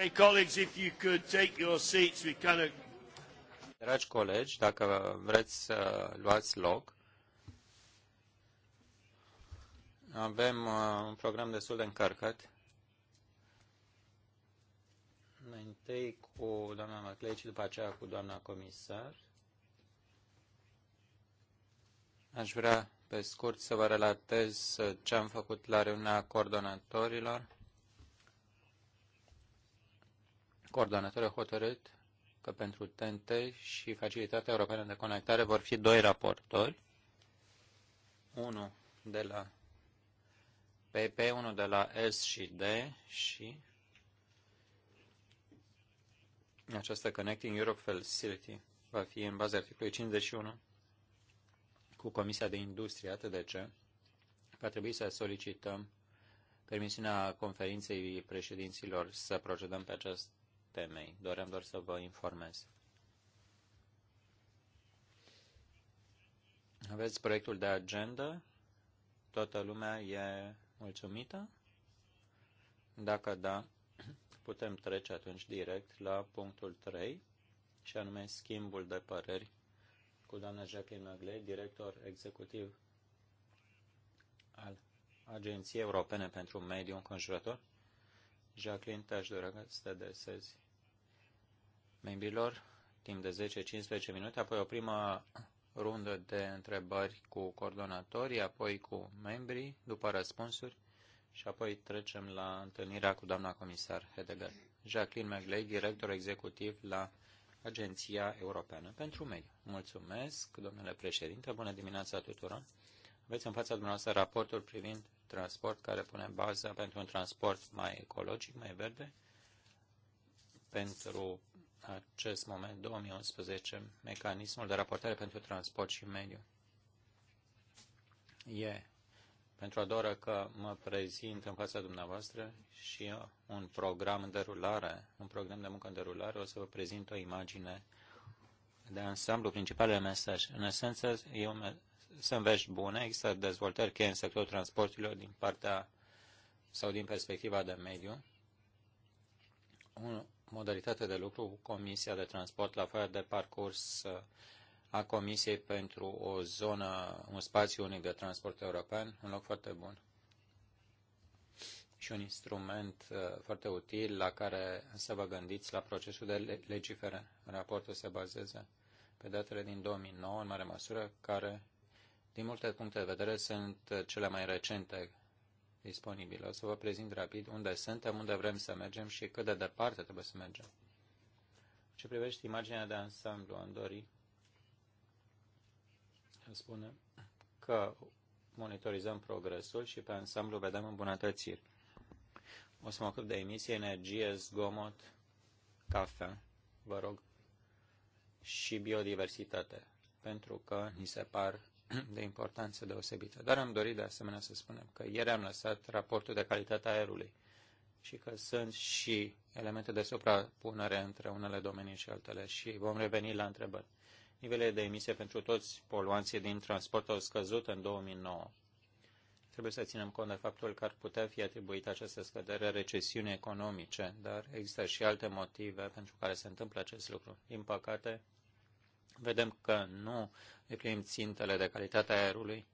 Okay, colleagues, if you could take your seats, we kind of... Dragi colegi, dacă vreți să luați loc, avem uh, un program destul de încărcat. Mai întâi cu doamna Maclei și după aceea cu doamna comisar. Aș vrea, pe scurt, să vă relatez uh, ce am făcut la reuniunea coordonatorilor Coordonatorul a hotărât că pentru TNT și Facilitatea Europeană de Conectare vor fi doi raportori, unul de la PP, unul de la S și D și această Connecting Europe Facility va fi în baza articolului 51 cu Comisia de Industrie, atât de ce va trebui să solicităm permisiunea conferinței președinților să procedăm pe acest temei. Doream doar să vă informez. Aveți proiectul de agenda? Toată lumea e mulțumită? Dacă da, putem trece atunci direct la punctul 3, și anume schimbul de păreri cu doamna Jacqueline Magley, director executiv al Agenției Europene pentru Mediul Înconjurător, Jacqueline, te-aș dori să te desezi membrilor timp de 10-15 minute, apoi o primă rundă de întrebări cu coordonatorii, apoi cu membrii, după răspunsuri și apoi trecem la întâlnirea cu doamna comisar Hedegar. Jacqueline McLeay, director executiv la Agenția Europeană pentru Mediu. Mulțumesc, domnule președinte, bună dimineața tuturor. Aveți în fața dumneavoastră raportul privind transport care pune baza pentru un transport mai ecologic, mai verde. Pentru acest moment, 2011, mecanismul de raportare pentru transport și mediu. E pentru a doua că mă prezint în fața dumneavoastră și un program de rulare, un program de muncă în derulare, o să vă prezint o imagine de ansamblu, principalele mesaje. În esență, e un sunt vești bune, există dezvoltări cheie în sectorul transporturilor din partea sau din perspectiva de mediu. O modalitate de lucru cu Comisia de Transport, la fel de parcurs uh, a Comisiei pentru o zonă, un spațiu unic de transport european, un loc foarte bun și un instrument uh, foarte util la care să vă gândiți la procesul de legiferare. Raportul se bazează pe datele din 2009, în mare măsură, care din multe puncte de vedere, sunt cele mai recente disponibile. O să vă prezint rapid unde suntem, unde vrem să mergem și cât de departe trebuie să mergem. Ce privește imaginea de ansamblu, Andori, dori spunem că monitorizăm progresul și pe ansamblu vedem îmbunătățiri. O să mă ocup de emisie, energie, zgomot, cafea, vă rog, și biodiversitate, pentru că ni se par de importanță deosebită. Dar am dorit de asemenea să spunem că ieri am lăsat raportul de calitate a aerului și că sunt și elemente de suprapunere între unele domenii și altele și vom reveni la întrebări. Nivelele de emisie pentru toți poluanții din transport au scăzut în 2009. Trebuie să ținem cont de faptul că ar putea fi atribuită această scădere recesiunii economice, dar există și alte motive pentru care se întâmplă acest lucru. Din păcate, vedem că nu primim țintele de calitate a aerului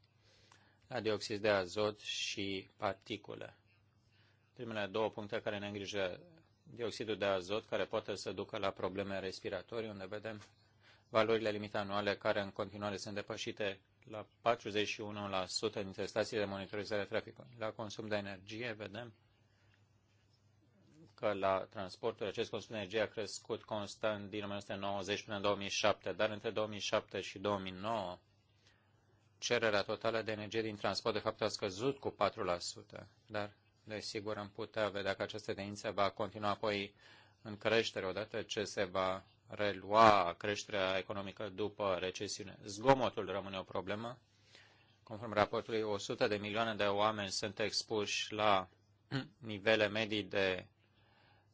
la dioxid de azot și particule. Primele două puncte care ne îngrijă dioxidul de azot, care poate să ducă la probleme respiratorii, unde vedem valorile limite anuale care în continuare sunt depășite la 41% dintre stațiile de monitorizare a traficului. La consum de energie vedem că la transportul acest consum de energie a crescut constant din 1990 până în 2007, dar între 2007 și 2009 cererea totală de energie din transport de fapt a scăzut cu 4%, dar desigur am putea vedea că această tendință va continua apoi în creștere odată ce se va relua creșterea economică după recesiune. Zgomotul rămâne o problemă. Conform raportului, 100 de milioane de oameni sunt expuși la nivele medii de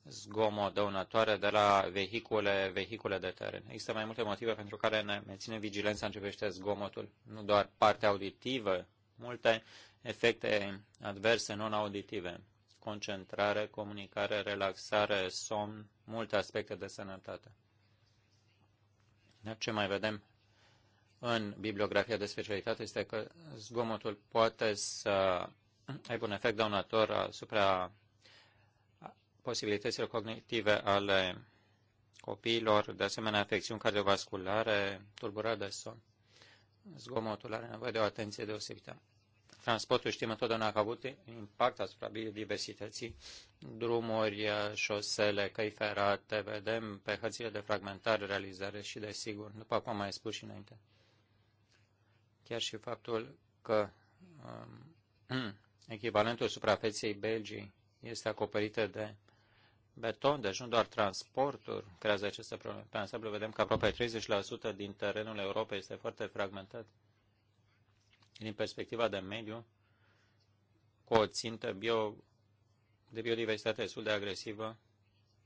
zgomot dăunătoare de la vehicule, vehicule de teren. Există mai multe motive pentru care ne menținem vigilența în ce privește zgomotul, nu doar partea auditivă, multe efecte adverse non-auditive, concentrare, comunicare, relaxare, somn, multe aspecte de sănătate. ce mai vedem în bibliografia de specialitate este că zgomotul poate să aibă un efect dăunător asupra posibilitățile cognitive ale copiilor, de asemenea afecțiuni cardiovasculare, tulburări de somn. Zgomotul are nevoie de o atenție deosebită. Transportul știm întotdeauna că a avut impact asupra biodiversității, drumuri, șosele, căi ferate, vedem pe hărțile de fragmentare, realizare și, desigur, după cum am mai spus și înainte, chiar și faptul că um, echivalentul suprafeței Belgii este acoperită de beton, deci nu doar transportul creează aceste probleme. Pe ansamblu vedem că aproape 30% din terenul Europei este foarte fragmentat. Din perspectiva de mediu, cu o țintă bio, de biodiversitate destul de agresivă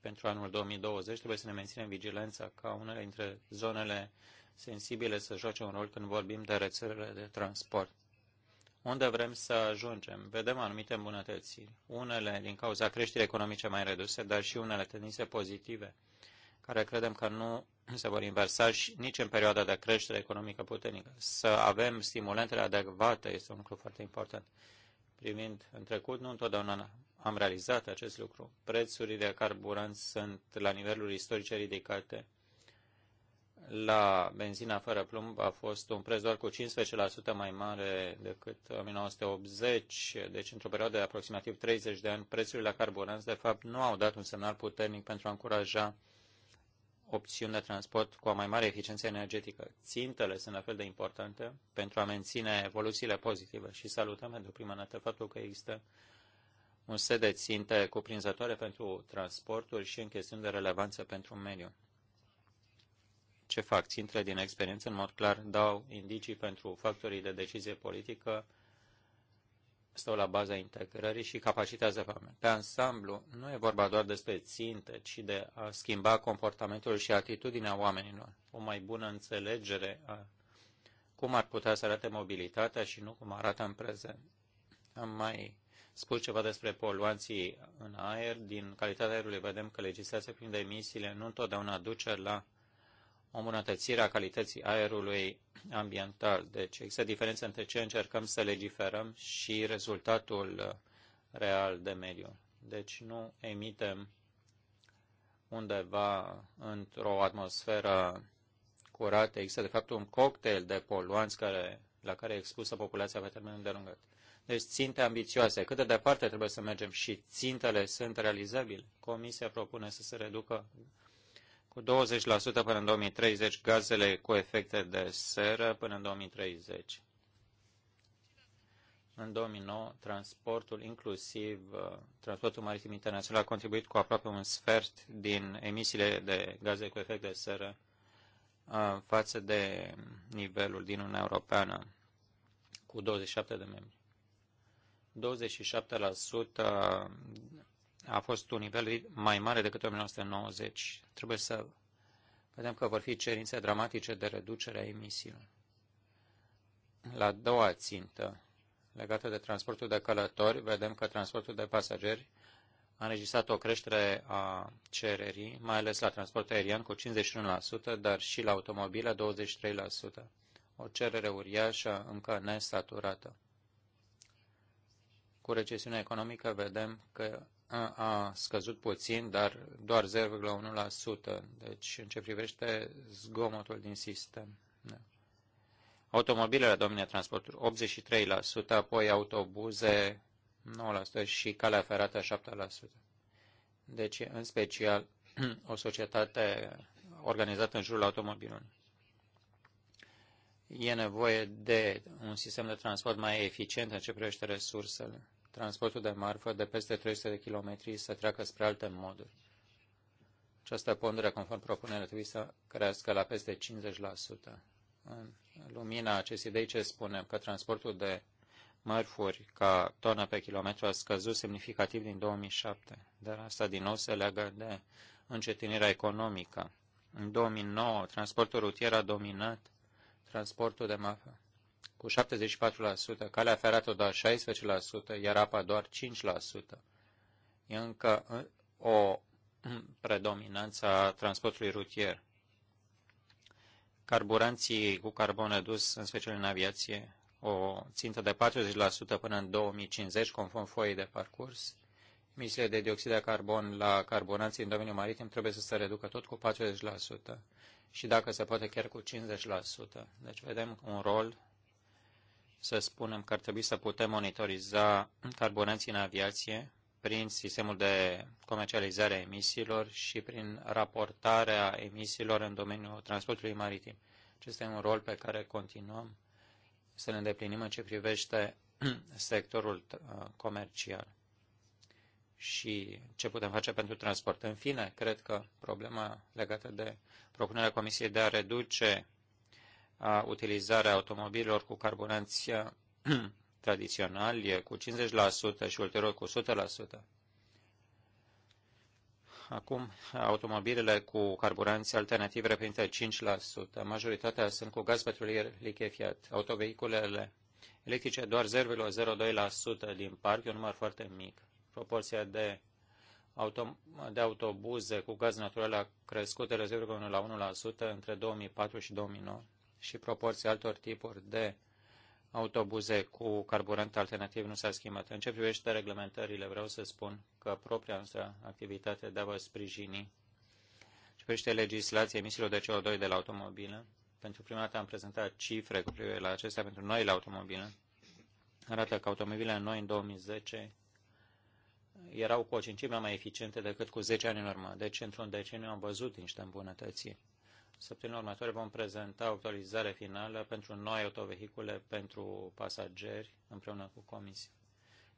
pentru anul 2020, trebuie să ne menținem vigilența ca unele dintre zonele sensibile să joace un rol când vorbim de rețelele de transport unde vrem să ajungem. Vedem anumite îmbunătățiri, unele din cauza creșterii economice mai reduse, dar și unele tendințe pozitive, care credem că nu se vor inversa și nici în perioada de creștere economică puternică. Să avem stimulentele adecvate este un lucru foarte important. Privind în trecut, nu întotdeauna am realizat acest lucru. Prețurile de carburanți sunt la niveluri istorice ridicate la benzina fără plumb a fost un preț doar cu 15% mai mare decât 1980, deci într-o perioadă de aproximativ 30 de ani, prețurile la carburanți de fapt nu au dat un semnal puternic pentru a încuraja opțiuni de transport cu o mai mare eficiență energetică. Țintele sunt la fel de importante pentru a menține evoluțiile pozitive și salutăm pentru prima dată faptul că există un set de ținte cuprinzătoare pentru transporturi și în chestiuni de relevanță pentru mediu ce fac. Țintele din experiență, în mod clar, dau indicii pentru factorii de decizie politică, stau la baza integrării și capacitează oameni. Pe ansamblu, nu e vorba doar despre ținte, ci de a schimba comportamentul și atitudinea oamenilor. O mai bună înțelegere a cum ar putea să arate mobilitatea și nu cum arată în prezent. Am mai spus ceva despre poluanții în aer. Din calitatea aerului vedem că legislația prin emisiile nu întotdeauna duce la o îmbunătățire a calității aerului ambiental. Deci există diferență între ce încercăm să legiferăm și rezultatul real de mediu. Deci nu emitem undeva într-o atmosferă curată. Există, de fapt, un cocktail de poluanți care, la care e expusă populația pe termen îndelungat. Deci ținte ambițioase. Cât de departe trebuie să mergem și țintele sunt realizabile? Comisia propune să se reducă cu 20% până în 2030 gazele cu efecte de seră până în 2030. În 2009, transportul, inclusiv uh, transportul maritim internațional, a contribuit cu aproape un sfert din emisiile de gaze cu efect de seră uh, față de nivelul din Uniunea Europeană cu 27 de membri. 27% a fost un nivel mai mare decât 1990. Trebuie să vedem că vor fi cerințe dramatice de reducere a emisiilor. La a doua țintă, legată de transportul de călători, vedem că transportul de pasageri a înregistrat o creștere a cererii, mai ales la transport aerian cu 51%, dar și la automobile 23%. O cerere uriașă încă nesaturată. Cu recesiunea economică vedem că a scăzut puțin, dar doar 0,1%, deci în ce privește zgomotul din sistem. Da. Automobilele domine transportul 83%, apoi autobuze 9% și calea ferată 7%. Deci, în special, o societate organizată în jurul automobilului. E nevoie de un sistem de transport mai eficient în ce privește resursele transportul de marfă de peste 300 de kilometri să treacă spre alte moduri. Această pondere, conform propunerea, trebuie să crească la peste 50%. În lumina acestei idei, ce spunem? Că transportul de mărfuri ca tonă pe kilometru a scăzut semnificativ din 2007, dar asta din nou se leagă de încetinirea economică. În 2009, transportul rutier a dominat transportul de marfă cu 74%, calea ferată doar 16%, iar apa doar 5%. E încă o predominanță a transportului rutier. Carburanții cu carbon adus, în special în aviație, o țintă de 40% până în 2050, conform foii de parcurs. Emisiile de dioxid de carbon la carburanții în domeniul maritim trebuie să se reducă tot cu 40% și dacă se poate chiar cu 50%. Deci vedem un rol să spunem că ar trebui să putem monitoriza carbonații în aviație prin sistemul de comercializare a emisiilor și prin raportarea emisiilor în domeniul transportului maritim. Acesta este un rol pe care continuăm să ne îndeplinim în ce privește sectorul uh, comercial și ce putem face pentru transport. În fine, cred că problema legată de propunerea Comisiei de a reduce a utilizarea automobililor cu carburanți eh, tradiționali cu 50% și ulterior cu 100%. Acum, automobilele cu carburanți alternativi reprezintă 5%. Majoritatea sunt cu gaz petrolier lichefiat. Autovehiculele electrice doar 0,02% din parc, e un număr foarte mic. Proporția de, auto, de autobuze cu gaz natural a crescut de la 0,1% între 2004 și 2009 și proporția altor tipuri de autobuze cu carburant alternativ nu s-a schimbat. În ce privește reglementările, vreau să spun că propria noastră activitate de a vă sprijini și privește legislația emisiilor de CO2 de la automobile. Pentru prima dată am prezentat cifre cu privire la acestea pentru noi la automobile. Arată că automobilele noi în 2010 erau cu o cincime mai eficiente decât cu 10 ani în urmă. Deci, într-un deceniu am văzut niște îmbunătățiri Săptămâna următoare vom prezenta o actualizare finală pentru noi autovehicule pentru pasageri împreună cu Comisia.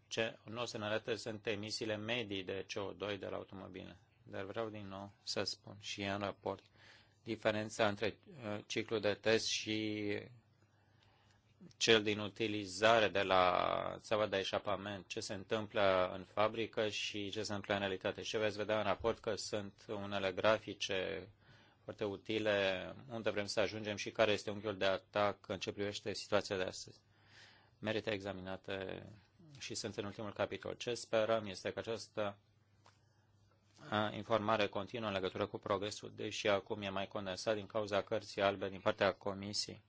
Ce nu o să ne arate sunt emisiile medii de CO2 de la automobile. Dar vreau din nou să spun și în raport diferența între uh, ciclul de test și cel din utilizare de la țeava de eșapament, ce se întâmplă în fabrică și ce se întâmplă în realitate. Și veți vedea în raport că sunt unele grafice foarte utile unde vrem să ajungem și care este unghiul de atac în ce privește situația de astăzi. Merită examinate și sunt în ultimul capitol. Ce sperăm este că această informare continuă în legătură cu progresul, deși acum e mai condensat din cauza cărții albe din partea comisiei.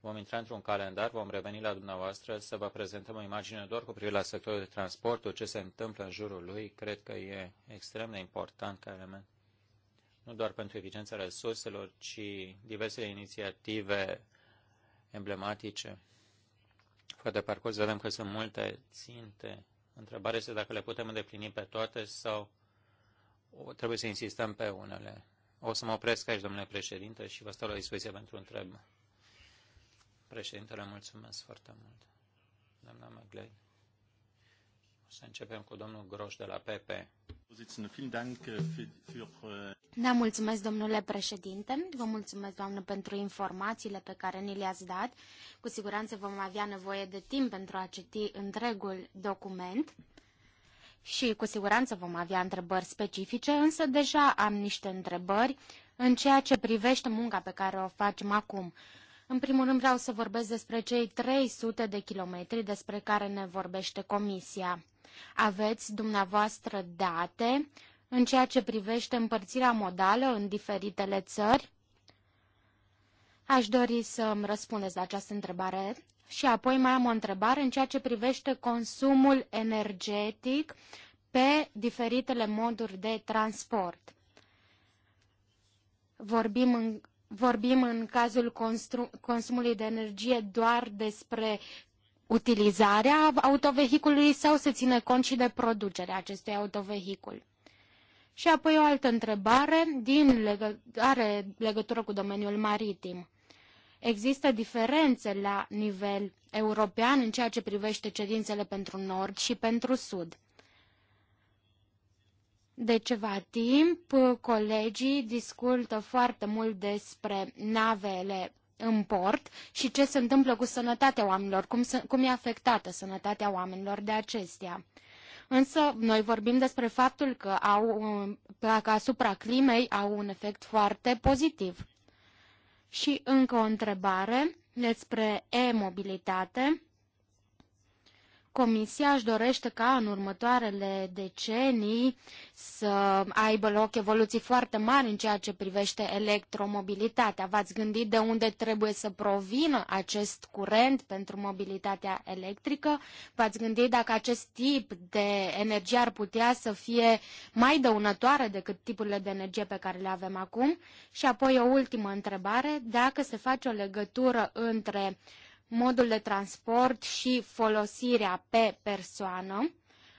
Vom intra într-un calendar, vom reveni la dumneavoastră să vă prezentăm o imagine doar cu privire la sectorul de transportul, ce se întâmplă în jurul lui. Cred că e extrem de important ca element nu doar pentru eficiența resurselor, ci diversele inițiative emblematice. Foarte parcurs vedem că sunt multe ținte. Întrebarea este dacă le putem îndeplini pe toate sau trebuie să insistăm pe unele. O să mă opresc aici, domnule președinte, și vă stau la dispoziție pentru întrebări. Președintele, mulțumesc foarte mult. Doamna McGlade. Să începem cu domnul Groș de la PP. Uh, uh, da, mulțumesc, domnule președinte. Vă mulțumesc, doamnă, pentru informațiile pe care ni le-ați dat. Cu siguranță vom avea nevoie de timp pentru a citi întregul document și cu siguranță vom avea întrebări specifice, însă deja am niște întrebări în ceea ce privește munca pe care o facem acum. În primul rând vreau să vorbesc despre cei 300 de kilometri despre care ne vorbește Comisia. Aveți dumneavoastră date în ceea ce privește împărțirea modală în diferitele țări? Aș dori să îmi răspundeți la această întrebare și apoi mai am o întrebare în ceea ce privește consumul energetic pe diferitele moduri de transport. Vorbim în, vorbim în cazul consumului de energie doar despre utilizarea autovehicului sau se ține cont și de producerea acestui autovehicul. Și apoi o altă întrebare din legă, are legătură cu domeniul maritim. Există diferențe la nivel european în ceea ce privește cerințele pentru nord și pentru sud. De ceva timp, colegii discută foarte mult despre navele în port și ce se întâmplă cu sănătatea oamenilor, cum, se, cum e afectată sănătatea oamenilor de acestea. Însă noi vorbim despre faptul că, au, um, că asupra climei au un efect foarte pozitiv. Și încă o întrebare despre e-mobilitate. Comisia își dorește ca în următoarele decenii să aibă loc evoluții foarte mari în ceea ce privește electromobilitatea. V-ați gândit de unde trebuie să provină acest curent pentru mobilitatea electrică? V-ați gândit dacă acest tip de energie ar putea să fie mai dăunătoare decât tipurile de energie pe care le avem acum? Și apoi o ultimă întrebare, dacă se face o legătură între modul de transport și folosirea pe persoană,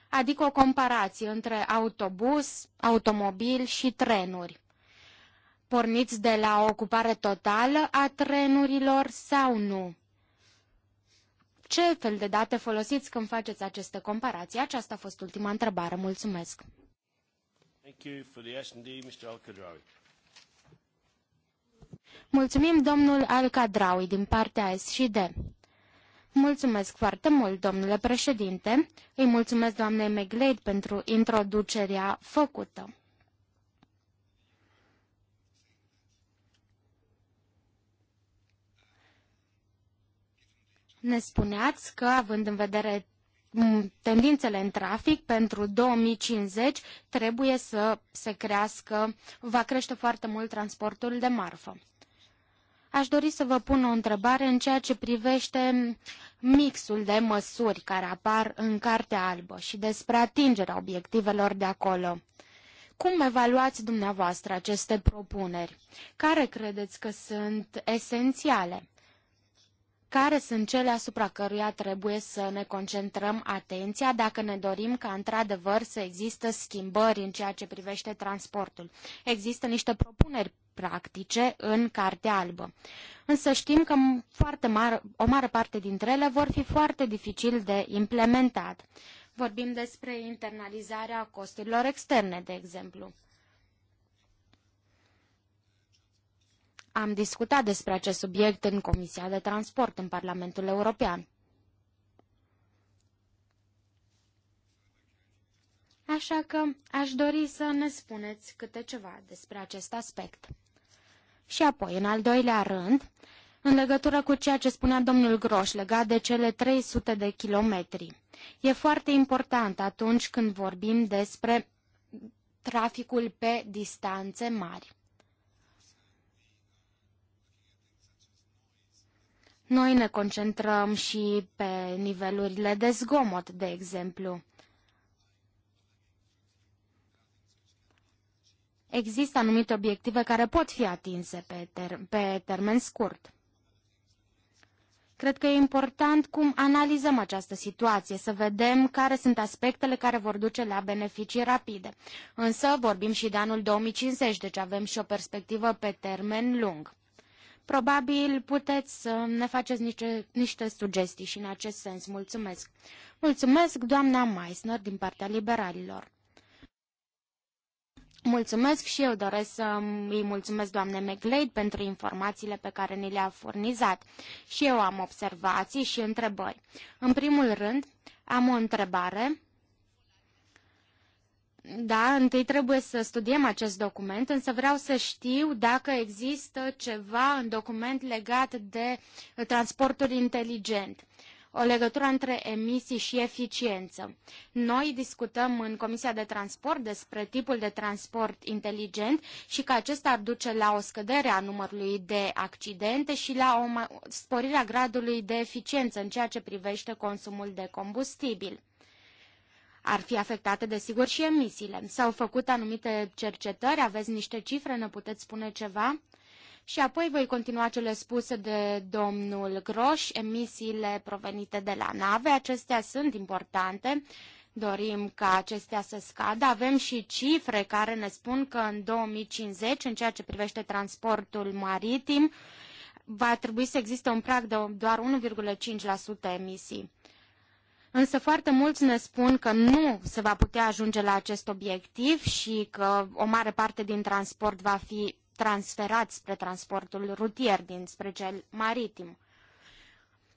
adică o comparație între autobuz, automobil și trenuri. Porniți de la o ocupare totală a trenurilor sau nu? Ce fel de date folosiți când faceți aceste comparații? Aceasta a fost ultima întrebare. Mulțumesc! Thank you for the Mulțumim domnul Alcadraui din partea SCD. Mulțumesc foarte mult, domnule președinte. Îi mulțumesc doamnei Megleid pentru introducerea făcută. Ne spuneați că, având în vedere mm, tendințele în trafic pentru 2050 trebuie să se crească, va crește foarte mult transportul de marfă. Aș dori să vă pun o întrebare în ceea ce privește mixul de măsuri care apar în Cartea Albă și despre atingerea obiectivelor de acolo. Cum evaluați dumneavoastră aceste propuneri? Care credeți că sunt esențiale? Care sunt cele asupra căruia trebuie să ne concentrăm atenția dacă ne dorim ca într-adevăr să există schimbări în ceea ce privește transportul? Există niște propuneri practice în Cartea Albă. Însă știm că foarte o mare parte dintre ele vor fi foarte dificil de implementat. Vorbim despre internalizarea costurilor externe, de exemplu. Am discutat despre acest subiect în Comisia de Transport în Parlamentul European. Așa că aș dori să ne spuneți câte ceva despre acest aspect. Și apoi, în al doilea rând, în legătură cu ceea ce spunea domnul Groș legat de cele 300 de kilometri. E foarte important atunci când vorbim despre traficul pe distanțe mari. Noi ne concentrăm și pe nivelurile de zgomot, de exemplu. există anumite obiective care pot fi atinse pe, ter- pe termen scurt. Cred că e important cum analizăm această situație, să vedem care sunt aspectele care vor duce la beneficii rapide. Însă vorbim și de anul 2050, deci avem și o perspectivă pe termen lung. Probabil puteți să ne faceți niște, niște sugestii și în acest sens. Mulțumesc! Mulțumesc, doamna Meissner, din partea liberalilor. Mulțumesc și eu doresc să îi mulțumesc doamne McLeod pentru informațiile pe care ni le-a furnizat. Și eu am observații și întrebări. În primul rând, am o întrebare. Da, întâi trebuie să studiem acest document, însă vreau să știu dacă există ceva în document legat de transportul inteligent o legătură între emisii și eficiență. Noi discutăm în Comisia de Transport despre tipul de transport inteligent și că acesta ar duce la o scădere a numărului de accidente și la o sporire a gradului de eficiență în ceea ce privește consumul de combustibil. Ar fi afectate, desigur, și emisiile. S-au făcut anumite cercetări, aveți niște cifre, ne puteți spune ceva? și apoi voi continua cele spuse de domnul Groș, emisiile provenite de la nave, acestea sunt importante, dorim ca acestea să scadă. Avem și cifre care ne spun că în 2050, în ceea ce privește transportul maritim, va trebui să existe un prag de doar 1,5% emisii. Însă foarte mulți ne spun că nu se va putea ajunge la acest obiectiv și că o mare parte din transport va fi transferați spre transportul rutier, dinspre cel maritim.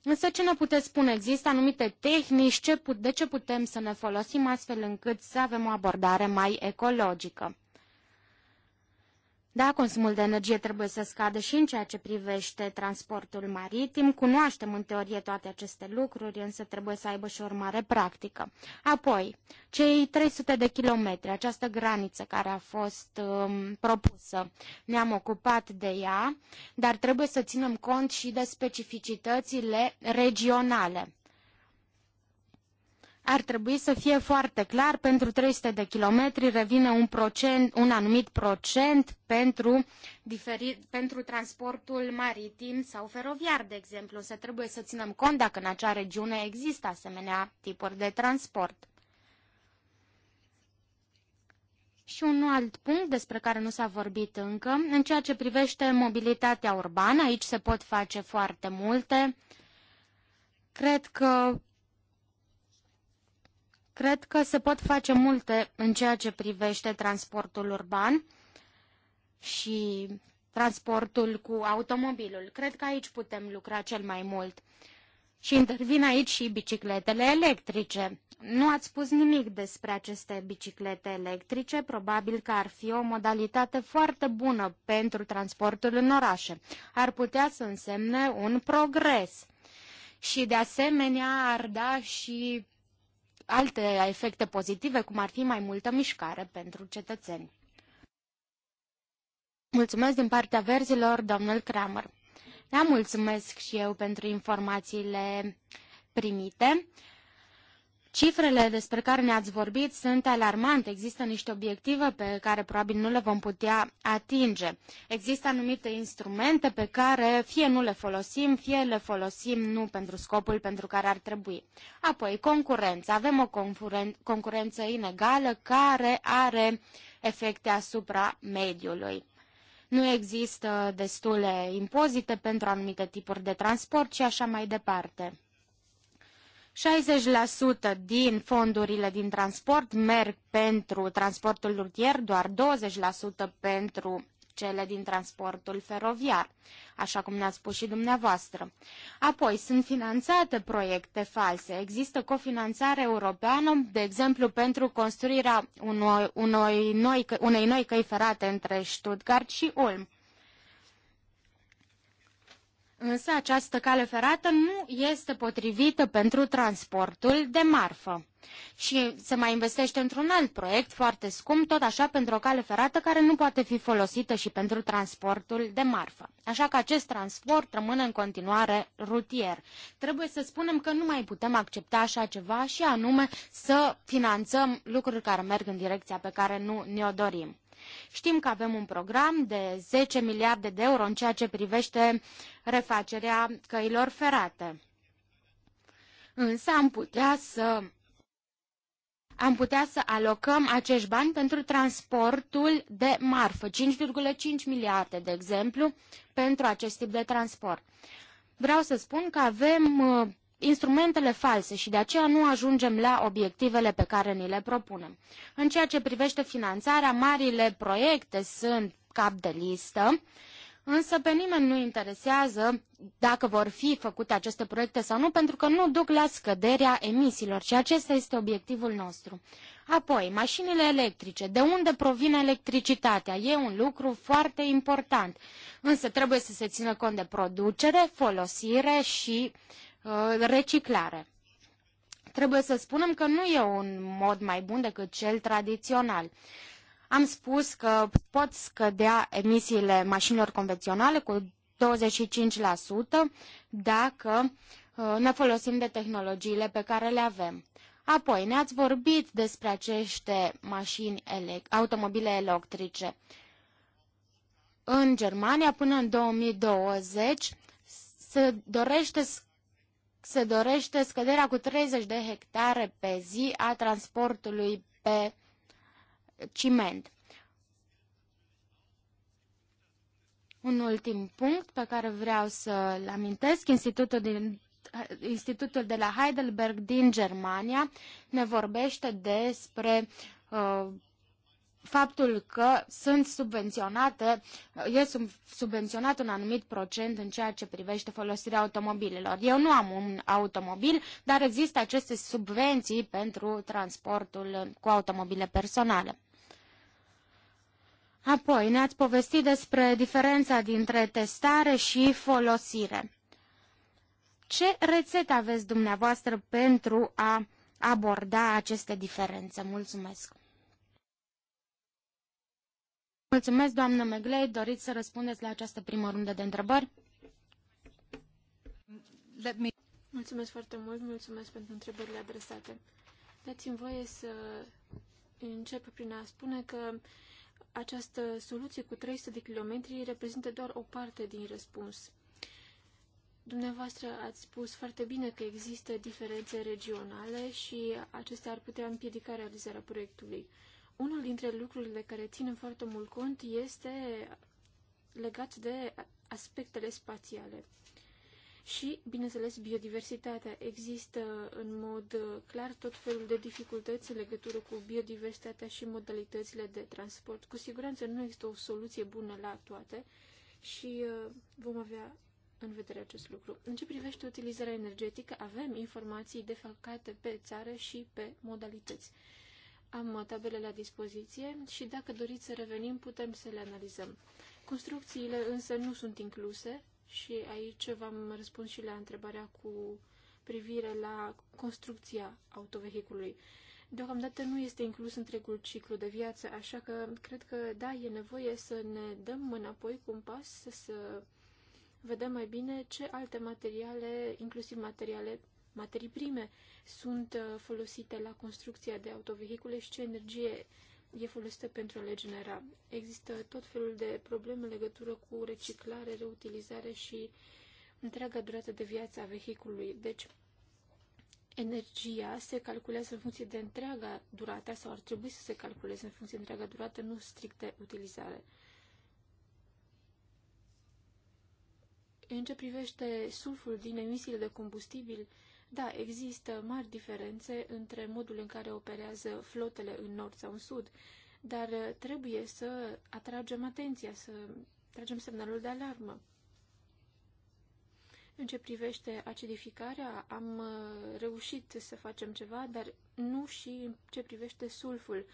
Însă ce ne puteți spune? Există anumite tehnici de ce putem să ne folosim astfel încât să avem o abordare mai ecologică? Da, consumul de energie trebuie să scadă și în ceea ce privește transportul maritim. Cunoaștem în teorie toate aceste lucruri, însă trebuie să aibă și urmare practică. Apoi, cei 300 de kilometri, această graniță care a fost um, propusă, ne-am ocupat de ea, dar trebuie să ținem cont și de specificitățile regionale ar trebui să fie foarte clar, pentru 300 de kilometri revine un, procent, un anumit procent pentru, diferit, pentru transportul maritim sau feroviar, de exemplu. se trebuie să ținem cont dacă în acea regiune există asemenea tipuri de transport. Și un alt punct despre care nu s-a vorbit încă, în ceea ce privește mobilitatea urbană, aici se pot face foarte multe. Cred că Cred că se pot face multe în ceea ce privește transportul urban și transportul cu automobilul. Cred că aici putem lucra cel mai mult. Și intervin aici și bicicletele electrice. Nu ați spus nimic despre aceste biciclete electrice, probabil că ar fi o modalitate foarte bună pentru transportul în orașe. Ar putea să însemne un progres. Și de asemenea ar da și alte efecte pozitive, cum ar fi mai multă mișcare pentru cetățeni. Mulțumesc din partea verzilor, domnul Kramer. Da, mulțumesc și eu pentru informațiile primite. Cifrele despre care ne-ați vorbit sunt alarmante. Există niște obiective pe care probabil nu le vom putea atinge. Există anumite instrumente pe care fie nu le folosim, fie le folosim nu pentru scopul pentru care ar trebui. Apoi, concurența. Avem o concuren- concurență inegală care are efecte asupra mediului. Nu există destule impozite pentru anumite tipuri de transport și așa mai departe. 60% din fondurile din transport merg pentru transportul rutier, doar 20% pentru cele din transportul feroviar, așa cum ne a spus și dumneavoastră. Apoi, sunt finanțate proiecte false. Există cofinanțare europeană, de exemplu, pentru construirea unui, unui noi, unei noi căi ferate între Stuttgart și Ulm. Însă această cale ferată nu este potrivită pentru transportul de marfă. Și se mai investește într-un alt proiect foarte scump, tot așa pentru o cale ferată care nu poate fi folosită și pentru transportul de marfă. Așa că acest transport rămâne în continuare rutier. Trebuie să spunem că nu mai putem accepta așa ceva și anume să finanțăm lucruri care merg în direcția pe care nu ne-o dorim. Știm că avem un program de 10 miliarde de euro în ceea ce privește refacerea căilor ferate. Însă am putea să am putea să alocăm acești bani pentru transportul de marfă, 5,5 miliarde, de exemplu, pentru acest tip de transport. Vreau să spun că avem uh, instrumentele false și de aceea nu ajungem la obiectivele pe care ni le propunem. În ceea ce privește finanțarea, marile proiecte sunt cap de listă, însă pe nimeni nu interesează dacă vor fi făcute aceste proiecte sau nu, pentru că nu duc la scăderea emisiilor și acesta este obiectivul nostru. Apoi, mașinile electrice. De unde provine electricitatea? E un lucru foarte important, însă trebuie să se țină cont de producere, folosire și uh, Uh, reciclare. Trebuie să spunem că nu e un mod mai bun decât cel tradițional. Am spus că pot scădea emisiile mașinilor convenționale cu 25% dacă uh, ne folosim de tehnologiile pe care le avem. Apoi, ne-ați vorbit despre aceste mașini elect- automobile electrice. În Germania, până în 2020, se dorește se dorește scăderea cu 30 de hectare pe zi a transportului pe ciment. Un ultim punct pe care vreau să-l amintesc, Institutul, din, Institutul de la Heidelberg din Germania ne vorbește despre uh, faptul că sunt subvenționate, sunt subvenționat un anumit procent în ceea ce privește folosirea automobilelor. Eu nu am un automobil, dar există aceste subvenții pentru transportul cu automobile personale. Apoi, ne-ați povestit despre diferența dintre testare și folosire. Ce rețetă aveți dumneavoastră pentru a aborda aceste diferențe? Mulțumesc! Mulțumesc, doamnă Megley. Doriți să răspundeți la această primă rundă de întrebări? Me... Mulțumesc foarte mult, mulțumesc pentru întrebările adresate. Dați-mi voie să încep prin a spune că această soluție cu 300 de kilometri reprezintă doar o parte din răspuns. Dumneavoastră ați spus foarte bine că există diferențe regionale și acestea ar putea împiedica realizarea proiectului. Unul dintre lucrurile care ținem foarte mult cont este legat de aspectele spațiale. Și, bineînțeles, biodiversitatea. Există în mod clar tot felul de dificultăți în legătură cu biodiversitatea și modalitățile de transport. Cu siguranță nu există o soluție bună la toate și uh, vom avea în vedere acest lucru. În ce privește utilizarea energetică, avem informații defalcate pe țară și pe modalități. Am tabele la dispoziție și dacă doriți să revenim, putem să le analizăm. Construcțiile însă nu sunt incluse și aici v-am răspuns și la întrebarea cu privire la construcția autovehiculului. Deocamdată nu este inclus întregul ciclu de viață, așa că cred că, da, e nevoie să ne dăm înapoi cu un pas, să vedem mai bine ce alte materiale, inclusiv materiale materii prime sunt uh, folosite la construcția de autovehicule și ce energie e folosită pentru a le genera. Există tot felul de probleme în legătură cu reciclare, reutilizare și întreaga durată de viață a vehiculului. Deci, energia se calculează în funcție de întreaga durată sau ar trebui să se calculeze în funcție de întreaga durată, nu strict de utilizare. În ce privește sulful din emisiile de combustibil, da, există mari diferențe între modul în care operează flotele în nord sau în sud, dar uh, trebuie să atragem atenția, să tragem semnalul de alarmă. În ce privește acidificarea, am uh, reușit să facem ceva, dar nu și în ce privește sulful.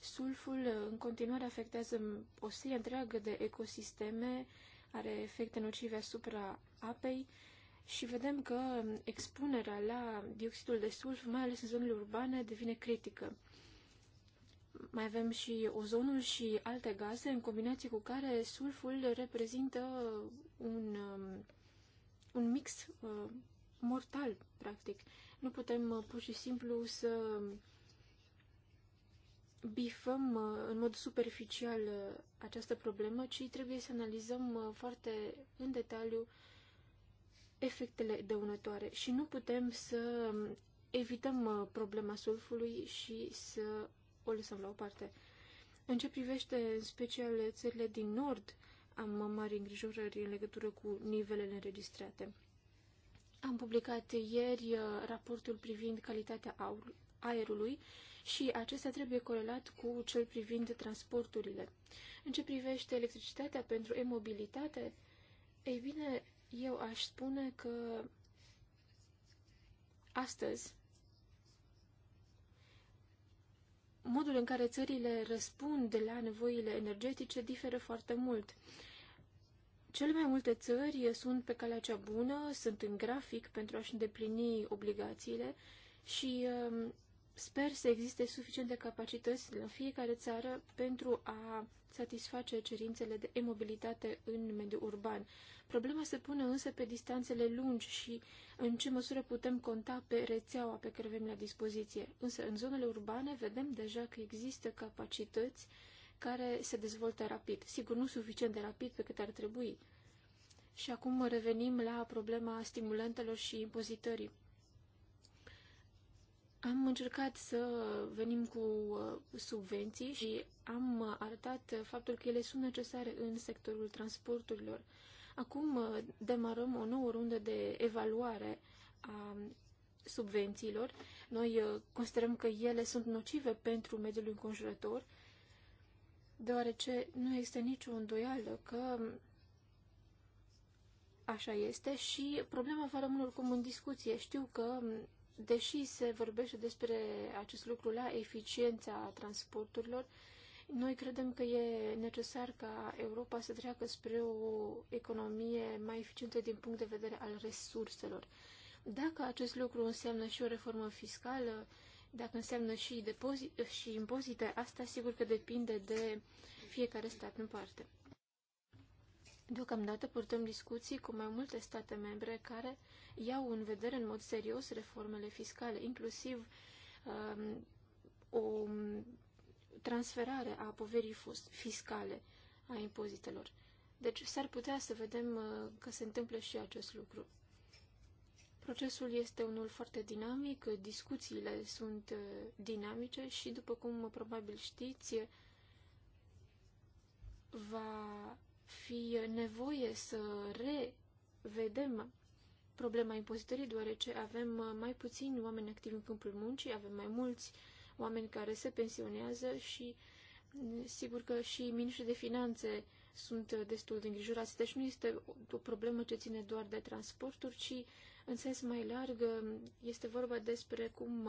Sulful uh, în continuare afectează o serie întreagă de ecosisteme, are efecte nocive asupra apei, și vedem că expunerea la dioxidul de sulf, mai ales în zonele urbane, devine critică. Mai avem și ozonul și alte gaze, în combinație cu care sulful reprezintă un, um, un mix uh, mortal, practic. Nu putem uh, pur și simplu să bifăm uh, în mod superficial această problemă, ci trebuie să analizăm foarte în detaliu uh, efectele dăunătoare și nu putem să evităm uh, problema sulfului și să o lăsăm la o parte. În ce privește în special țările din nord, am mari îngrijorări în legătură cu nivelele înregistrate. Am publicat ieri uh, raportul privind calitatea aerului și acesta trebuie corelat cu cel privind transporturile. În ce privește electricitatea pentru e-mobilitate, ei bine, eu aș spune că astăzi modul în care țările răspund la nevoile energetice diferă foarte mult. Cele mai multe țări sunt pe calea cea bună, sunt în grafic pentru a-și îndeplini obligațiile și um, Sper să existe suficiente capacități la fiecare țară pentru a satisface cerințele de e-mobilitate în mediul urban. Problema se pune însă pe distanțele lungi și în ce măsură putem conta pe rețeaua pe care avem la dispoziție. Însă în zonele urbane vedem deja că există capacități care se dezvoltă rapid. Sigur, nu suficient de rapid pe cât ar trebui. Și acum revenim la problema stimulentelor și impozitării. Am încercat să venim cu uh, subvenții și am arătat faptul că ele sunt necesare în sectorul transporturilor. Acum uh, demarăm o nouă rundă de evaluare a subvențiilor. Noi uh, considerăm că ele sunt nocive pentru mediul înconjurător, deoarece nu există nicio îndoială că așa este și problema va rămâne oricum în discuție. Știu că um, deși se vorbește despre acest lucru la eficiența transporturilor, noi credem că e necesar ca Europa să treacă spre o economie mai eficientă din punct de vedere al resurselor. Dacă acest lucru înseamnă și o reformă fiscală, dacă înseamnă și, și impozite, asta sigur că depinde de fiecare stat în parte. Deocamdată purtăm discuții cu mai multe state membre care iau în vedere în mod serios reformele fiscale, inclusiv um, o transferare a poverii fiscale a impozitelor. Deci s-ar putea să vedem uh, că se întâmplă și acest lucru. Procesul este unul foarte dinamic, discuțiile sunt uh, dinamice și, după cum probabil știți, va fi nevoie să revedem problema impozitării, deoarece avem mai puțini oameni activi în câmpul muncii, avem mai mulți oameni care se pensionează și sigur că și ministrii de finanțe sunt destul de îngrijorați. Deci nu este o problemă ce ține doar de transporturi, ci în sens mai larg este vorba despre cum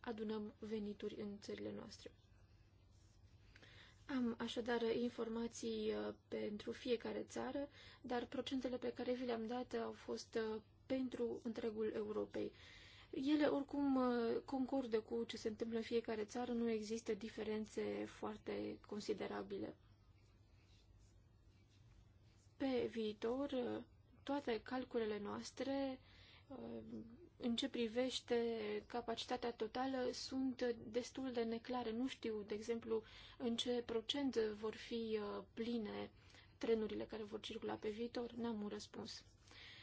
adunăm venituri în țările noastre. Am așadar informații uh, pentru fiecare țară, dar procentele pe care vi le-am dat uh, au fost uh, pentru întregul Europei. Ele oricum concordă cu ce se întâmplă în fiecare țară, nu există diferențe foarte considerabile. Pe viitor, toate calculele noastre în ce privește capacitatea totală, sunt destul de neclare. Nu știu, de exemplu, în ce procent vor fi uh, pline trenurile care vor circula pe viitor. N-am un răspuns.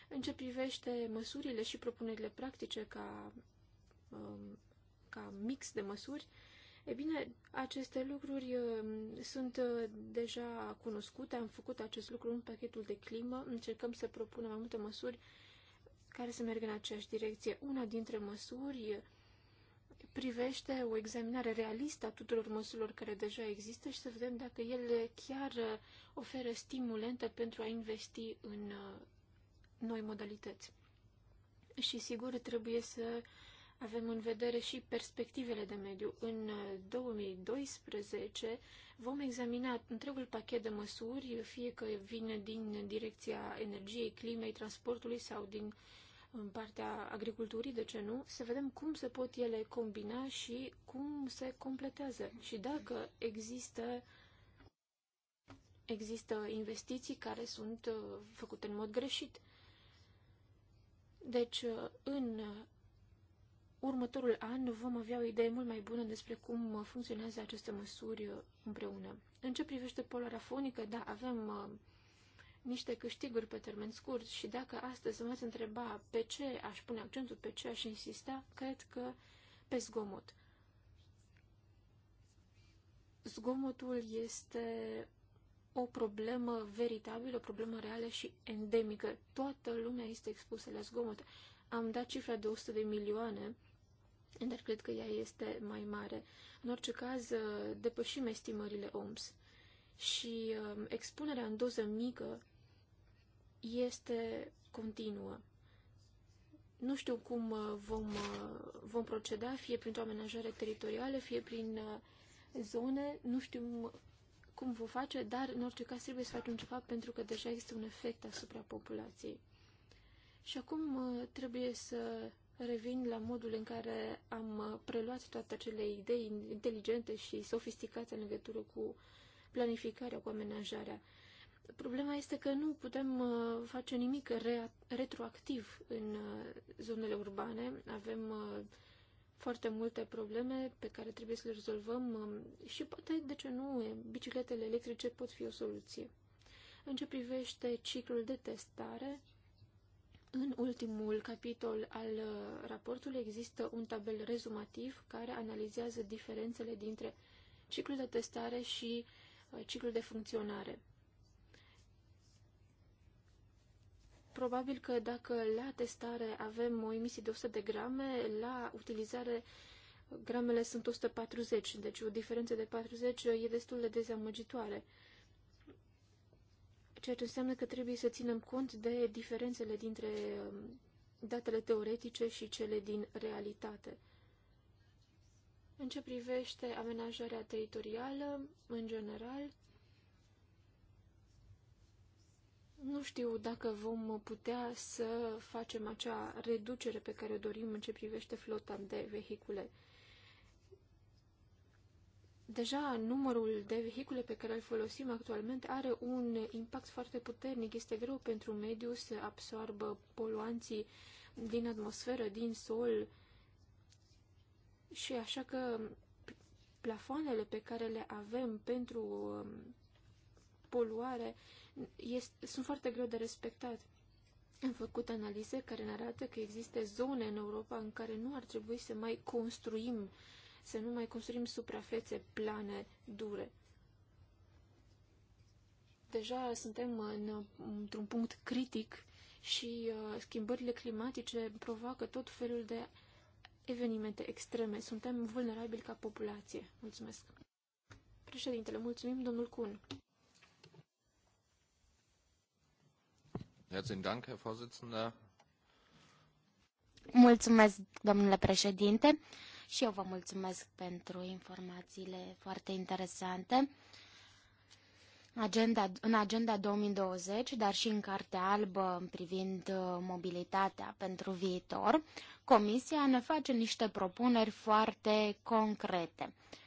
În ce privește măsurile și propunerile practice ca, um, ca mix de măsuri, e bine, aceste lucruri um, sunt uh, deja cunoscute. Am făcut acest lucru în pachetul de climă. Încercăm să propunem mai multe măsuri care să meargă în aceeași direcție. Una dintre măsuri privește o examinare realistă a tuturor măsurilor care deja există și să vedem dacă ele chiar oferă stimulente pentru a investi în uh, noi modalități. Și sigur trebuie să avem în vedere și perspectivele de mediu. În 2012 uh, vom examina întregul pachet de măsuri, fie că vin din direcția energiei, climei, transportului sau din în partea agriculturii, de ce nu, să vedem cum se pot ele combina și cum se completează și dacă există există investiții care sunt uh, făcute în mod greșit. Deci, uh, în următorul an vom avea o idee mult mai bună despre cum funcționează aceste măsuri uh, împreună. În ce privește poluarea fonică, da, avem niște câștiguri pe termen scurt și dacă astăzi mă ați întreba pe ce aș pune accentul, pe ce aș insista, cred că pe zgomot. Zgomotul este o problemă veritabilă, o problemă reală și endemică. Toată lumea este expusă la zgomot. Am dat cifra de 100 de milioane, dar cred că ea este mai mare. În orice caz, depășim estimările OMS și um, expunerea în doză mică este continuă. Nu știu cum uh, vom, uh, vom proceda, fie printr-o amenajare teritorială, fie prin uh, zone, nu știu cum vom face, dar în orice caz trebuie să facem ceva pentru că deja există un efect asupra populației. Și acum trebuie să revin la modul în care am preluat toate acele idei inteligente și sofisticate în legătură cu planificarea, cu amenajarea. Problema este că nu putem uh, face nimic re- retroactiv în uh, zonele urbane. Avem uh, foarte multe probleme pe care trebuie să le rezolvăm um, și poate, de ce nu, bicicletele electrice pot fi o soluție. În ce privește ciclul de testare, în ultimul capitol al raportului există un tabel rezumativ care analizează diferențele dintre ciclul de testare și ciclul de funcționare. Probabil că dacă la testare avem o emisie de 100 de grame, la utilizare gramele sunt 140, deci o diferență de 40 e destul de dezamăgitoare. Ceea ce înseamnă că trebuie să ținem cont de diferențele dintre um, datele teoretice și cele din realitate. În ce privește amenajarea teritorială, în general, Nu știu dacă vom putea să facem acea reducere pe care o dorim în ce privește flota de vehicule. Deja numărul de vehicule pe care îl folosim actualmente are un impact foarte puternic. Este greu pentru mediu să absorbă poluanții din atmosferă, din sol. Și așa că plafoanele pe care le avem pentru um, poluare este, sunt foarte greu de respectat. Am făcut analize care ne arată că există zone în Europa în care nu ar trebui să mai construim, să nu mai construim suprafețe plane, dure. Deja suntem în, într-un punct critic și uh, schimbările climatice provoacă tot felul de evenimente extreme. Suntem vulnerabili ca populație. Mulțumesc. Președintele, mulțumim, domnul Cun. Mulțumesc, domnule președinte, și eu vă mulțumesc pentru informațiile foarte interesante. Agenda, în Agenda 2020, dar și în Cartea Albă privind uh, mobilitatea pentru viitor, Comisia ne face niște propuneri foarte concrete. Uh,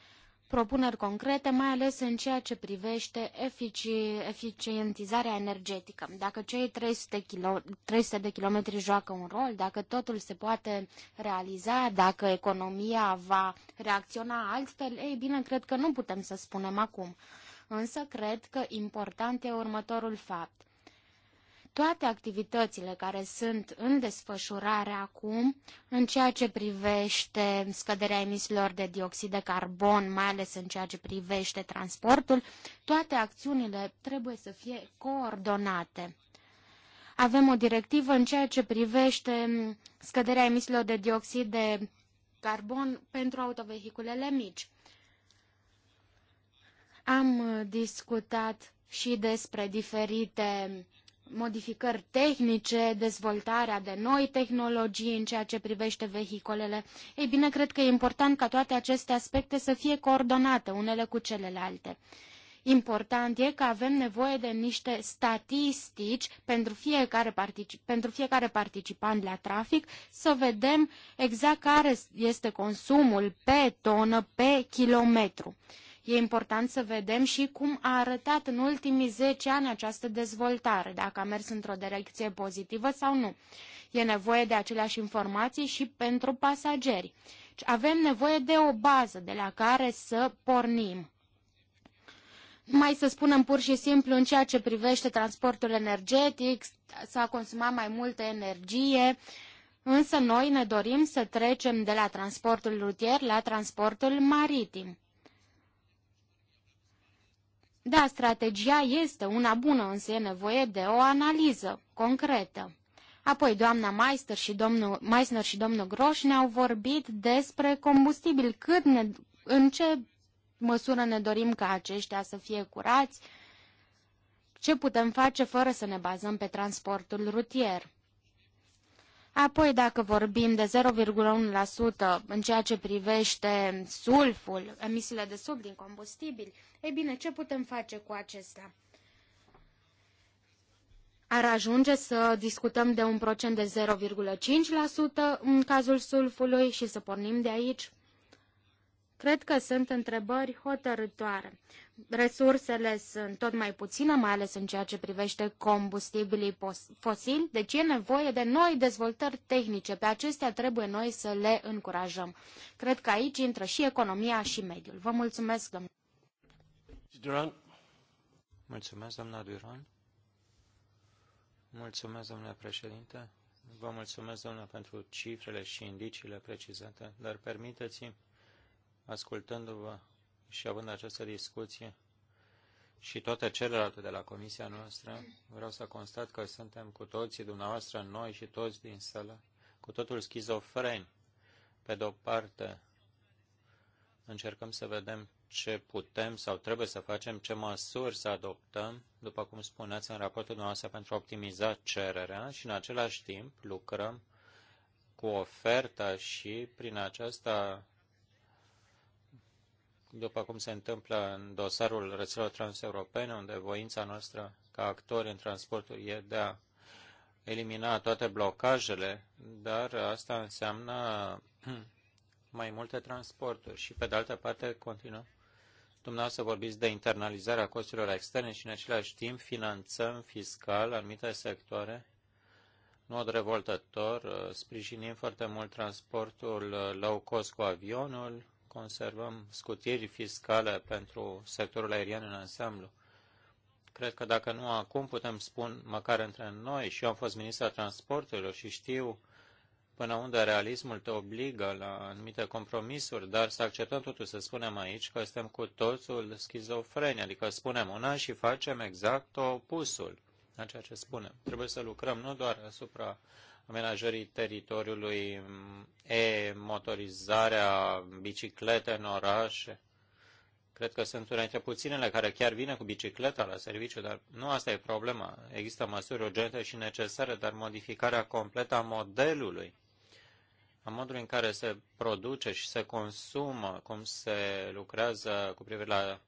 propuneri concrete, mai ales în ceea ce privește efici- eficientizarea energetică. Dacă cei 300, kilo, 300 de kilometri joacă un rol, dacă totul se poate realiza, dacă economia va reacționa altfel, ei bine, cred că nu putem să spunem acum. Însă cred că important e următorul fapt. Toate activitățile care sunt în desfășurare acum, în ceea ce privește scăderea emisiilor de dioxid de carbon, mai ales în ceea ce privește transportul, toate acțiunile trebuie să fie coordonate avem o directivă în ceea ce privește scăderea emisiilor de dioxid de carbon pentru autovehiculele mici. Am discutat și despre diferite modificări tehnice, dezvoltarea de noi tehnologii în ceea ce privește vehicolele. Ei bine, cred că e important ca toate aceste aspecte să fie coordonate unele cu celelalte. Important e că avem nevoie de niște statistici pentru fiecare, particip, pentru fiecare participant la trafic, să vedem exact care este consumul pe tonă, pe kilometru. E important să vedem și cum a arătat în ultimii 10 ani această dezvoltare, dacă a mers într-o direcție pozitivă sau nu. E nevoie de aceleași informații și pentru pasageri. Deci avem nevoie de o bază de la care să pornim mai să spunem pur și simplu, în ceea ce privește transportul energetic, s-a consumat mai multă energie, însă noi ne dorim să trecem de la transportul rutier la transportul maritim. Da, strategia este una bună, însă e nevoie de o analiză concretă. Apoi doamna Meister și domnul, Meissner și domnul Groș ne-au vorbit despre combustibil, cât ne, în ce măsură ne dorim ca aceștia să fie curați, ce putem face fără să ne bazăm pe transportul rutier. Apoi, dacă vorbim de 0,1% în ceea ce privește sulful, emisiile de sulf din combustibili, ei bine, ce putem face cu acestea? Ar ajunge să discutăm de un procent de 0,5% în cazul sulfului și să pornim de aici? Cred că sunt întrebări hotărâtoare resursele sunt tot mai puține, mai ales în ceea ce privește combustibilii fosili, deci e nevoie de noi dezvoltări tehnice. Pe acestea trebuie noi să le încurajăm. Cred că aici intră și economia și mediul. Vă mulțumesc, domnule. Duran. Mulțumesc, doamna Duran. Mulțumesc, domnule președinte. Vă mulțumesc, doamna, pentru cifrele și indiciile precizate, dar permiteți-mi, ascultându-vă, și având această discuție și toate celelalte de la comisia noastră, vreau să constat că suntem cu toții, dumneavoastră, noi și toți din sală, cu totul schizofreni. Pe de-o parte, încercăm să vedem ce putem sau trebuie să facem, ce măsuri să adoptăm, după cum spuneați în raportul dumneavoastră, pentru a optimiza cererea și în același timp lucrăm cu oferta și prin aceasta după cum se întâmplă în dosarul rețelor transeuropene, unde voința noastră ca actori în transporturi e de a elimina toate blocajele, dar asta înseamnă mai multe transporturi și, pe de altă parte, continuă. Dumneavoastră vorbiți de internalizarea costurilor externe și, în același timp, finanțăm fiscal anumite sectoare. În mod revoltător, sprijinim foarte mult transportul low cost cu avionul, conservăm scutiri fiscale pentru sectorul aerian în ansamblu. Cred că dacă nu acum putem spun, măcar între noi, și eu am fost ministra transporturilor și știu până unde realismul te obligă la anumite compromisuri, dar să acceptăm totul să spunem aici că suntem cu totul schizofreni, adică spunem una și facem exact opusul a ceea ce spunem. Trebuie să lucrăm nu doar asupra amenajării teritoriului, e-motorizarea, biciclete în orașe. Cred că sunt unele dintre puținele care chiar vine cu bicicleta la serviciu, dar nu asta e problema. Există măsuri urgente și necesare, dar modificarea completă a modelului, a modului în care se produce și se consumă, cum se lucrează cu privire la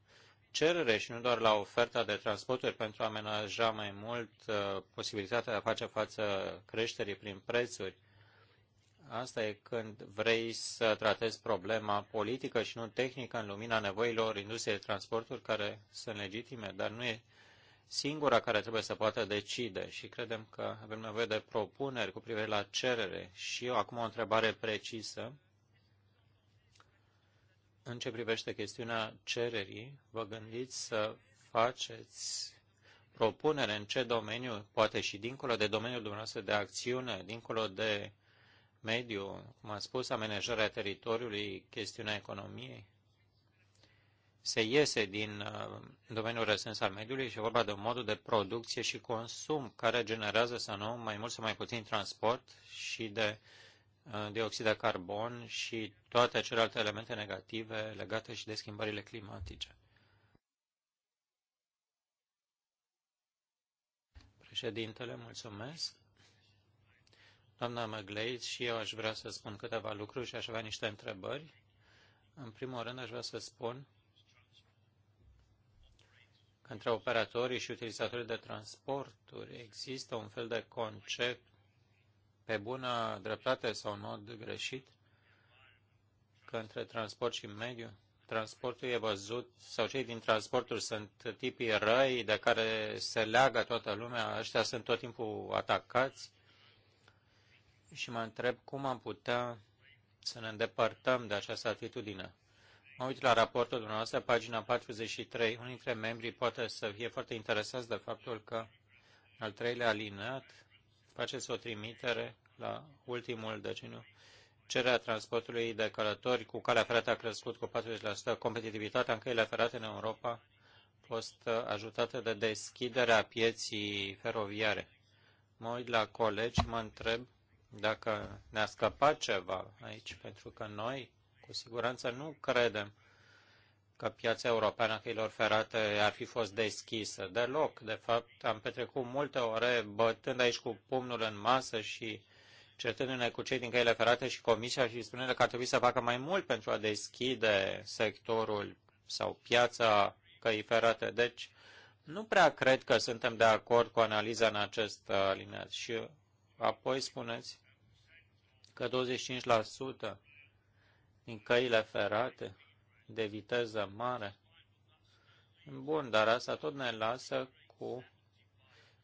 cerere și nu doar la oferta de transporturi pentru a amenaja mai mult uh, posibilitatea de a face față creșterii prin prețuri. Asta e când vrei să tratezi problema politică și nu tehnică în lumina nevoilor industriei de transporturi care sunt legitime, dar nu e singura care trebuie să poată decide și credem că avem nevoie de propuneri cu privire la cerere. Și eu acum o întrebare precisă în ce privește chestiunea cererii, vă gândiți să faceți propunere în ce domeniu, poate și dincolo de domeniul dumneavoastră de acțiune, dincolo de mediu, cum am spus, amenajarea teritoriului, chestiunea economiei? Se iese din uh, domeniul răsens al mediului și vorba de un modul de producție și consum care generează, să nu, mai mult sau mai puțin transport și de uh, Uh, dioxid de carbon și toate celelalte elemente negative legate și de schimbările climatice. Președintele, mulțumesc. Doamna McGlade, și eu aș vrea să spun câteva lucruri și aș avea niște întrebări. În primul rând, aș vrea să spun că între operatorii și utilizatorii de transporturi există un fel de concept pe bună dreptate sau în mod greșit că între transport și mediu transportul e văzut sau cei din transporturi sunt tipii răi de care se leagă toată lumea, ăștia sunt tot timpul atacați și mă întreb cum am putea să ne îndepărtăm de această atitudine. Mă uit la raportul dumneavoastră, pagina 43. Unii dintre membrii poate să fie foarte interesați de faptul că în al treilea alineat faceți o trimitere la ultimul deceniu. Cererea transportului de călători cu calea ferată a crescut cu 40%. Competitivitatea în căile ferate în Europa a fost ajutată de deschiderea pieții feroviare. Mă uit la colegi, mă întreb dacă ne-a scăpat ceva aici, pentru că noi, cu siguranță, nu credem că piața europeană a căilor ferate ar fi fost deschisă. Deloc, de fapt, am petrecut multe ore bătând aici cu pumnul în masă și certându-ne cu cei din căile ferate și comisia și spunând că ar trebui să facă mai mult pentru a deschide sectorul sau piața căi ferate. Deci, nu prea cred că suntem de acord cu analiza în acest uh, linie Și apoi spuneți că 25% din căile ferate de viteză mare. Bun, dar asta tot ne lasă cu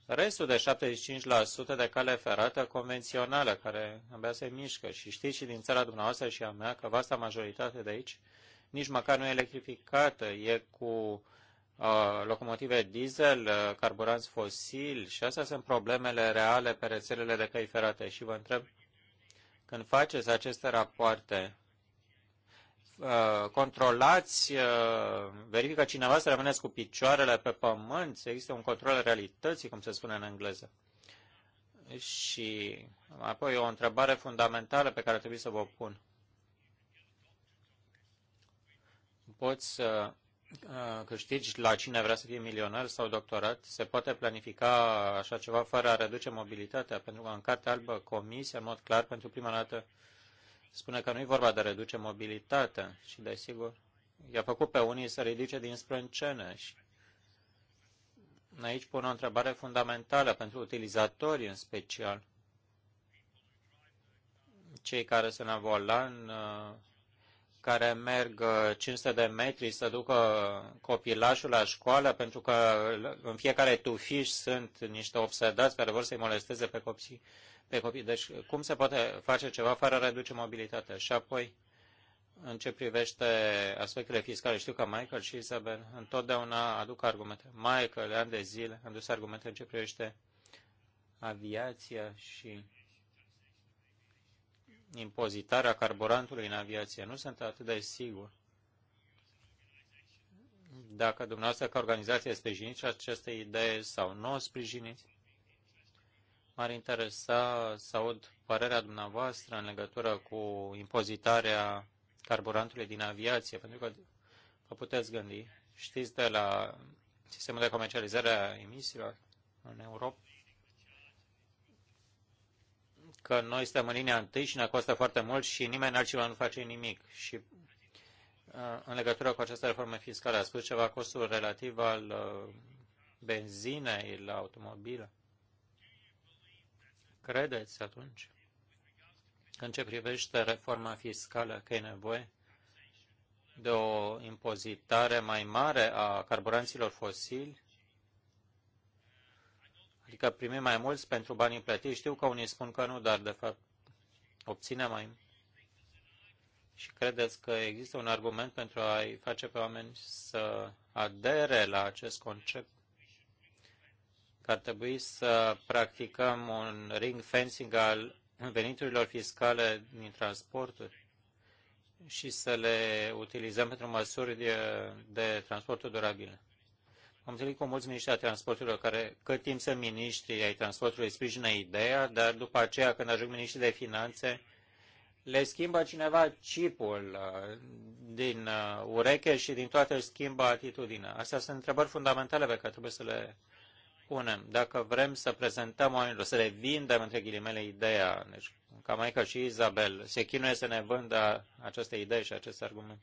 restul de 75% de cale ferată convențională, care abia se mișcă. Și știți și din țara dumneavoastră și a mea că vasta majoritate de aici nici măcar nu e electrificată, e cu uh, locomotive diesel, uh, carburanți fosili și astea sunt problemele reale pe rețelele de căi ferate. Și vă întreb, când faceți aceste rapoarte, Uh, controlați, uh, verifică cineva să rămâneți cu picioarele pe pământ, să există un control realității, cum se spune în engleză. Și apoi o întrebare fundamentală pe care trebuie să vă pun. Poți să uh, câștigi la cine vrea să fie milionar sau doctorat? Se poate planifica așa ceva fără a reduce mobilitatea? Pentru că în Cartea Albă Comisia, în mod clar, pentru prima dată, spune că nu e vorba de a reduce mobilitatea și, desigur, i-a făcut pe unii să ridice din sprâncene și aici pun o întrebare fundamentală pentru utilizatori în special. Cei care sunt la volan uh, care merg 500 uh, de metri să ducă copilașul la școală, pentru că în fiecare tufiș sunt niște obsedați care vor să-i molesteze pe copii. Pe copii. Deci cum se poate face ceva fără a reduce mobilitatea? Și apoi, în ce privește aspectele fiscale, știu că Michael și Isabel întotdeauna aduc argumente. Michael, ani de zile, am dus argumente în ce privește aviația și impozitarea carburantului în aviație. Nu sunt atât de sigur dacă dumneavoastră ca organizație sprijiniți aceste idee sau nu o sprijiniți. M-ar interesa să aud părerea dumneavoastră în legătură cu impozitarea carburantului din aviație, pentru că vă puteți gândi. Știți de la sistemul de comercializare a emisiilor în Europa că noi suntem în linia întâi și ne costă foarte mult și nimeni altceva nu face nimic. Și uh, în legătură cu această reformă fiscală, a spus ceva costul relativ al uh, benzinei la automobile? Credeți atunci? În ce privește reforma fiscală, că e nevoie de o impozitare mai mare a carburanților fosili Adică primim mai mulți pentru banii plătiți. Știu că unii spun că nu, dar de fapt obține mai mult și credeți că există un argument pentru a-i face pe oameni să adere la acest concept? Că ar trebui să practicăm un ring fencing al veniturilor fiscale din transporturi și să le utilizăm pentru măsuri de, de transporturi durabile. Am întâlnit cu mulți miniștri a transporturilor care, cât timp sunt miniștri ai transportului, sprijină ideea, dar după aceea, când ajung miniștri de finanțe, le schimbă cineva chipul uh, din uh, ureche și din toate își schimbă atitudinea. Astea sunt întrebări fundamentale pe care trebuie să le punem. Dacă vrem să prezentăm oamenilor, să le vindem, între ghilimele, ideea, deci, ca Maica și Izabel, se chinuie să ne vândă această idee și acest argument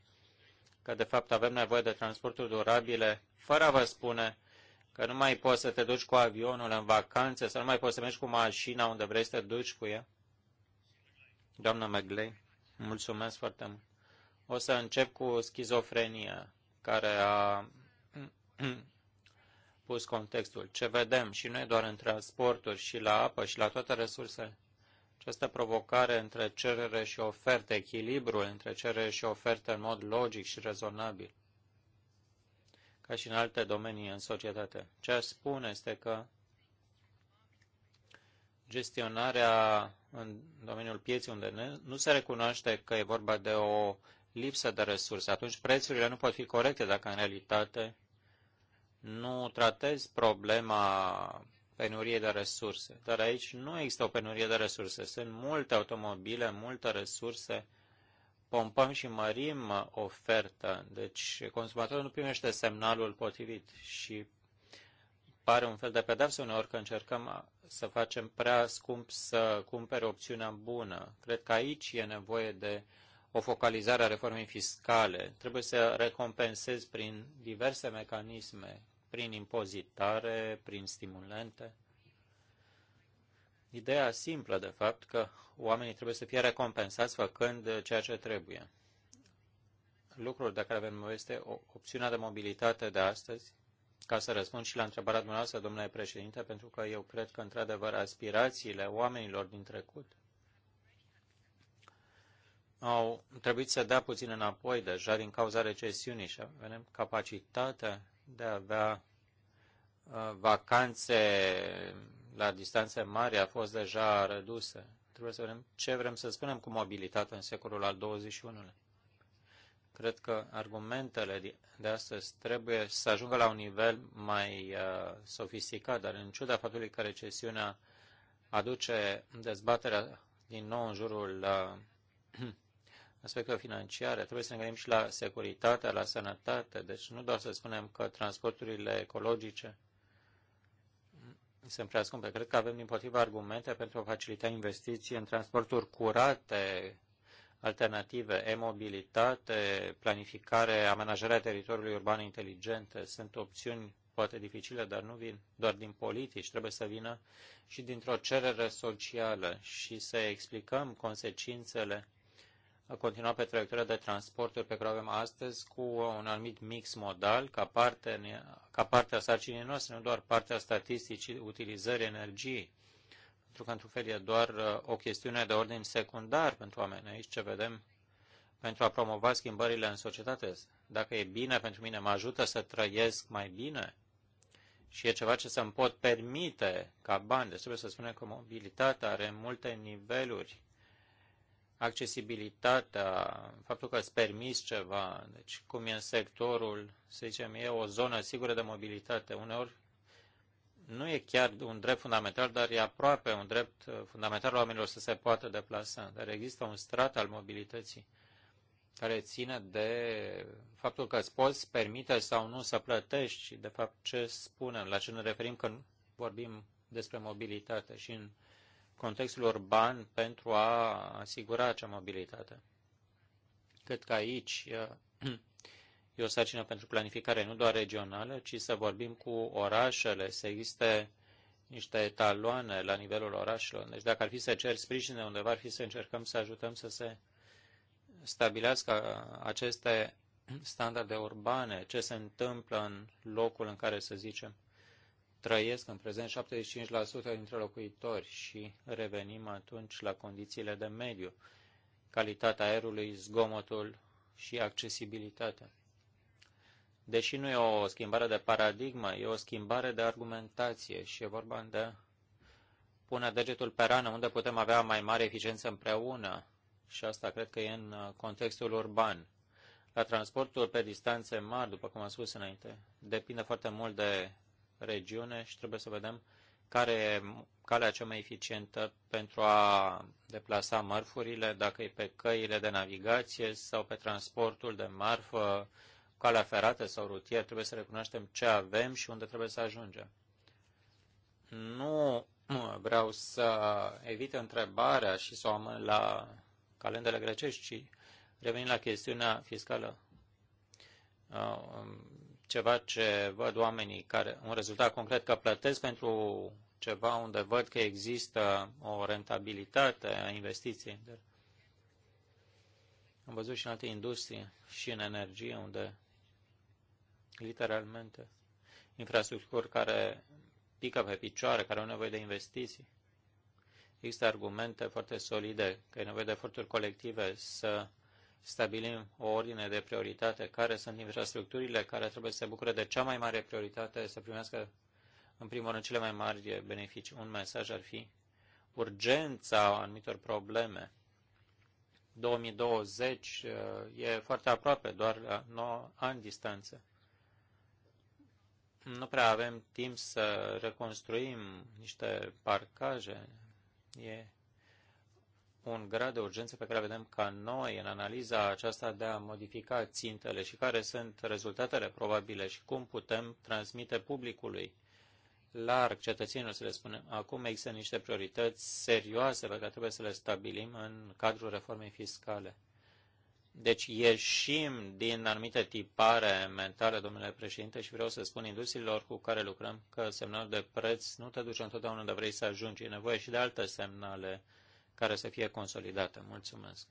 că de fapt avem nevoie de transporturi durabile, fără a vă spune că nu mai poți să te duci cu avionul în vacanțe sau nu mai poți să mergi cu mașina unde vrei să te duci cu ea? Doamna Megley, mulțumesc foarte mult. O să încep cu schizofrenia, care a pus contextul. Ce vedem și nu e doar în transporturi, și la apă, și la toate resursele, această provocare între cerere și ofertă, echilibrul între cerere și ofertă în mod logic și rezonabil, ca și în alte domenii în societate. Ce aș spune este că gestionarea în domeniul pieții unde nu se recunoaște că e vorba de o lipsă de resurse, atunci prețurile nu pot fi corecte dacă în realitate nu tratezi problema penurie de resurse. Dar aici nu există o penurie de resurse. Sunt multe automobile, multe resurse. Pompăm și mărim oferta. Deci consumatorul nu primește semnalul potrivit și pare un fel de pedapsă uneori că încercăm să facem prea scump să cumpere opțiunea bună. Cred că aici e nevoie de o focalizare a reformei fiscale. Trebuie să recompensezi prin diverse mecanisme prin impozitare, prin stimulente. Ideea simplă, de fapt, că oamenii trebuie să fie recompensați făcând ceea ce trebuie. Lucrul de care avem nevoie este opțiunea de mobilitate de astăzi, ca să răspund și la întrebarea dumneavoastră, domnule președinte, pentru că eu cred că, într-adevăr, aspirațiile oamenilor din trecut au trebuit să dea puțin înapoi deja din cauza recesiunii și avem capacitatea de a avea uh, vacanțe la distanțe mari a fost deja redusă. Trebuie să vedem ce vrem să spunem cu mobilitatea în secolul al XXI-lea. Cred că argumentele de astăzi trebuie să ajungă la un nivel mai uh, sofisticat, dar în ciuda faptului că recesiunea aduce dezbaterea din nou în jurul uh, aspectelor financiare, trebuie să ne gândim și la securitate, la sănătate, deci nu doar să spunem că transporturile ecologice sunt prea scumpe. Cred că avem din potriva argumente pentru a facilita investiții în transporturi curate, alternative, e-mobilitate, planificare, amenajarea teritoriului urban inteligente. Sunt opțiuni poate dificile, dar nu vin doar din politici, trebuie să vină și dintr-o cerere socială și să explicăm consecințele a continua pe traiectoria de transporturi pe care o avem astăzi cu un anumit mix modal ca parte, ca parte a sarcinii noastre, nu doar partea statisticii utilizării energiei. Pentru că, într-un fel, e doar uh, o chestiune de ordin secundar pentru oameni. Aici ce vedem pentru a promova schimbările în societate. Dacă e bine pentru mine, mă ajută să trăiesc mai bine și e ceva ce să-mi pot permite ca bani. Deci trebuie să spunem că mobilitatea are multe niveluri accesibilitatea, faptul că îți permis ceva, deci cum e în sectorul, să zicem, e o zonă sigură de mobilitate. Uneori nu e chiar un drept fundamental, dar e aproape un drept uh, fundamental oamenilor să se poată deplasa. Dar există un strat al mobilității care ține de faptul că îți poți permite sau nu să plătești, de fapt ce spunem, la ce ne referim când vorbim despre mobilitate și în contextul urban pentru a asigura acea mobilitate. Cred că aici e o sarcină pentru planificare nu doar regională, ci să vorbim cu orașele, să existe niște etaloane la nivelul orașelor. Deci dacă ar fi să cer sprijin de undeva, ar fi să încercăm să ajutăm să se stabilească aceste standarde urbane, ce se întâmplă în locul în care, să zicem, trăiesc în prezent 75% dintre locuitori și revenim atunci la condițiile de mediu, calitatea aerului, zgomotul și accesibilitatea. Deși nu e o schimbare de paradigmă, e o schimbare de argumentație și e vorba de pune degetul pe rană unde putem avea mai mare eficiență împreună și asta cred că e în uh, contextul urban. La transportul pe distanțe mari, după cum am spus înainte, depinde foarte mult de regiune și trebuie să vedem care e calea cea mai eficientă pentru a deplasa mărfurile, dacă e pe căile de navigație sau pe transportul de marfă, calea ferată sau rutier, trebuie să recunoaștem ce avem și unde trebuie să ajungem. Nu vreau să evit întrebarea și să o amân la calendele grecești, ci revenind la chestiunea fiscală um, ceva ce văd oamenii care, un rezultat concret că plătesc pentru ceva unde văd că există o rentabilitate a investiției. Am văzut și în alte industrie, și în energie, unde literalmente infrastructuri care pică pe picioare, care au nevoie de investiții. Există argumente foarte solide că e nevoie de eforturi colective să stabilim o ordine de prioritate, care sunt infrastructurile care trebuie să se bucure de cea mai mare prioritate, să primească în primul rând cele mai mari beneficii. Un mesaj ar fi urgența anumitor probleme. 2020 uh, e foarte aproape, doar la 9 ani distanță. Nu prea avem timp să reconstruim niște parcaje. E un grad de urgență pe care vedem ca noi în analiza aceasta de a modifica țintele și care sunt rezultatele probabile și cum putem transmite publicului larg cetățenilor, să le spunem. Acum există niște priorități serioase pe care trebuie să le stabilim în cadrul reformei fiscale. Deci ieșim din anumite tipare mentale, domnule președinte, și vreau să spun industriilor cu care lucrăm că semnalul de preț nu te duce întotdeauna unde vrei să ajungi. E nevoie și de alte semnale care să fie consolidată. Mulțumesc.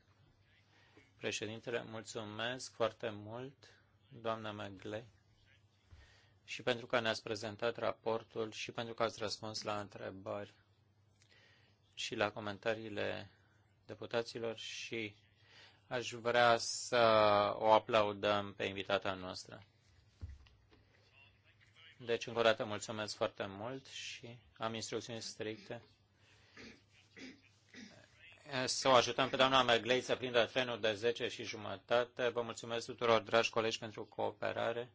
Președintele, mulțumesc foarte mult, doamna Megley. și pentru că ne-ați prezentat raportul și pentru că ați răspuns la întrebări și la comentariile deputaților și aș vrea să o aplaudăm pe invitata noastră. Deci, încă o dată, mulțumesc foarte mult și am instrucțiuni stricte să o ajutăm pe doamna Merglei să prindă trenul de 10 și jumătate. Vă mulțumesc tuturor, dragi colegi, pentru cooperare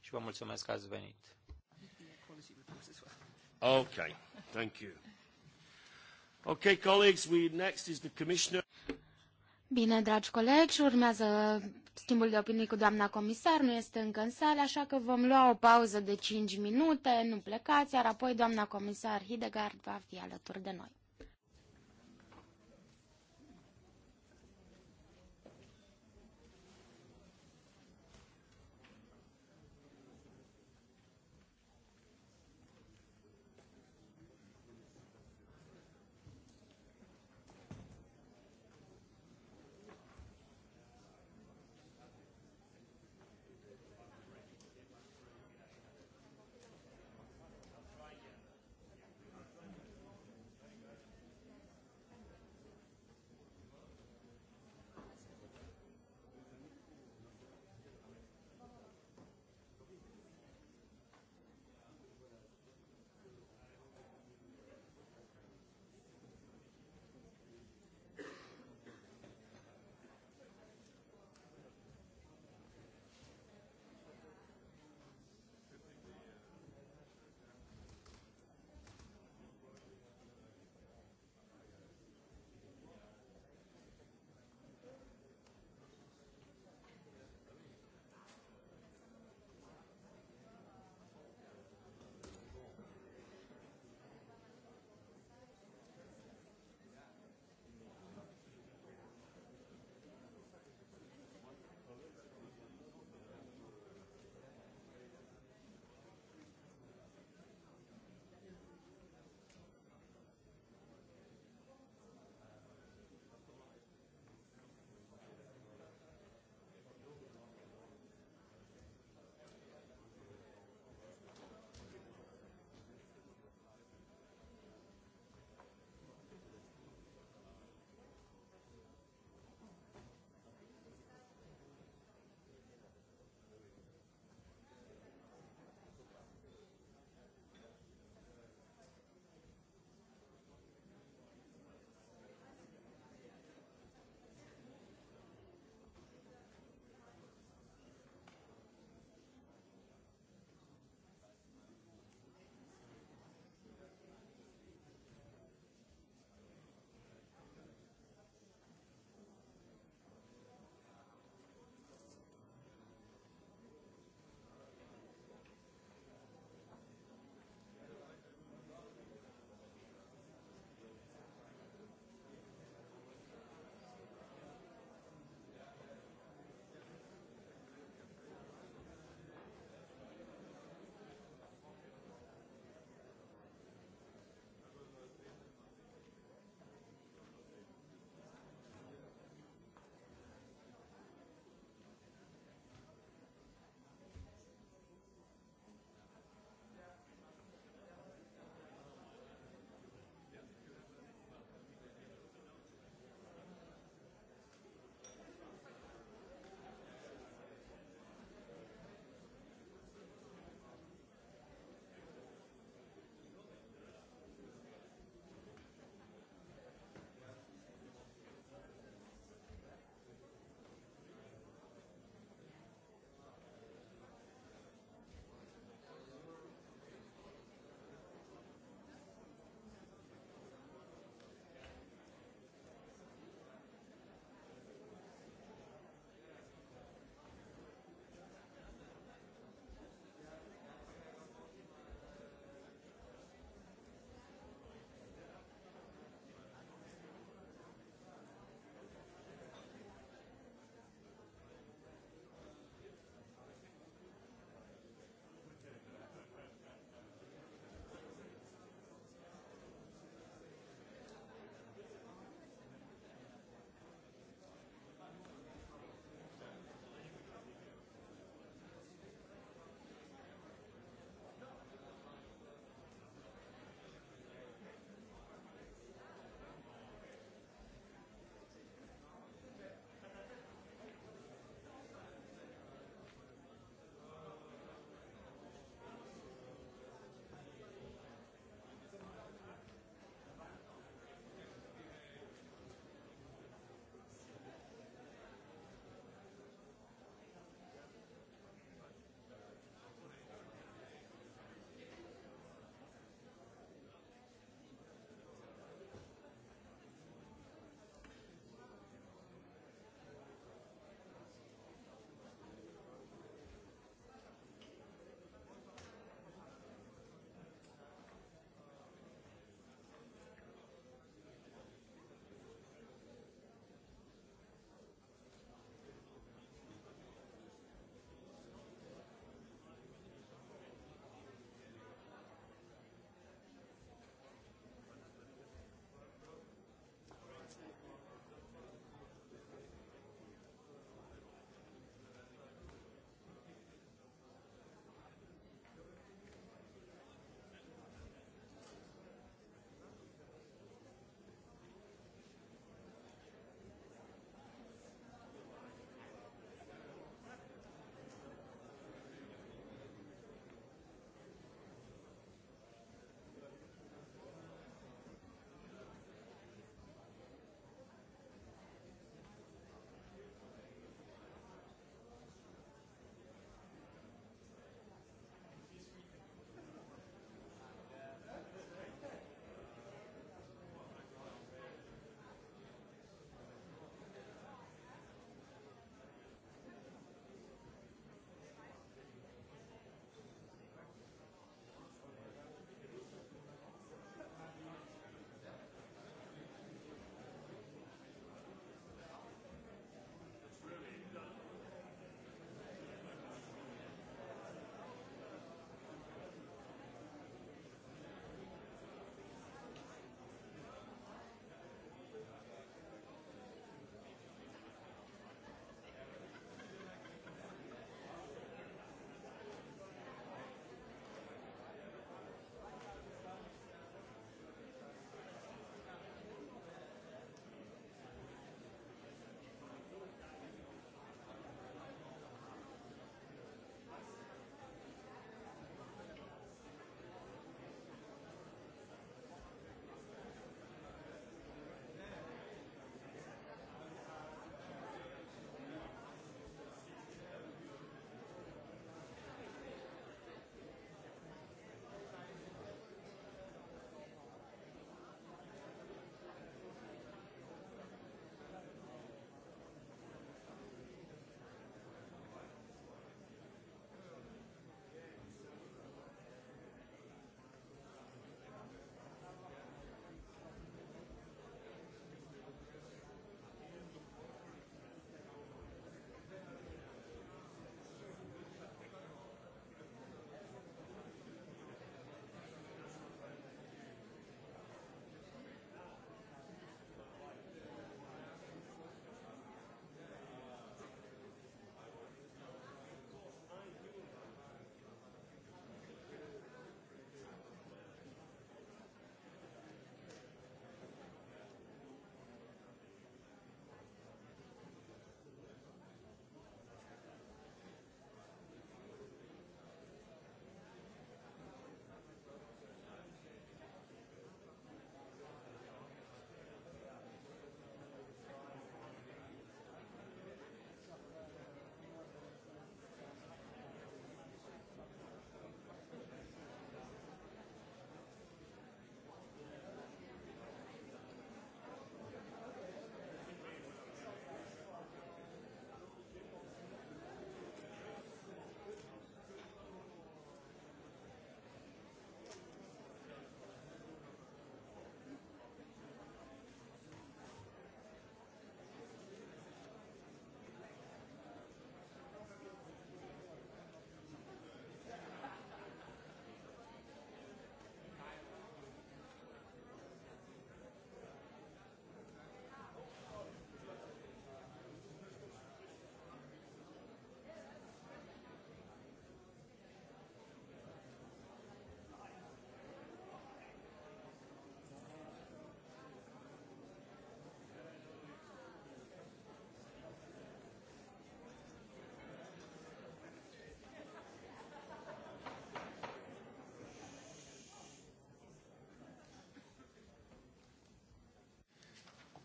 și vă mulțumesc că ați venit. Ok, thank you. Ok, colleagues, we next is the commissioner. Bine, dragi colegi, urmează schimbul de opinii cu doamna comisar, nu este încă în sală, așa că vom lua o pauză de 5 minute, nu plecați, iar apoi doamna comisar Hidegard va fi alături de noi.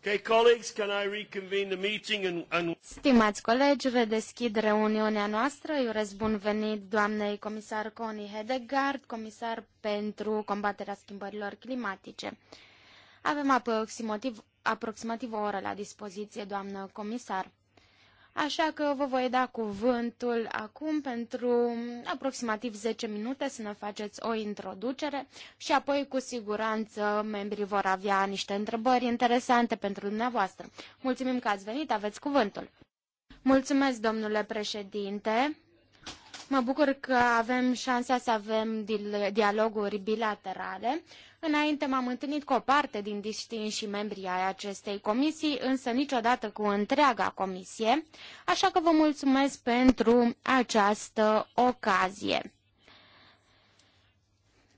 Okay, colleagues, can I reconvene the meeting and, and... Stimați colegi, redeschid reuniunea noastră. Eu urez bun venit doamnei comisar Connie Hedegaard, comisar pentru combaterea schimbărilor climatice. Avem aproximativ, aproximativ o oră la dispoziție, doamnă comisar. Așa că vă voi da cuvântul acum pentru aproximativ 10 minute să ne faceți o introducere și apoi cu siguranță membrii vor avea niște întrebări interesante pentru dumneavoastră. Mulțumim că ați venit, aveți cuvântul. Mulțumesc, domnule președinte. Mă bucur că avem șansa să avem dialoguri bilaterale Înainte m-am întâlnit cu o parte din distinși membrii ai acestei comisii, însă niciodată cu întreaga comisie, așa că vă mulțumesc pentru această ocazie.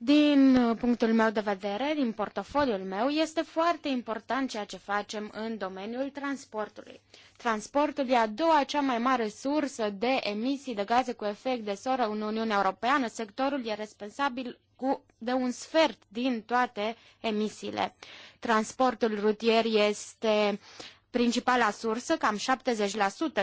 Din punctul meu de vedere, din portofoliul meu, este foarte important ceea ce facem în domeniul transportului. Transportul e a doua cea mai mare sursă de emisii de gaze cu efect de soră în Uniunea Europeană. Sectorul e responsabil cu, de un sfert din toate emisiile. Transportul rutier este Principala sursă, cam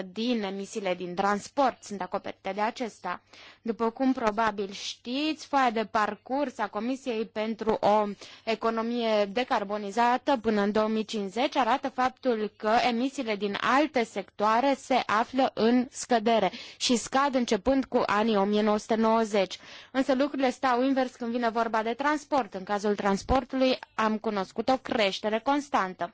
70% din emisiile din transport sunt acoperite de acesta. După cum probabil știți, foaia de parcurs a Comisiei pentru o economie decarbonizată până în 2050 arată faptul că emisiile din alte sectoare se află în scădere și scad începând cu anii 1990. Însă lucrurile stau invers când vine vorba de transport. În cazul transportului am cunoscut o creștere constantă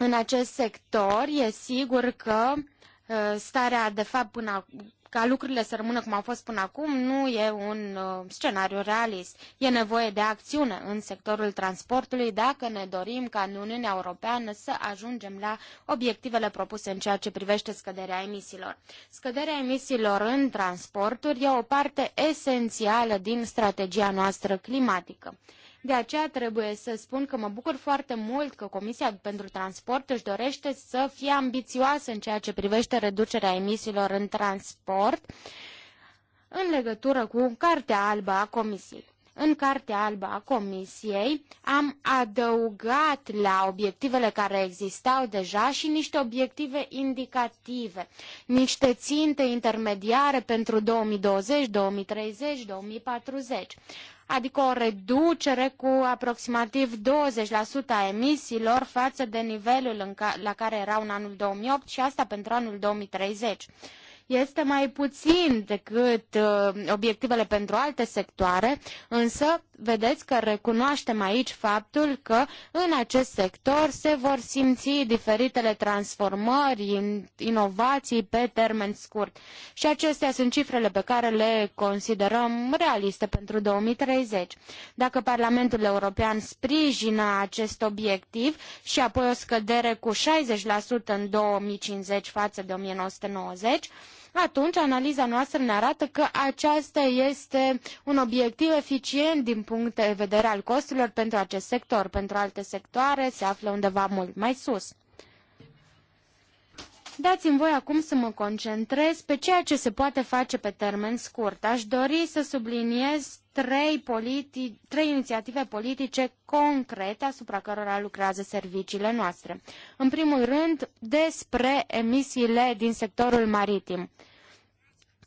în acest sector, e sigur că uh, starea, de fapt, până ca lucrurile să rămână cum au fost până acum, nu e un uh, scenariu realist. E nevoie de acțiune în sectorul transportului dacă ne dorim ca în Uniunea Europeană să ajungem la obiectivele propuse în ceea ce privește scăderea emisiilor. Scăderea emisiilor în transporturi e o parte esențială din strategia noastră climatică. De aceea trebuie să spun că mă bucur foarte mult că Comisia pentru Transport își dorește să fie ambițioasă în ceea ce privește reducerea emisiilor în transport în legătură cu Cartea Albă a Comisiei. În Cartea Albă a Comisiei am adăugat la obiectivele care existau deja și niște obiective indicative, niște ținte intermediare pentru 2020, 2030, 2040 adică o reducere cu aproximativ 20% a emisiilor față de nivelul ca, la care era în anul 2008 și asta pentru anul 2030 este mai puțin decât uh, obiectivele pentru alte sectoare, însă vedeți că recunoaștem aici faptul că în acest sector se vor simți diferitele transformări, inovații pe termen scurt. Și acestea sunt cifrele pe care le considerăm realiste pentru 2030. Dacă Parlamentul European sprijină acest obiectiv și apoi o scădere cu 60% în 2050 față de 1990, atunci analiza noastră ne arată că aceasta este un obiectiv eficient din punct de vedere al costurilor pentru acest sector. Pentru alte sectoare se află undeva mult mai sus. Dați-mi voi acum să mă concentrez pe ceea ce se poate face pe termen scurt. Aș dori să subliniez trei, politi- trei inițiative politice concrete asupra cărora lucrează serviciile noastre. În primul rând, despre emisiile din sectorul maritim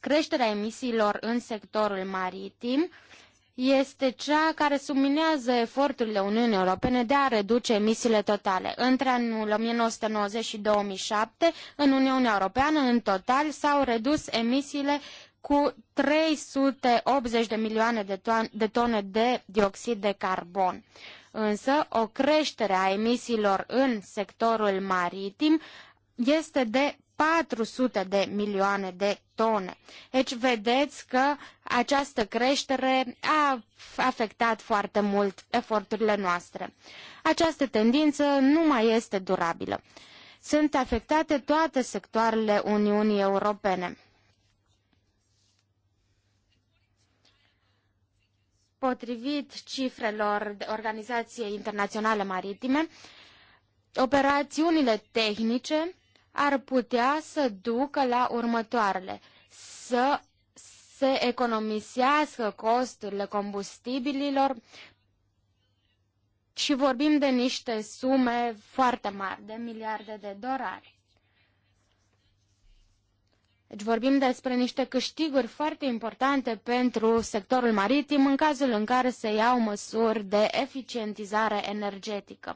creșterea emisiilor în sectorul maritim este cea care subminează eforturile Uniunii Europene de a reduce emisiile totale. Între anul 1990 și 2007, în Uniunea Europeană, în total, s-au redus emisiile cu 380 de milioane de, ton de tone de dioxid de carbon. Însă, o creștere a emisiilor în sectorul maritim este de 400 de milioane de tone. Deci vedeți că această creștere a afectat foarte mult eforturile noastre. Această tendință nu mai este durabilă. Sunt afectate toate sectoarele Uniunii Europene. Potrivit cifrelor Organizației Internaționale Maritime, operațiunile tehnice ar putea să ducă la următoarele, să se economisească costurile combustibililor și vorbim de niște sume foarte mari, de miliarde de dolari. Deci vorbim despre niște câștiguri foarte importante pentru sectorul maritim în cazul în care se iau măsuri de eficientizare energetică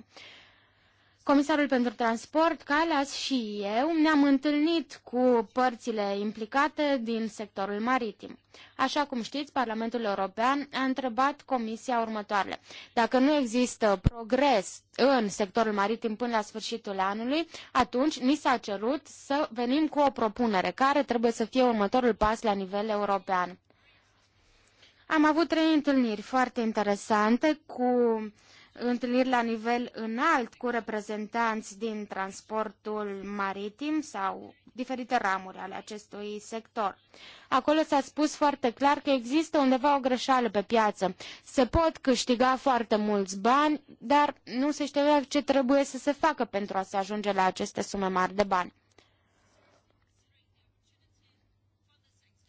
comisarul pentru transport, Calas și eu ne-am întâlnit cu părțile implicate din sectorul maritim. Așa cum știți, Parlamentul European a întrebat Comisia următoarele. Dacă nu există progres în sectorul maritim până la sfârșitul anului, atunci ni s-a cerut să venim cu o propunere care trebuie să fie următorul pas la nivel european. Am avut trei întâlniri foarte interesante cu uh, întâlniri la nivel înalt cu reprezentanți din transportul maritim sau diferite ramuri ale acestui sector. Acolo s-a spus foarte clar că există undeva o greșeală pe piață. Se pot câștiga foarte mulți bani, dar nu se știe ce trebuie să se facă pentru a se ajunge la aceste sume mari de bani.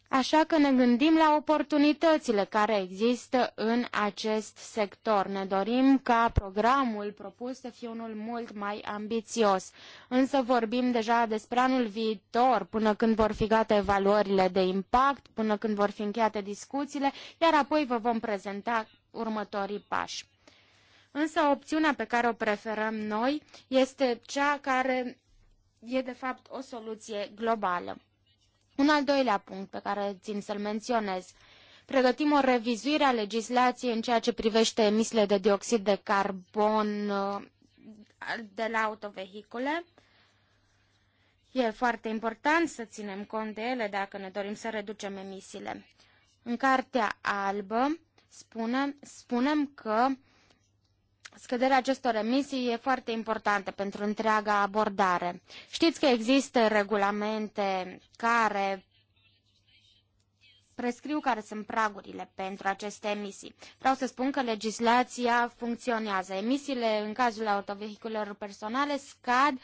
Așa că ne gândim la oportunitățile care există în acest sector. Ne dorim ca programul propus să fie unul mult mai ambițios. Însă vorbim deja despre anul viitor, până când vor fi gata evaluările de impact, până când vor fi încheiate discuțiile, iar apoi vă vom prezenta următorii pași. Însă opțiunea pe care o preferăm noi este cea care e de fapt o soluție globală. Un al doilea punct pe care țin să-l menționez. Pregătim o revizuire a legislației în ceea ce privește emisiile de dioxid de carbon uh, de la autovehicule. E foarte important să ținem cont de ele dacă ne dorim să reducem emisiile. În Cartea Albă spune, spunem că Scăderea acestor emisii e foarte importantă pentru întreaga abordare. Știți că există regulamente care prescriu care sunt pragurile pentru aceste emisii. Vreau să spun că legislația funcționează. Emisiile în cazul autovehiculelor personale scad uh,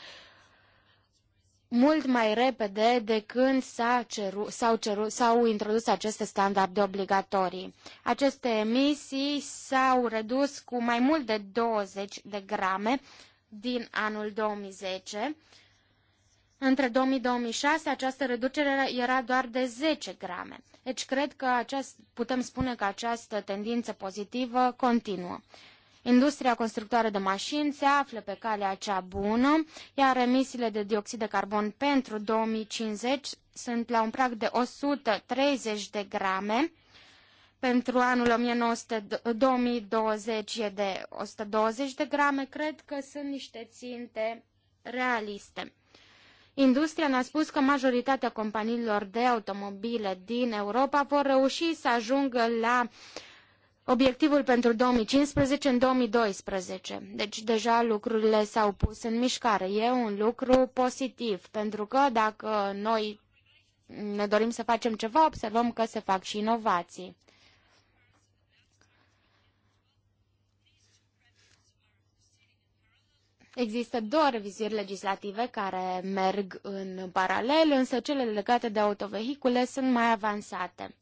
mult mai repede de când s-au ceru, ceru, introdus aceste standarde obligatorii. Aceste emisii s-au redus cu mai mult de 20 de grame din anul 2010. Între 2000-2006 această reducere era doar de 10 grame. Deci cred că aceast, putem spune că această tendință pozitivă continuă. Industria constructoare de mașini se află pe calea cea bună, iar emisiile de dioxid de carbon pentru 2050 sunt la un prag de 130 de grame. Pentru anul 1900, 2020 e de 120 de grame. Cred că sunt niște ținte realiste. Industria ne-a spus că majoritatea companiilor de automobile din Europa vor reuși să ajungă la uh, obiectivul pentru 2015 în 2012. Deci deja lucrurile s-au pus în mișcare. E un lucru pozitiv, pentru că dacă noi ne dorim să facem ceva, observăm că se fac și inovații. Există două revizuiri legislative care merg în paralel, însă cele legate de autovehicule sunt mai avansate.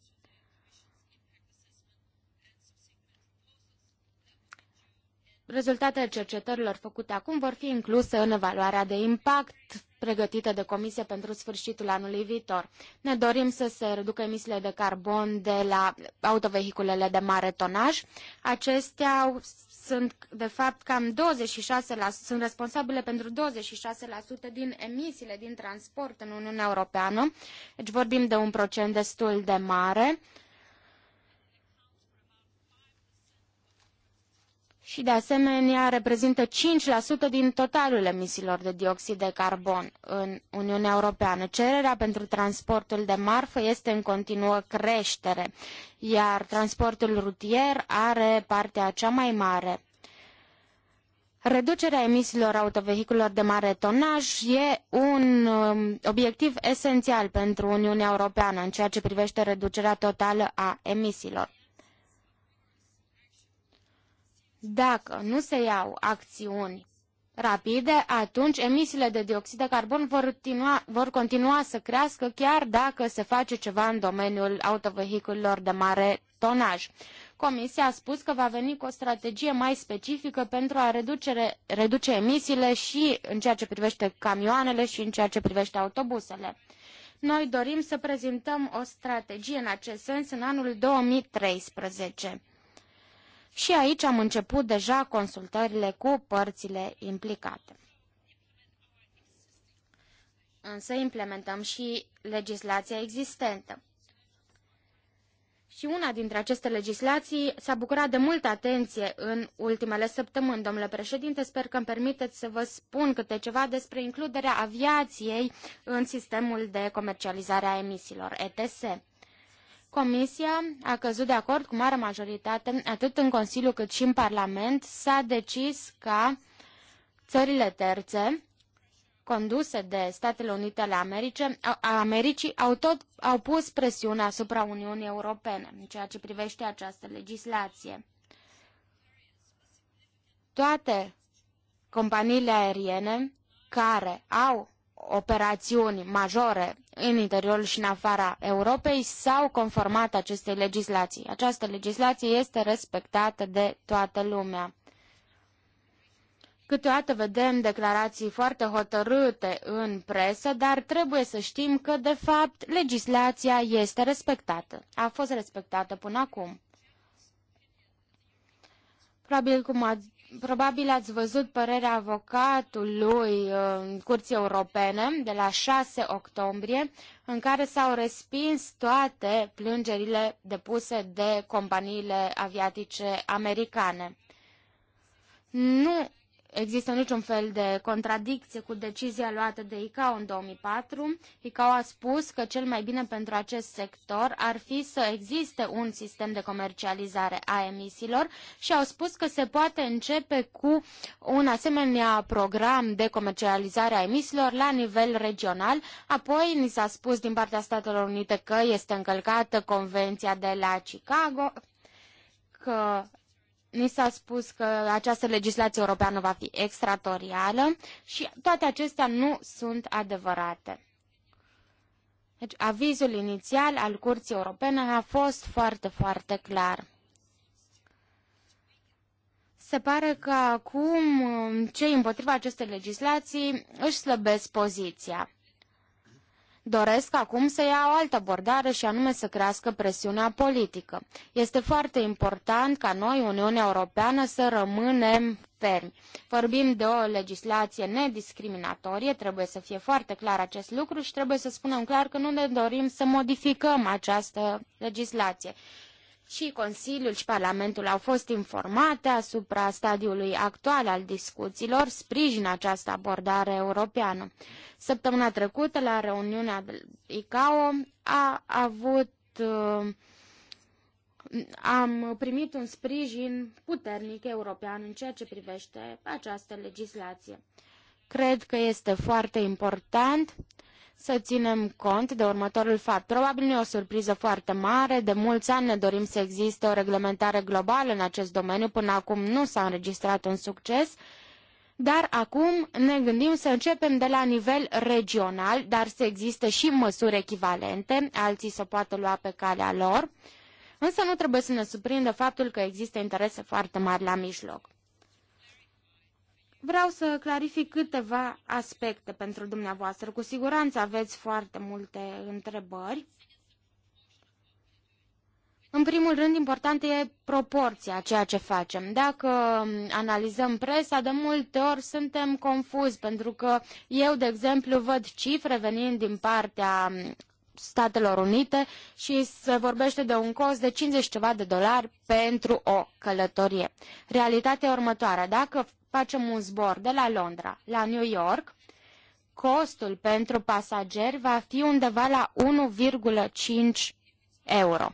rezultatele cercetărilor făcute acum vor fi incluse în evaluarea de impact pregătită de Comisie pentru sfârșitul anului viitor. Ne dorim să se reducă emisiile de carbon de la autovehiculele de mare tonaj. Acestea sunt, de fapt, cam 26%, sunt responsabile pentru 26% din emisiile din transport în Uniunea Europeană. Deci vorbim de un procent destul de mare. și de asemenea reprezintă 5% din totalul emisiilor de dioxid de carbon în Uniunea Europeană. Cererea pentru transportul de marfă este în continuă creștere, iar transportul rutier are partea cea mai mare. Reducerea emisiilor autovehiculelor de mare tonaj e un um, obiectiv esențial pentru Uniunea Europeană în ceea ce privește reducerea totală a emisiilor. Dacă nu se iau acțiuni rapide, atunci emisiile de dioxid de carbon vor continua, vor continua să crească chiar dacă se face ceva în domeniul autovehiculelor de mare tonaj. Comisia a spus că va veni cu o strategie mai specifică pentru a reduce, reduce emisiile și în ceea ce privește camioanele și în ceea ce privește autobuzele. Noi dorim să prezentăm o strategie în acest sens în anul 2013. Și aici am început deja consultările cu părțile implicate. Însă implementăm și legislația existentă. Și una dintre aceste legislații s-a bucurat de multă atenție în ultimele săptămâni. Domnule președinte, sper că îmi permiteți să vă spun câte ceva despre includerea aviației în sistemul de comercializare a emisiilor ETS. Comisia a căzut de acord cu mare majoritate, atât în Consiliu cât și în Parlament, s-a decis ca țările terțe, conduse de Statele Unite ale Americii au, tot, au pus presiune asupra Uniunii Europene în ceea ce privește această legislație. Toate companiile aeriene care au operațiuni majore în interiorul și în afara Europei s-au conformat acestei legislații. Această legislație este respectată de toată lumea. Câteodată vedem declarații foarte hotărâte în presă, dar trebuie să știm că, de fapt, legislația este respectată. A fost respectată până acum. Probabil cum ați Probabil ați văzut părerea avocatului uh, Curții Europene de la 6 octombrie, în care s-au respins toate plângerile depuse de companiile aviatice americane. Nu există niciun fel de contradicție cu decizia luată de ICAO în 2004. ICAO a spus că cel mai bine pentru acest sector ar fi să existe un sistem de comercializare a emisiilor și au spus că se poate începe cu un asemenea program de comercializare a emisiilor la nivel regional. Apoi ni s-a spus din partea Statelor Unite că este încălcată Convenția de la Chicago, că Ni s-a spus că această legislație europeană va fi extratorială și toate acestea nu sunt adevărate. Deci, avizul inițial al Curții Europene a fost foarte, foarte clar. Se pare că acum cei împotriva acestei legislații își slăbesc poziția doresc acum să ia o altă abordare și anume să crească presiunea politică. Este foarte important ca noi, Uniunea Europeană, să rămânem fermi. Vorbim de o legislație nediscriminatorie, trebuie să fie foarte clar acest lucru și trebuie să spunem clar că nu ne dorim să modificăm această legislație și Consiliul și Parlamentul au fost informate asupra stadiului actual al discuțiilor, sprijin această abordare europeană. Săptămâna trecută, la reuniunea ICAO, a avut, uh, am primit un sprijin puternic european în ceea ce privește această legislație. Cred că este foarte important să ținem cont de următorul fapt. Probabil nu e o surpriză foarte mare. De mulți ani ne dorim să existe o reglementare globală în acest domeniu. Până acum nu s-a înregistrat un succes. Dar acum ne gândim să începem de la nivel regional, dar să existe și măsuri echivalente, alții să poată lua pe calea lor. Însă nu trebuie să ne surprindă faptul că există interese foarte mari la mijloc. Vreau să clarific câteva aspecte pentru dumneavoastră. Cu siguranță aveți foarte multe întrebări. În primul rând, important e proporția ceea ce facem. Dacă analizăm presa, de multe ori suntem confuzi, pentru că eu, de exemplu, văd cifre venind din partea Statelor Unite și se vorbește de un cost de 50 ceva de dolari pentru o călătorie. Realitatea următoare, dacă facem un zbor de la Londra la New York, costul pentru pasager va fi undeva la 1,5 euro.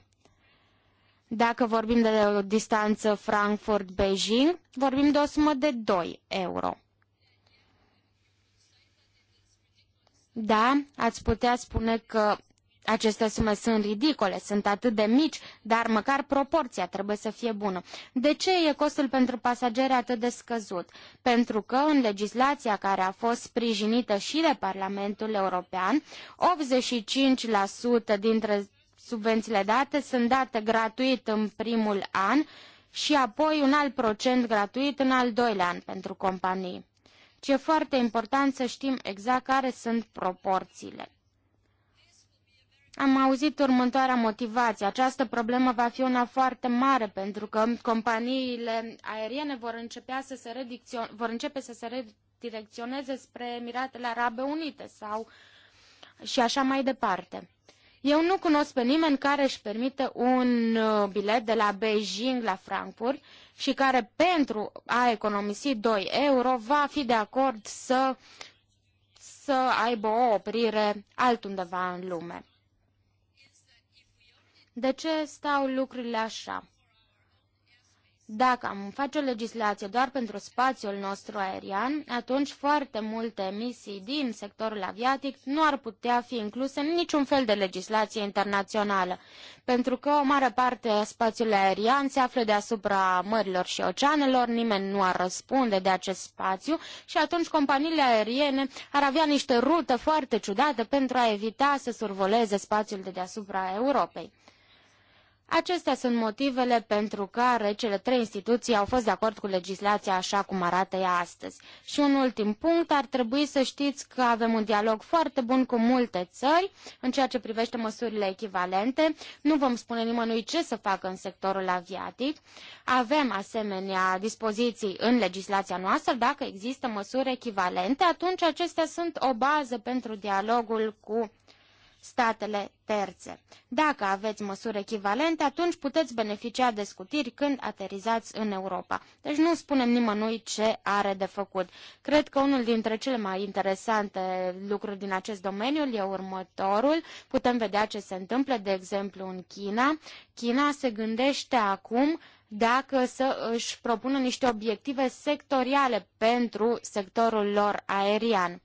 Dacă vorbim de o distanță Frankfurt-Beijing, vorbim de o sumă de 2 euro. Da, ați putea spune că aceste sume sunt ridicole, sunt atât de mici, dar măcar proporția trebuie să fie bună. De ce e costul pentru pasageri atât de scăzut? Pentru că în legislația care a fost sprijinită și de Parlamentul European, 85% dintre subvențiile date sunt date gratuit în primul an și apoi un alt procent gratuit în al doilea an pentru companii. Ce e foarte important să știm exact care sunt proporțiile. Am auzit următoarea motivație. Această problemă va fi una foarte mare pentru că companiile aeriene vor, începea să se vor începe să se redirecționeze spre Emiratele Arabe Unite sau și așa mai departe. Eu nu cunosc pe nimeni care își permite un uh, bilet de la Beijing la Frankfurt și care pentru a economisi 2 euro va fi de acord să, să aibă o oprire altundeva în lume. De ce stau lucrurile așa? Dacă am face o legislație doar pentru spațiul nostru aerian, atunci foarte multe emisii din sectorul aviatic nu ar putea fi incluse în niciun fel de legislație internațională, pentru că o mare parte a spațiului aerian se află deasupra mărilor și oceanelor, nimeni nu ar răspunde de acest spațiu și atunci companiile aeriene ar avea niște rute foarte ciudate pentru a evita să survoleze spațiul de deasupra Europei. Acestea sunt motivele pentru care cele trei instituții au fost de acord cu legislația așa cum arată ea astăzi. Și un ultim punct, ar trebui să știți că avem un dialog foarte bun cu multe țări în ceea ce privește măsurile echivalente. Nu vom spune nimănui ce să facă în sectorul aviatic. Avem asemenea dispoziții în legislația noastră. Dacă există măsuri echivalente, atunci acestea sunt o bază pentru dialogul cu statele terțe. Dacă aveți măsuri echivalente, atunci puteți beneficia de scutiri când aterizați în Europa. Deci nu spunem nimănui ce are de făcut. Cred că unul dintre cele mai interesante lucruri din acest domeniu e următorul. Putem vedea ce se întâmplă, de exemplu, în China. China se gândește acum dacă să își propună niște obiective sectoriale pentru sectorul lor aerian.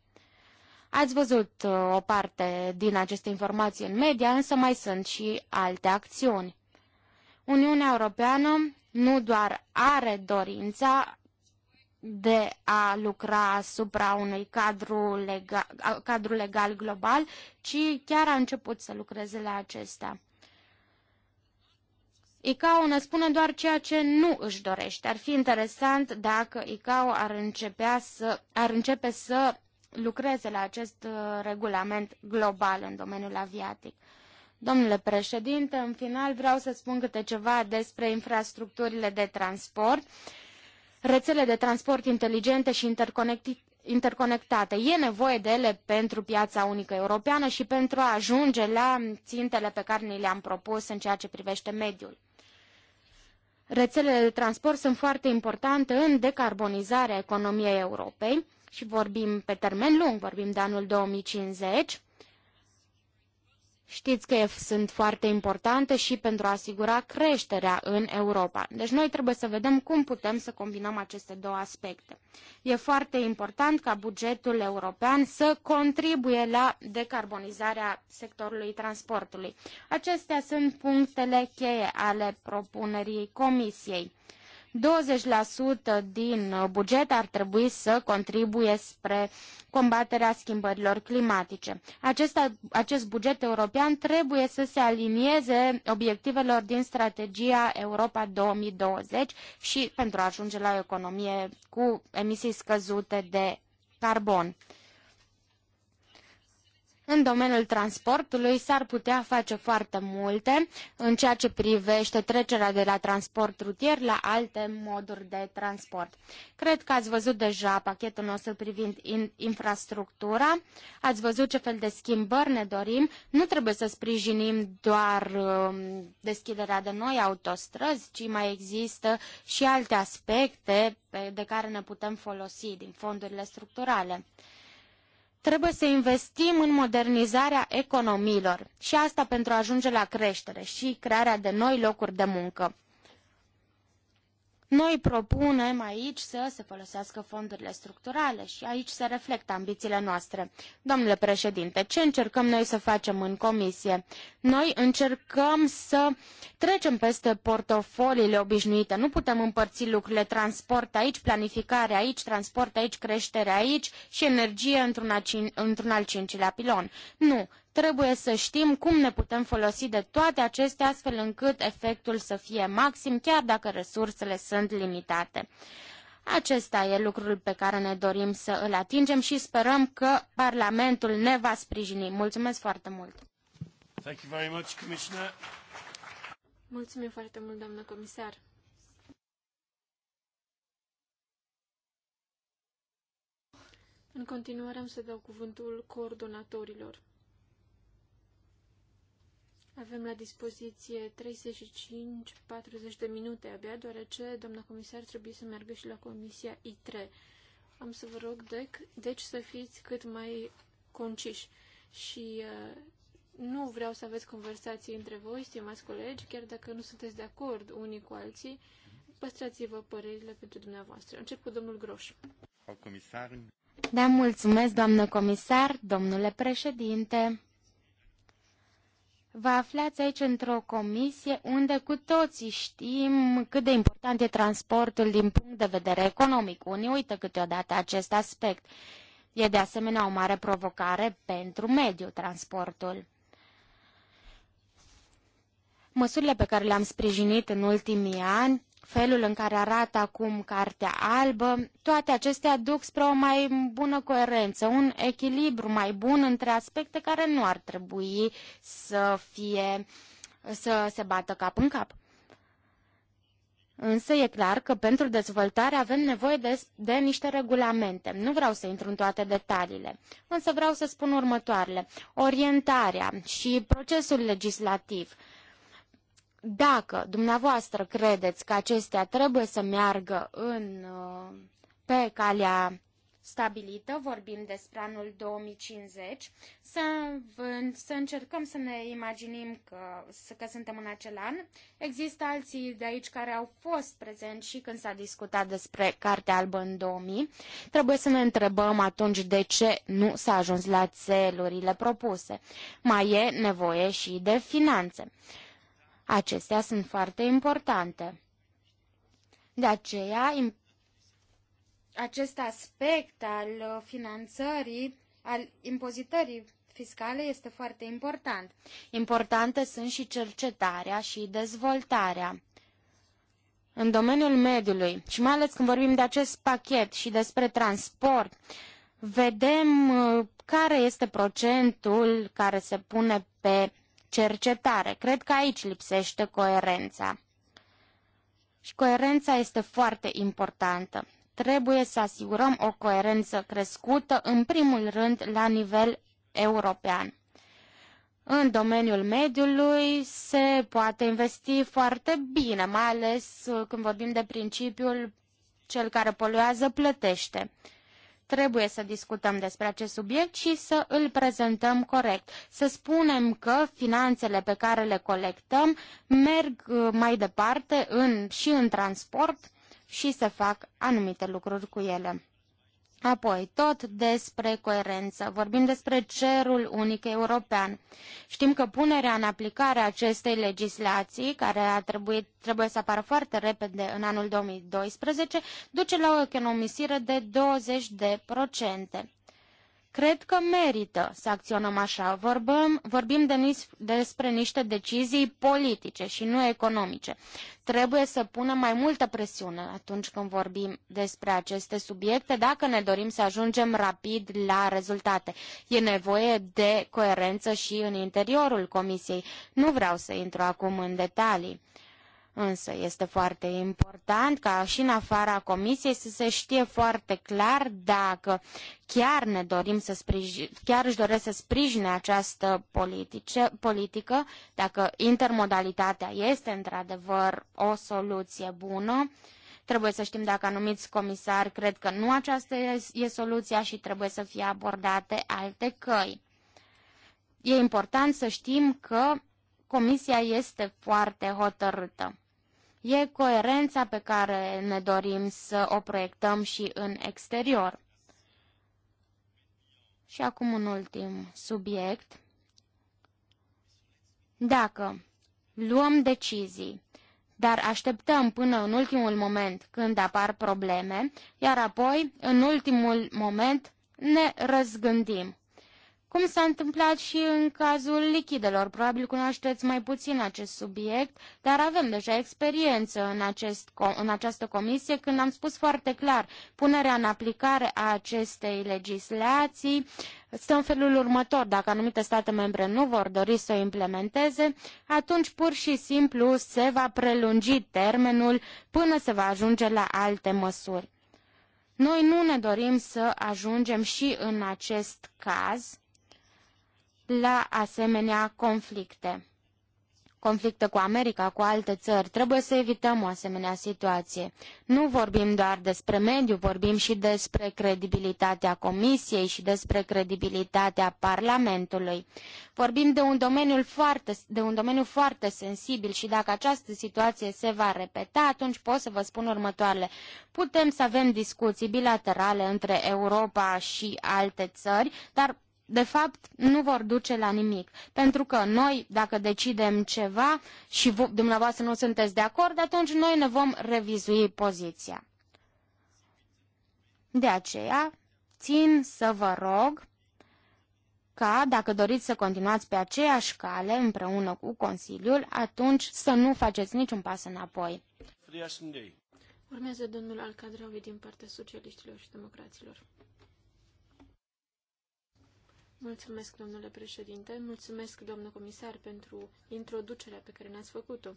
Ați văzut uh, o parte din aceste informații în media, însă mai sunt și alte acțiuni. Uniunea Europeană nu doar are dorința de a lucra asupra unui cadru legal, cadru legal global, ci chiar a început să lucreze la acesta. ICAO ne spune doar ceea ce nu își dorește. Ar fi interesant dacă ICAO ar, începea să, ar începe să lucreze la acest uh, regulament global în domeniul aviatic. Domnule președinte, în final vreau să spun câte ceva despre infrastructurile de transport, rețele de transport inteligente și interconectate. E nevoie de ele pentru piața unică europeană și pentru a ajunge la țintele pe care ni le-am propus în ceea ce privește mediul. Rețelele de transport sunt foarte importante în decarbonizarea economiei Europei și vorbim pe termen lung, vorbim de anul 2050. Știți că sunt foarte importante și pentru a asigura creșterea în Europa. Deci noi trebuie să vedem cum putem să combinăm aceste două aspecte. E foarte important ca bugetul european să contribuie la decarbonizarea sectorului transportului. Acestea sunt punctele cheie ale propunerii Comisiei. 20% din buget ar trebui să contribuie spre combaterea schimbărilor climatice. acest buget european trebuie să se alinieze obiectivelor din strategia Europa 2020 și pentru a ajunge la o economie cu emisii scăzute de carbon. În domeniul transportului s-ar putea face foarte multe în ceea ce privește trecerea de la transport rutier la alte moduri de transport. Cred că ați văzut deja pachetul nostru privind in infrastructura, ați văzut ce fel de schimbări ne dorim. Nu trebuie să sprijinim doar um, deschiderea de noi autostrăzi, ci mai există și alte aspecte de care ne putem folosi din fondurile structurale. Trebuie să investim în modernizarea economiilor și asta pentru a ajunge la creștere și crearea de noi locuri de muncă. Noi propunem aici să se folosească fondurile structurale și aici se reflectă ambițiile noastre. Domnule președinte, ce încercăm noi să facem în comisie? Noi încercăm să trecem peste portofoliile obișnuite. Nu putem împărți lucrurile transport aici, planificare aici, transport aici, creștere aici și energie într-un al cincilea pilon. Nu, Trebuie să știm cum ne putem folosi de toate acestea astfel încât efectul să fie maxim, chiar dacă resursele sunt limitate. Acesta e lucrul pe care ne dorim să îl atingem și sperăm că Parlamentul ne va sprijini. Mulțumesc foarte mult! Thank you very much, Commissioner. Mulțumim foarte mult, doamnă comisar! În continuare am să dau cuvântul coordonatorilor. Avem la dispoziție 35-40 de minute abia, deoarece doamna comisar trebuie să meargă și la comisia I3. Am să vă rog, dec, deci, să fiți cât mai conciși și uh, nu vreau să aveți conversații între voi, stimați colegi, chiar dacă nu sunteți de acord unii cu alții, păstrați-vă părerile pentru dumneavoastră. Încep cu domnul Groș. Comisar. Da, mulțumesc, doamnă comisar, domnule președinte. Vă aflați aici într-o comisie unde cu toții știm cât de important e transportul din punct de vedere economic. Unii uită câteodată acest aspect. E de asemenea o mare provocare pentru mediu transportul. Măsurile pe care le-am sprijinit în ultimii ani felul în care arată acum Cartea Albă, toate acestea duc spre o mai bună coerență, un echilibru mai bun între aspecte care nu ar trebui să fie să se bată cap în cap. Însă e clar că pentru dezvoltare avem nevoie de, de niște regulamente. Nu vreau să intru în toate detaliile, însă vreau să spun următoarele. Orientarea și procesul legislativ – dacă dumneavoastră credeți că acestea trebuie să meargă în, uh, pe calea stabilită, vorbim despre anul 2050, să, să încercăm să ne imaginim că, că suntem în acel an. Există alții de aici care au fost prezenți și când s-a discutat despre Cartea Albă în 2000. Trebuie să ne întrebăm atunci de ce nu s-a ajuns la țelurile propuse. Mai e nevoie și de finanțe. Acestea sunt foarte importante. De aceea, acest aspect al uh, finanțării, al impozitării fiscale este foarte important. Importante sunt și cercetarea și dezvoltarea. În domeniul mediului și mai ales când vorbim de acest pachet și despre transport, vedem uh, care este procentul care se pune pe cercetare. Cred că aici lipsește coerența. Și coerența este foarte importantă. Trebuie să asigurăm o coerență crescută, în primul rând, la nivel european. În domeniul mediului se poate investi foarte bine, mai ales uh, când vorbim de principiul cel care poluează plătește. Trebuie să discutăm despre acest subiect și să îl prezentăm corect. Să spunem că finanțele pe care le colectăm merg uh, mai departe în, și în transport și să fac anumite lucruri cu ele. Apoi, tot despre coerență. Vorbim despre cerul unic european. Știm că punerea în aplicare a acestei legislații, care a trebuit, trebuie să apară foarte repede în anul 2012, duce la o economisire de 20 de procente. Cred că merită să acționăm așa. Vorbăm, vorbim de nis, despre niște decizii politice și nu economice. Trebuie să punem mai multă presiune atunci când vorbim despre aceste subiecte, dacă ne dorim să ajungem rapid la rezultate. E nevoie de coerență și în interiorul Comisiei. Nu vreau să intru acum în detalii. Însă este foarte important ca și în afara comisiei să se știe foarte clar dacă chiar ne dorim să sprijin, chiar își doresc să sprijine această politice, politică, dacă intermodalitatea este într-adevăr o soluție bună. Trebuie să știm dacă anumiți comisari cred că nu aceasta e soluția și trebuie să fie abordate alte căi. E important să știm că Comisia este foarte hotărâtă. E coerența pe care ne dorim să o proiectăm și în exterior. Și acum un ultim subiect. Dacă luăm decizii, dar așteptăm până în ultimul moment când apar probleme, iar apoi, în ultimul moment, ne răzgândim cum s-a întâmplat și în cazul lichidelor. Probabil cunoașteți mai puțin acest subiect, dar avem deja experiență în, acest, în această comisie când am spus foarte clar punerea în aplicare a acestei legislații stă în felul următor. Dacă anumite state membre nu vor dori să o implementeze, atunci pur și simplu se va prelungi termenul până se va ajunge la alte măsuri. Noi nu ne dorim să ajungem și în acest caz la asemenea conflicte. Conflicte cu America, cu alte țări. Trebuie să evităm o asemenea situație. Nu vorbim doar despre mediu, vorbim și despre credibilitatea Comisiei și despre credibilitatea Parlamentului. Vorbim de un, domeniu foarte, de un domeniu foarte sensibil și dacă această situație se va repeta, atunci pot să vă spun următoarele. Putem să avem discuții bilaterale între Europa și alte țări, dar de fapt, nu vor duce la nimic. Pentru că noi, dacă decidem ceva și dumneavoastră nu sunteți de acord, atunci noi ne vom revizui poziția. De aceea, țin să vă rog ca, dacă doriți să continuați pe aceeași cale împreună cu Consiliul, atunci să nu faceți niciun pas înapoi. Urmează domnul Alcadrovi din partea socialiștilor și democraților. Mulțumesc, domnule președinte. Mulțumesc, domnul comisar, pentru introducerea pe care ne-ați făcut-o.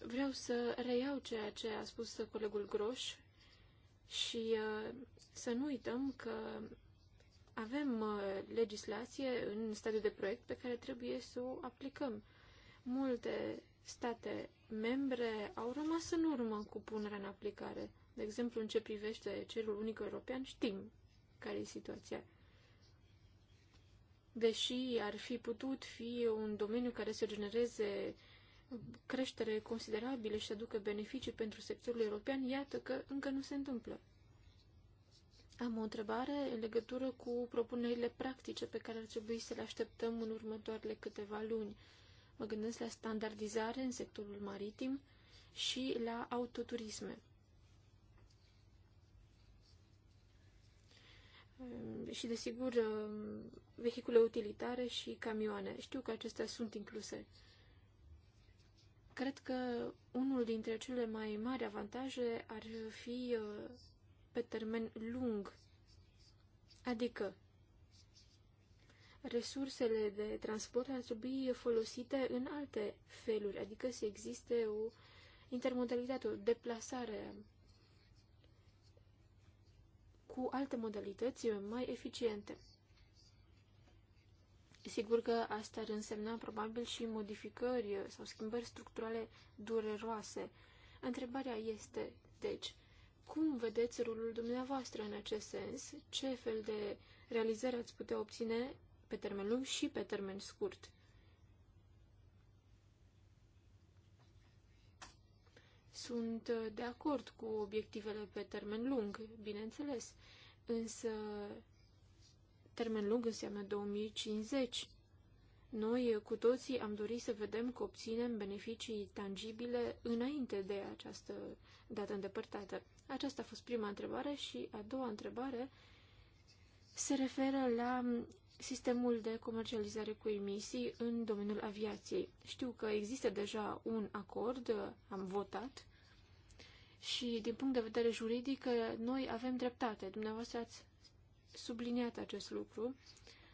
Vreau să reiau ceea ce a spus colegul Groș și uh, să nu uităm că avem uh, legislație în stadiu de proiect pe care trebuie să o aplicăm. Multe state membre au rămas în urmă cu punerea în aplicare. De exemplu, în ce privește cerul unic european, știm care e situația. Deși ar fi putut fi un domeniu care să genereze creștere considerabilă și să aducă beneficii pentru sectorul european, iată că încă nu se întâmplă. Am o întrebare în legătură cu propunerile practice pe care ar trebui să le așteptăm în următoarele câteva luni. Mă gândesc la standardizare în sectorul maritim și la autoturisme. Mm, și, desigur, mm, vehicule utilitare și camioane. Știu că acestea sunt incluse. Cred că unul dintre cele mai mari avantaje ar fi uh, pe termen lung, adică resursele de transport ar trebui folosite în alte feluri, adică să existe o intermodalitate, o deplasare cu alte modalități mai eficiente. Sigur că asta ar însemna probabil și modificări sau schimbări structurale dureroase. Întrebarea este, deci, cum vedeți rolul dumneavoastră în acest sens? Ce fel de realizări ați putea obține pe termen lung și pe termen scurt? Sunt uh, de acord cu obiectivele pe termen lung, bineînțeles, însă termen lung înseamnă 2050. Noi uh, cu toții am dorit să vedem că obținem beneficii tangibile înainte de această dată îndepărtată. Aceasta a fost prima întrebare și a doua întrebare se referă la sistemul de comercializare cu emisii în domeniul aviației. Știu că există deja un acord, am votat, și din punct de vedere juridic, noi avem dreptate. Dumneavoastră ați subliniat acest lucru.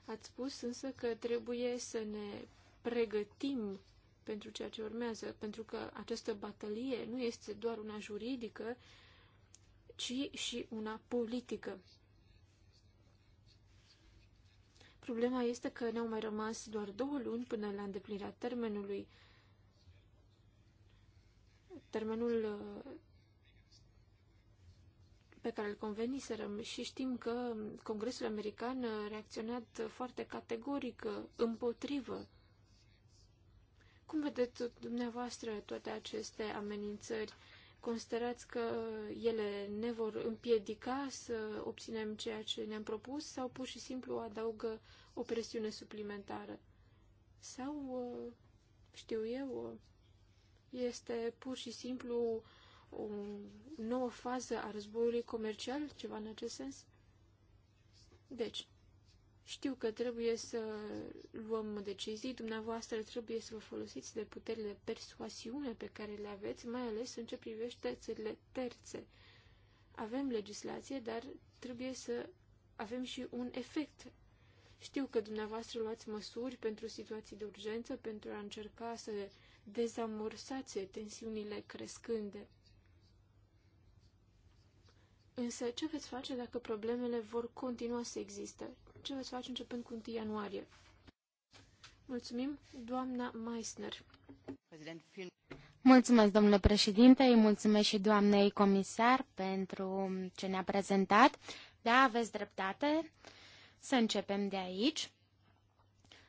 Ați spus însă că trebuie să ne pregătim pentru ceea ce urmează, pentru că această batalie nu este doar una juridică, ci și una politică. Problema este că ne-au mai rămas doar două luni până la îndeplinirea termenului. Termenul uh, pe care îl conveniserăm și știm că Congresul American a reacționat foarte categoric uh, împotrivă. Cum vedeți dumneavoastră toate aceste amenințări? Considerați că ele ne vor împiedica să obținem ceea ce ne-am propus sau pur și simplu adaugă o presiune suplimentară. Sau, uh, știu eu, uh, este pur și simplu o nouă fază a războiului comercial, ceva în acest sens? Deci, știu că trebuie să luăm decizii, dumneavoastră trebuie să vă folosiți de puterile de persoasiune pe care le aveți, mai ales în ce privește țările terțe. Avem legislație, dar trebuie să avem și un efect știu că dumneavoastră luați măsuri pentru situații de urgență, pentru a încerca să dezamorsați tensiunile crescânde. Însă, ce veți face dacă problemele vor continua să existe? Ce veți face începând cu 1 ianuarie? Mulțumim, doamna Meissner. Mulțumesc, domnule președinte, îi mulțumesc și doamnei comisar pentru ce ne-a prezentat. Da, aveți dreptate. Să începem de aici.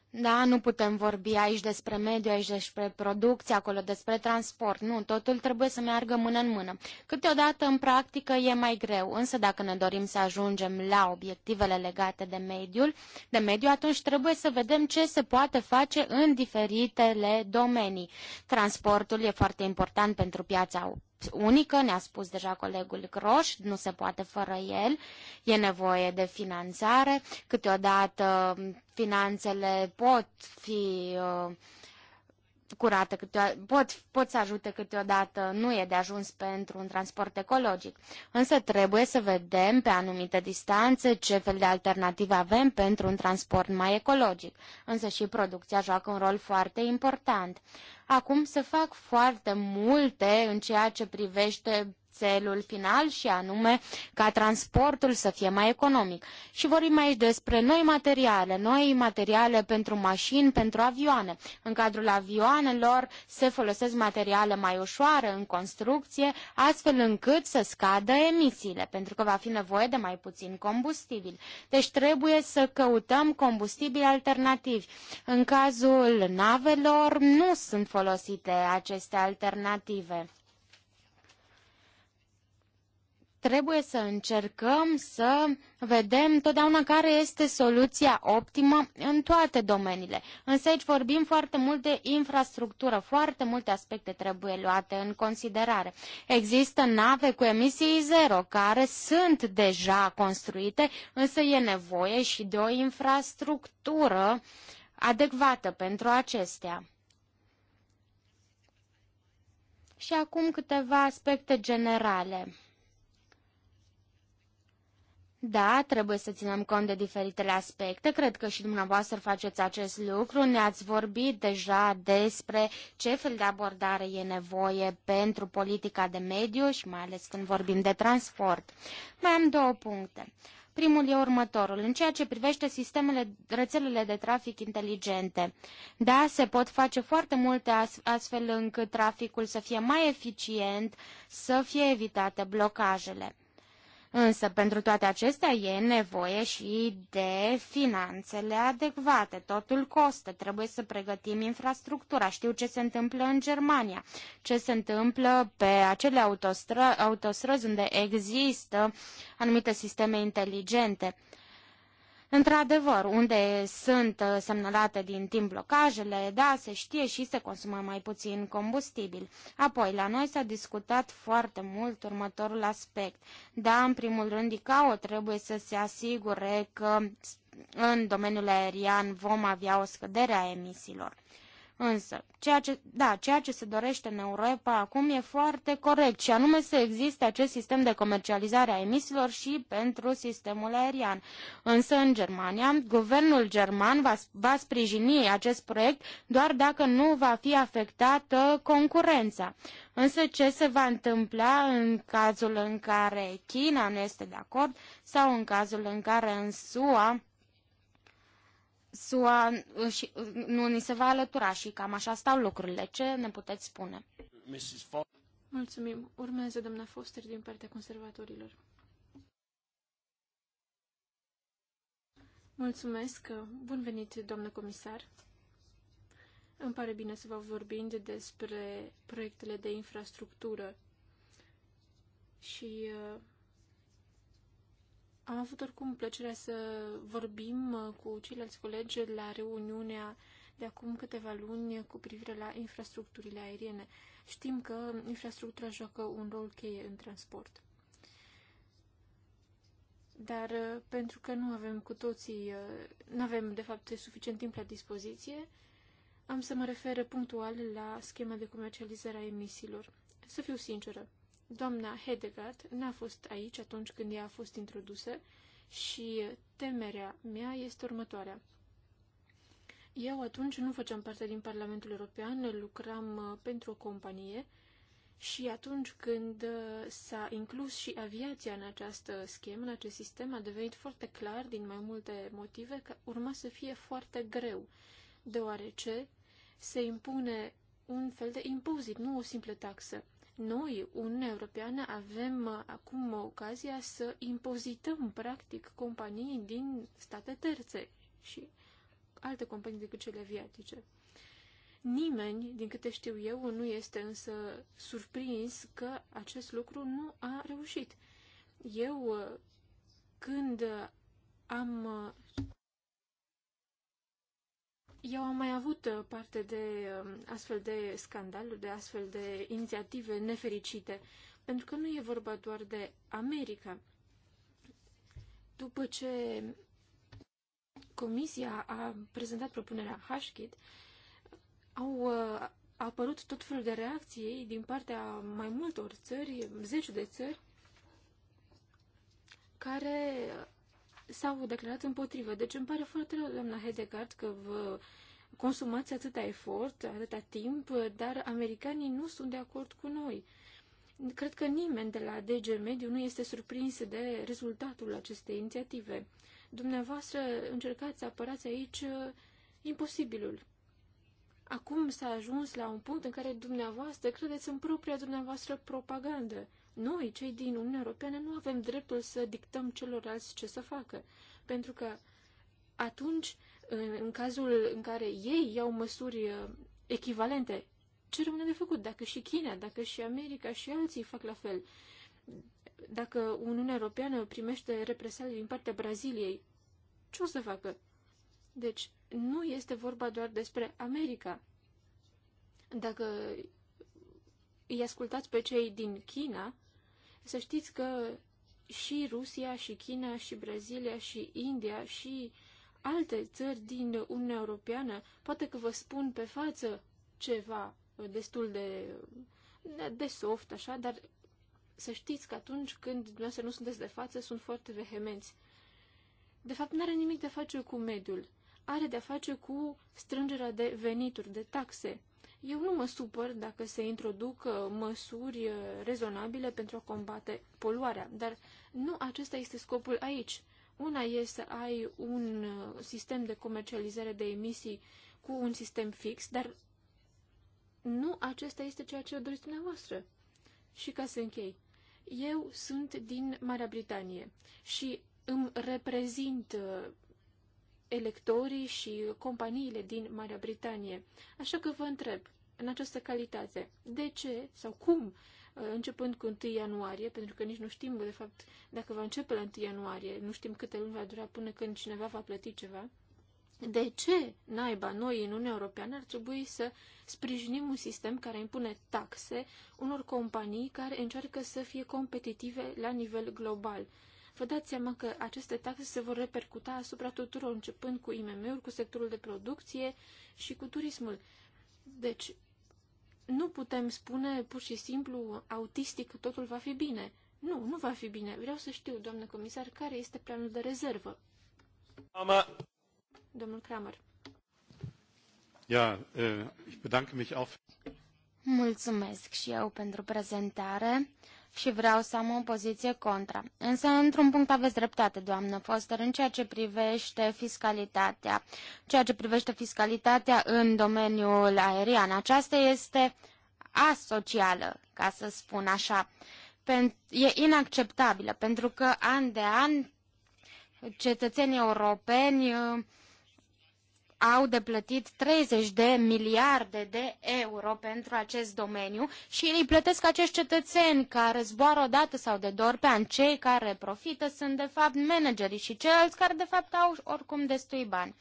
Da, nu putem vorbi aici despre mediu, aici despre producție, acolo despre transport. Nu, totul trebuie să meargă mână în mână. Câteodată, în practică, e mai greu, însă dacă ne dorim să ajungem la obiectivele legate de mediul, de mediu, atunci trebuie să vedem ce se poate face în diferitele domenii. Transportul e foarte important pentru piața unică, ne-a spus deja colegul Groș, nu se poate fără el, e nevoie de finanțare, câteodată finanțele pot fi uh, curată, câte, pot, pot să ajute câteodată, nu e de ajuns pentru un transport ecologic. Însă trebuie să vedem pe anumite distanțe ce fel de alternative avem pentru un transport mai ecologic. Însă și producția joacă un rol foarte important. Acum se fac foarte multe în ceea ce privește țelul final și anume ca transportul să fie mai economic. Și vorbim aici despre noi materiale, noi materiale pentru mașini, pentru avioane. În cadrul avioanelor se folosesc materiale mai ușoare în construcție, astfel încât să scadă emisiile, pentru că va fi nevoie de mai puțin combustibil. Deci trebuie să căutăm combustibili alternativi. În cazul navelor nu sunt folosite aceste alternative trebuie să încercăm să vedem totdeauna care este soluția optimă în toate domeniile. Însă aici vorbim foarte mult de infrastructură, foarte multe aspecte trebuie luate în considerare. Există nave cu emisii zero care sunt deja construite, însă e nevoie și de o infrastructură adecvată pentru acestea. Și acum câteva aspecte generale. Da, trebuie să ținem cont de diferitele aspecte. Cred că și dumneavoastră faceți acest lucru. Ne-ați vorbit deja despre ce fel de abordare e nevoie pentru politica de mediu și mai ales când vorbim de transport. Mai am două puncte. Primul e următorul, în ceea ce privește sistemele, rețelele de trafic inteligente. Da, se pot face foarte multe astfel încât traficul să fie mai eficient, să fie evitate blocajele. Însă, pentru toate acestea e nevoie și de finanțele adecvate. Totul costă. Trebuie să pregătim infrastructura. Știu ce se întâmplă în Germania, ce se întâmplă pe acele autostră, autostrăzi unde există anumite sisteme inteligente. Într-adevăr, unde sunt uh, semnalate din timp blocajele, da, se știe și se consumă mai puțin combustibil. Apoi, la noi s-a discutat foarte mult următorul aspect. Da, în primul rând, ICAO trebuie să se asigure că în domeniul aerian vom avea o scădere a emisiilor. Însă, ceea ce, da, ceea ce se dorește în Europa acum e foarte corect și anume să existe acest sistem de comercializare a emisiilor și pentru sistemul aerian. Însă, în Germania, guvernul german va, va sprijini acest proiect doar dacă nu va fi afectată concurența. Însă, ce se va întâmpla în cazul în care China nu este de acord sau în cazul în care în SUA SUA uh, și, uh, nu ni se va alătura și cam așa stau lucrurile. Ce ne puteți spune? Mulțumim. Urmează doamna Foster din partea conservatorilor. Mulțumesc. Bun venit, doamnă comisar. Îmi pare bine să vă vorbind despre proiectele de infrastructură și uh, am avut oricum plăcerea să vorbim uh, cu ceilalți colegi la reuniunea de acum câteva luni cu privire la infrastructurile aeriene. Știm că infrastructura joacă un rol cheie în transport. Dar uh, pentru că nu avem cu toții, uh, nu avem de fapt suficient timp la dispoziție, am să mă refer punctual la schema de comercializare a emisiilor. Să fiu sinceră, Doamna Hedegaard n-a fost aici atunci când ea a fost introdusă și temerea mea este următoarea. Eu atunci nu făceam parte din Parlamentul European, lucram uh, pentru o companie și atunci când uh, s-a inclus și aviația în această schemă, în acest sistem, a devenit foarte clar, din mai multe motive, că urma să fie foarte greu, deoarece se impune un fel de impozit, nu o simplă taxă. Noi, Uniunea Europeană, avem uh, acum ocazia să impozităm, practic, companii din state terțe și alte companii decât cele aviatice. Nimeni, din câte știu eu, nu este însă surprins că acest lucru nu a reușit. Eu, uh, când am uh, eu am mai avut uh, parte de um, astfel de scandaluri, de astfel de inițiative nefericite, pentru că nu e vorba doar de America. După ce Comisia a prezentat propunerea Hashkit, au uh, apărut tot felul de reacții din partea mai multor țări, zeci de țări, care s-au declarat împotrivă. Deci îmi pare foarte rău, doamna Hedegard, că vă consumați atâta efort, atâta timp, dar americanii nu sunt de acord cu noi. Cred că nimeni de la DG Mediu nu este surprins de rezultatul acestei inițiative. Dumneavoastră încercați să apărați aici uh, imposibilul. Acum s-a ajuns la un punct în care dumneavoastră credeți în propria dumneavoastră propagandă. Noi, cei din Uniunea Europeană, nu avem dreptul să dictăm celorlalți ce să facă, pentru că atunci, în cazul în care ei iau măsuri uh, echivalente, ce rămâne de făcut? Dacă și China, dacă și America și alții fac la fel, dacă Uniunea Europeană primește represalii din partea Braziliei, ce o să facă? Deci, nu este vorba doar despre America. Dacă îi ascultați pe cei din China, să știți că și Rusia, și China, și Brazilia, și India, și alte țări din Uniunea Europeană, poate că vă spun pe față ceva uh, destul de, de soft, așa, dar să știți că atunci când dumneavoastră nu sunteți de față, sunt foarte vehemenți. De fapt, nu are nimic de a face cu mediul. Are de a face cu strângerea de venituri, de taxe. Eu nu mă supăr dacă se introduc uh, măsuri uh, rezonabile pentru a combate poluarea, dar nu acesta este scopul aici. Una e să ai un uh, sistem de comercializare de emisii cu un sistem fix, dar nu acesta este ceea ce doriți dumneavoastră. Și ca să închei, eu sunt din Marea Britanie și îmi reprezint electorii și companiile din Marea Britanie. Așa că vă întreb, în această calitate, de ce sau cum, uh, începând cu 1 ianuarie, pentru că nici nu știm, de fapt, dacă va începe la 1 ianuarie, nu știm câte luni va dura până când cineva va plăti ceva, de ce naiba noi în Uniunea Europeană ar trebui să sprijinim un sistem care impune taxe unor companii care încearcă să fie competitive la nivel global? Vă dați seama că aceste taxe se vor repercuta asupra tuturor, începând cu IMM-uri, cu sectorul de producție și cu turismul. Deci, nu putem spune pur și simplu autistic că totul va fi bine. Nu, nu va fi bine. Vreau să știu, doamnă comisar, care este planul de rezervă. Mama. Domnul Kramer. Ja, uh, ich bedanke mich auch. Mulțumesc și eu pentru prezentare și vreau să am o poziție contra. Însă, într-un punct aveți dreptate, doamnă Foster, în ceea ce privește fiscalitatea. Ceea ce privește fiscalitatea în domeniul aerian, aceasta este asocială, ca să spun așa. E inacceptabilă, pentru că an de an cetățenii europeni uh, au de plătit 30 de miliarde de euro pentru acest domeniu și îi plătesc acești cetățeni care zboară o dată sau de două ori pe an. Cei care profită sunt de fapt managerii și ceilalți care de fapt au oricum destui bani.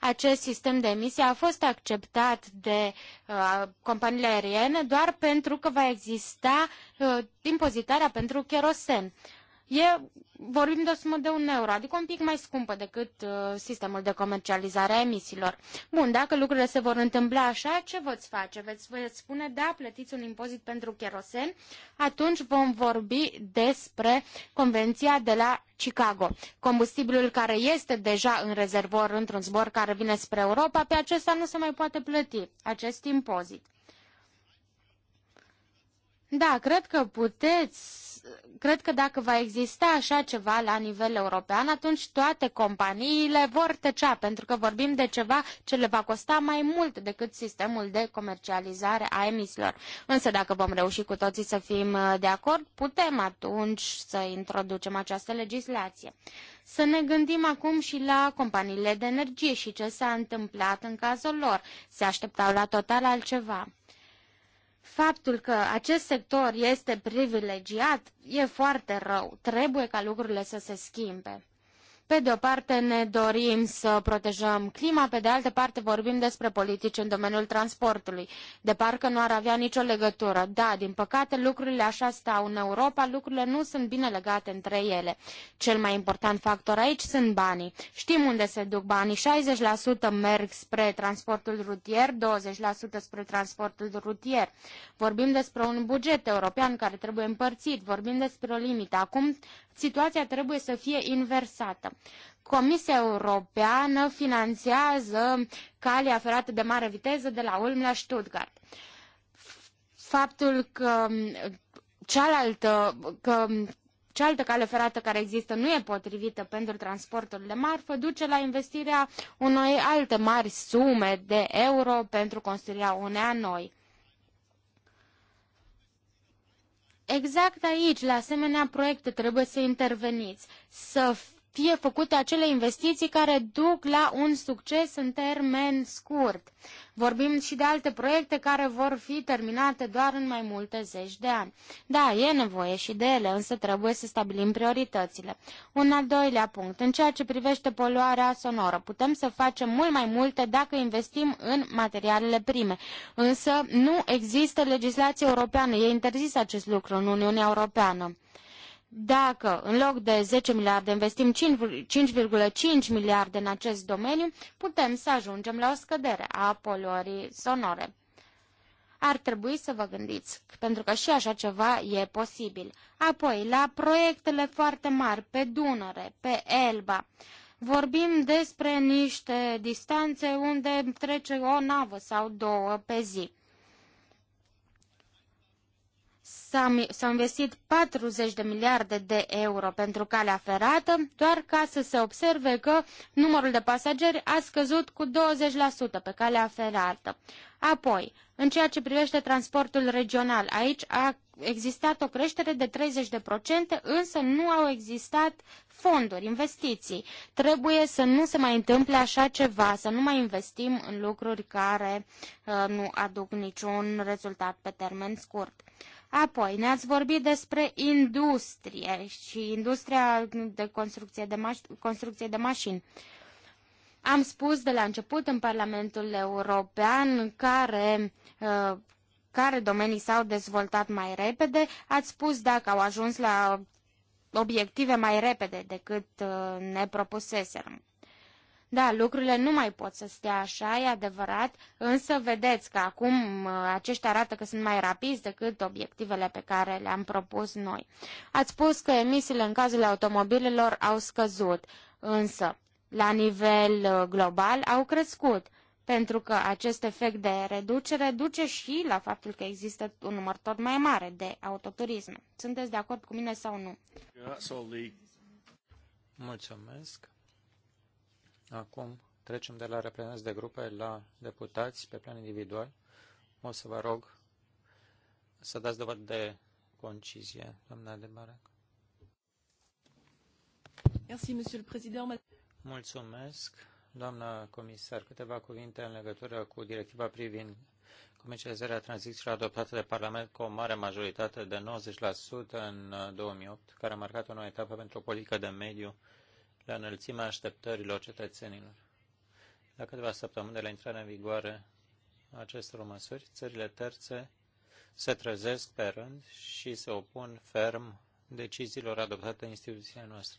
Acest sistem de emisie a fost acceptat de uh, companiile aeriene doar pentru că va exista uh, impozitarea pentru cherosen. E, vorbim de o sumă de un euro, adică un pic mai scumpă decât uh, sistemul de comercializare a emisiilor. Bun, dacă lucrurile se vor întâmpla așa, ce veți face? Veți, veți spune, da, plătiți un impozit pentru cherosen, atunci vom vorbi despre convenția de la Chicago. Combustibilul care este deja în rezervor într-un zbor care vine spre Europa, pe acesta nu se mai poate plăti acest impozit. Da, cred că puteți cred că dacă va exista așa ceva la nivel european, atunci toate companiile vor tăcea, pentru că vorbim de ceva ce le va costa mai mult decât sistemul de comercializare a emisilor. Însă dacă vom reuși cu toții să fim uh, de acord, putem atunci să introducem această legislație. Să ne gândim acum și la companiile de energie și ce s-a întâmplat în cazul lor. Se așteptau la total altceva. Faptul că acest sector este privilegiat e foarte rău. Trebuie ca lucrurile să se schimbe. Pe de o parte ne dorim să protejăm clima, pe de altă parte vorbim despre politici în domeniul transportului, de parcă nu ar avea nicio legătură. Da, din păcate lucrurile așa stau în Europa, lucrurile nu sunt bine legate între ele. Cel mai important factor aici sunt banii. Știm unde se duc banii, 60% merg spre transportul rutier, 20% spre transportul rutier. Vorbim despre un buget european care trebuie împărțit, vorbim despre o limită. Acum situația trebuie să fie inversată. Comisia Europeană finanțează calea ferată de mare viteză de la Ulm la Stuttgart. Faptul că cealaltă, că cealaltă cale ferată care există nu e potrivită pentru transportul de marfă duce la investirea unei alte mari sume de euro pentru construirea unei noi. Exact aici, la asemenea proiecte, trebuie să interveniți, să fie făcute acele investiții care duc la un succes în termen scurt. Vorbim și de alte proiecte care vor fi terminate doar în mai multe zeci de ani. Da, e nevoie și de ele, însă trebuie să stabilim prioritățile. Un al doilea punct, în ceea ce privește poluarea sonoră, putem să facem mult mai multe dacă investim în materialele prime. Însă nu există legislație europeană, e interzis acest lucru în Uniunea Europeană. Dacă în loc de 10 miliarde investim 5,5 miliarde în acest domeniu, putem să ajungem la o scădere a poluării sonore. Ar trebui să vă gândiți, pentru că și așa ceva e posibil. Apoi, la proiectele foarte mari, pe Dunăre, pe Elba, vorbim despre niște distanțe unde trece o navă sau două pe zi. s-au investit 40 de miliarde de euro pentru calea ferată, doar ca să se observe că numărul de pasageri a scăzut cu 20% pe calea ferată. Apoi, în ceea ce privește transportul regional, aici a existat o creștere de 30%, însă nu au existat fonduri, investiții. Trebuie să nu se mai întâmple așa ceva, să nu mai investim în lucruri care uh, nu aduc niciun rezultat pe termen scurt. Apoi, ne-ați vorbit despre industrie și industria de construcție de, maș- construcție de mașini. Am spus de la început în Parlamentul European care uh, care domenii s-au dezvoltat mai repede. Ați spus dacă au ajuns la obiective mai repede decât uh, ne propuseserăm. Da, lucrurile nu mai pot să stea așa, e adevărat, însă vedeți că acum uh, aceștia arată că sunt mai rapizi decât obiectivele pe care le-am propus noi. Ați spus că emisiile în cazul automobilelor au scăzut, însă la nivel uh, global au crescut, pentru că acest efect de reducere duce și la faptul că există un număr tot mai mare de autoturisme. Sunteți de acord cu mine sau nu? Mulțumesc. Acum trecem de la reprezentanți de grupe la deputați pe plan individual. O să vă rog să dați dovadă de concizie, doamna de Barac. Mulțumesc, doamna comisar. Câteva cuvinte în legătură cu directiva privind comercializarea tranzicțiilor adoptată de Parlament cu o mare majoritate de 90% în 2008, care a marcat o nouă etapă pentru o politică de mediu la înălțimea așteptărilor cetățenilor. La câteva săptămâni de la intrarea în vigoare a acestor măsuri, țările terțe se trezesc pe rând și se opun ferm deciziilor adoptate în instituția noastră.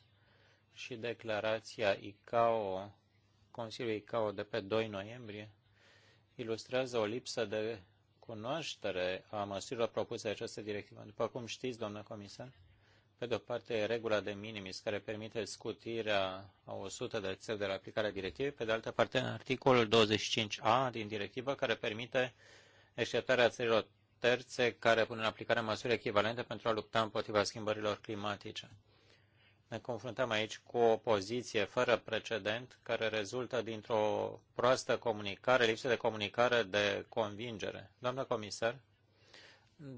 Și declarația ICAO, Consiliului ICAO de pe 2 noiembrie, ilustrează o lipsă de cunoaștere a măsurilor propuse de această directivă. După cum știți, doamnă comisar, pe de o parte, regula de minimis care permite scutirea a 100 de țări de la aplicarea directivei, pe de altă parte, articolul 25a din directivă care permite exceptarea țărilor terțe care pun în aplicare măsuri echivalente pentru a lupta împotriva schimbărilor climatice. Ne confruntăm aici cu o poziție fără precedent care rezultă dintr-o proastă comunicare, lipsă de comunicare, de convingere. Doamnă comisar,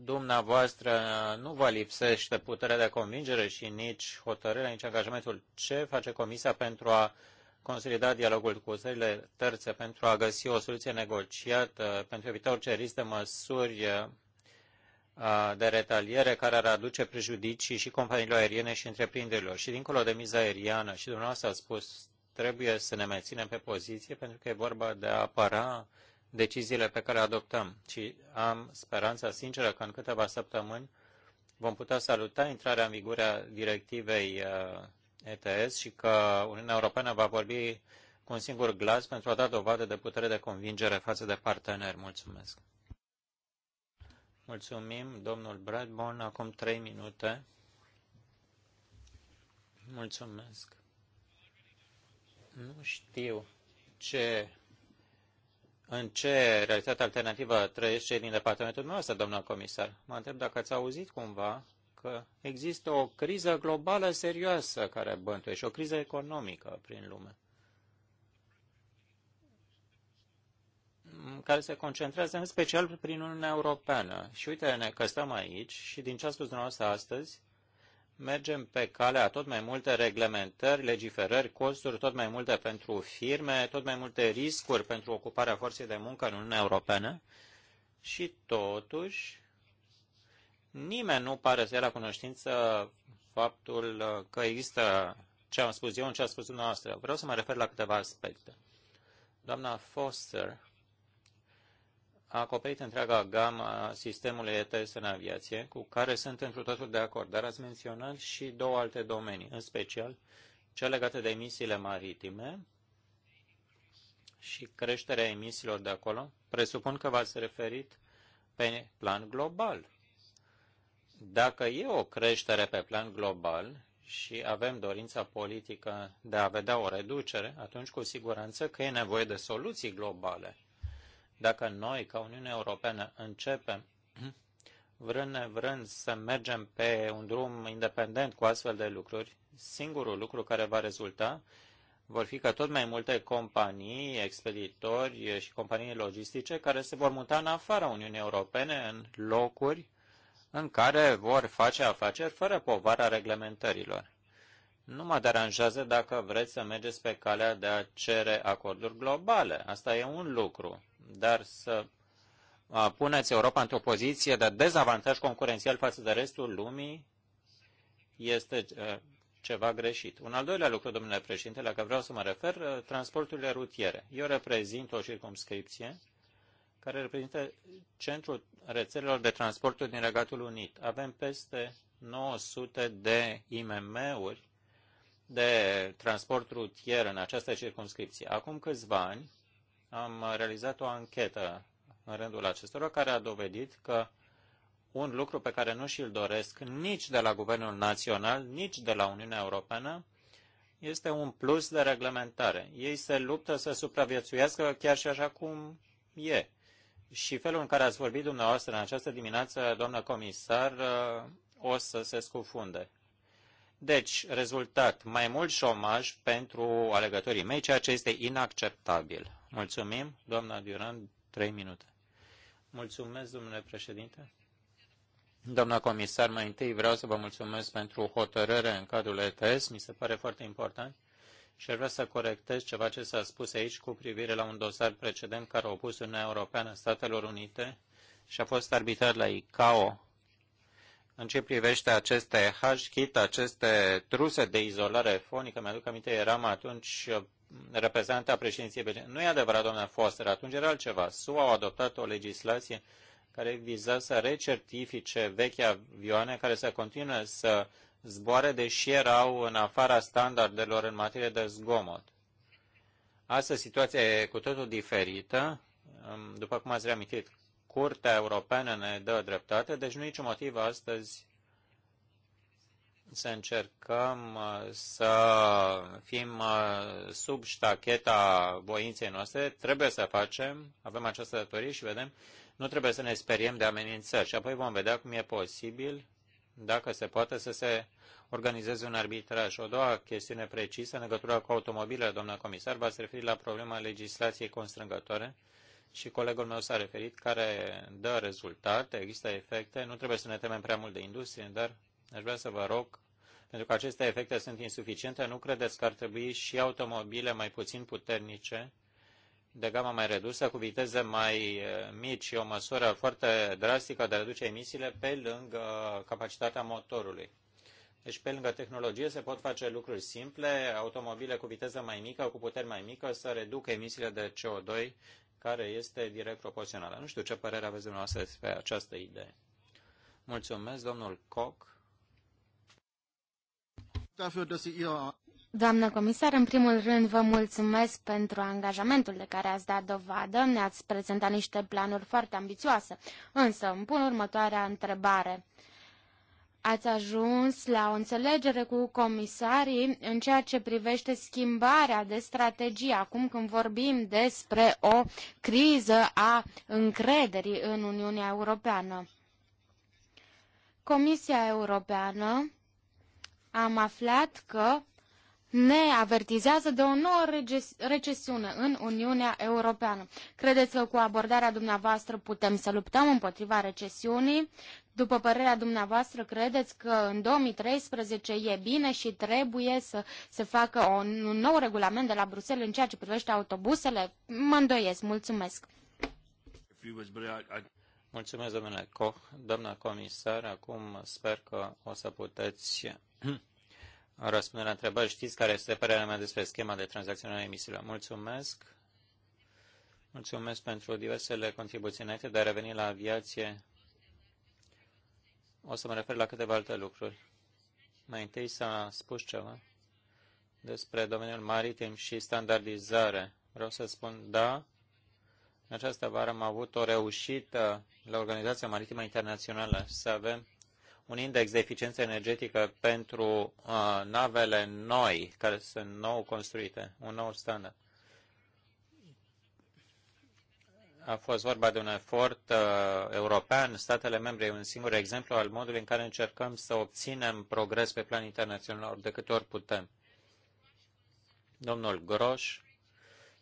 dumneavoastră nu vă lipsește puterea de convingere și nici hotărârea, nici angajamentul. Ce face Comisia pentru a consolida dialogul cu țările terțe, pentru a găsi o soluție negociată, pentru a evita orice risc de măsuri uh, de retaliere care ar aduce prejudicii și companiilor aeriene și întreprinderilor. Și dincolo de miza aeriană, și dumneavoastră a spus, trebuie să ne menținem pe poziție pentru că e vorba de a apăra deciziile pe care le adoptăm, ci am speranța sinceră că în câteva săptămâni vom putea saluta intrarea în vigoare a directivei uh, ETS și că Uniunea Europeană va vorbi cu un singur glas pentru a da dovadă de putere de convingere față de parteneri. Mulțumesc! Mulțumim, domnul Bradborn. Acum trei minute. Mulțumesc. Nu știu ce în ce realitate alternativă trăiesc cei din departamentul nostru, domnul comisar. Mă întreb dacă ați auzit cumva că există o criză globală serioasă care bântuie și o criză economică prin lume. care se concentrează în special prin Uniunea Europeană. Și uite, ne că stăm aici și din ce a spus dumneavoastră astăzi, mergem pe calea tot mai multe reglementări, legiferări, costuri tot mai multe pentru firme, tot mai multe riscuri pentru ocuparea forței de muncă în Uniunea Europeană și totuși nimeni nu pare să ia la cunoștință faptul că există ce am spus eu în ce a spus dumneavoastră. Vreau să mă refer la câteva aspecte. Doamna Foster a acoperit întreaga gamă a sistemului ETS în aviație, cu care sunt într totul de acord, dar ați menționat și două alte domenii, în special cea legată de emisiile maritime și creșterea emisiilor de acolo. Presupun că v-ați referit pe plan global. Dacă e o creștere pe plan global și avem dorința politică de a vedea o reducere, atunci cu siguranță că e nevoie de soluții globale dacă noi, ca Uniunea Europeană, începem vrând nevrând să mergem pe un drum independent cu astfel de lucruri, singurul lucru care va rezulta vor fi că tot mai multe companii, expeditori și companii logistice care se vor muta în afara Uniunii Europene, în locuri în care vor face afaceri fără povara reglementărilor. Nu mă deranjează dacă vreți să mergeți pe calea de a cere acorduri globale. Asta e un lucru dar să puneți Europa într-o poziție de dezavantaj concurențial față de restul lumii este ceva greșit. Un al doilea lucru, domnule președinte, la care vreau să mă refer, transporturile rutiere. Eu reprezint o circumscripție care reprezintă centrul rețelelor de transporturi din Regatul Unit. Avem peste 900 de IMM-uri de transport rutier în această circumscripție. Acum câțiva ani, am realizat o anchetă în rândul acestora care a dovedit că un lucru pe care nu și-l doresc nici de la Guvernul Național, nici de la Uniunea Europeană, este un plus de reglementare. Ei se luptă să supraviețuiască chiar și așa cum e. Și felul în care ați vorbit dumneavoastră în această dimineață, doamnă comisar, o să se scufunde. Deci, rezultat, mai mult șomaj pentru alegătorii mei, ceea ce este inacceptabil. Mulțumim, doamna trei minute. Mulțumesc, domnule președinte. Doamna comisar, mai întâi vreau să vă mulțumesc pentru hotărâre în cadrul ETS, mi se pare foarte important și vreau să corectez ceva ce s-a spus aici cu privire la un dosar precedent care a opus Uniunea Europeană Statelor Unite și a fost arbitrat la ICAO în ce privește aceste H-kit, aceste truse de izolare fonică, mi-aduc aminte, eram atunci reprezentant al președinției. Nu e adevărat, domnule Foster, atunci era altceva. SUA au adoptat o legislație care viza să recertifice vechi avioane care să continue să zboare, deși erau în afara standardelor în materie de zgomot. Astăzi situația e cu totul diferită. După cum ați reamintit, Curtea Europeană ne dă dreptate, deci nu e niciun motiv astăzi să încercăm uh, să fim uh, sub ștacheta voinței noastre, trebuie să facem, avem această datorie și vedem, nu trebuie să ne speriem de amenințări. Și apoi vom vedea cum e posibil, dacă se poate, să se organizeze un arbitraj. O doua chestiune precisă în legătură cu automobilele, doamna comisar, v-ați referit la problema legislației constrângătoare și colegul meu s-a referit, care dă rezultate, există efecte, nu trebuie să ne temem prea mult de industrie, dar Aș vrea să vă rog, pentru că aceste efecte sunt insuficiente, nu credeți că ar trebui și automobile mai puțin puternice, de gamă mai redusă, cu viteze mai eh, mici, o măsură foarte drastică de a reduce emisiile pe lângă eh, capacitatea motorului. Deci, pe lângă tehnologie, se pot face lucruri simple, automobile cu viteză mai mică, cu puteri mai mică, să reducă emisiile de CO2, care este direct proporțională. Nu știu ce părere aveți dumneavoastră despre această idee. Mulțumesc, domnul Koch. Doamnă comisar, în primul rând vă mulțumesc pentru angajamentul de care ați dat dovadă. Ne-ați prezentat niște planuri foarte ambițioase. Însă, îmi pun următoarea întrebare. Ați ajuns la o înțelegere cu comisarii în ceea ce privește schimbarea de strategie, acum când vorbim despre o criză a încrederii în Uniunea Europeană. Comisia Europeană am aflat că ne avertizează de o nouă recesiune în Uniunea Europeană. Credeți că cu abordarea dumneavoastră putem să luptăm împotriva recesiunii? După părerea dumneavoastră, credeți că în 2013 e bine și trebuie să se facă un, nou regulament de la Bruxelles în ceea ce privește autobuzele? Mă îndoiesc. Mulțumesc. Mulțumesc, domnule Koch. Doamna comisar, acum sper că o să puteți răspunde la întrebări. Știți care este părerea mea despre schema de tranzacționare a emisiilor? Mulțumesc! Mulțumesc pentru diversele contribuții înainte de a reveni la aviație. O să mă refer la câteva alte lucruri. Mai întâi s-a spus ceva despre domeniul maritim și standardizare. Vreau să spun da. În această vară am avut o reușită la Organizația Maritimă Internațională să avem un index de eficiență energetică pentru uh, navele noi, care sunt nou construite, un nou standard. A fost vorba de un efort uh, european, statele membre e un singur exemplu al modului în care încercăm să obținem progres pe plan internațional de câte ori putem. Domnul Groș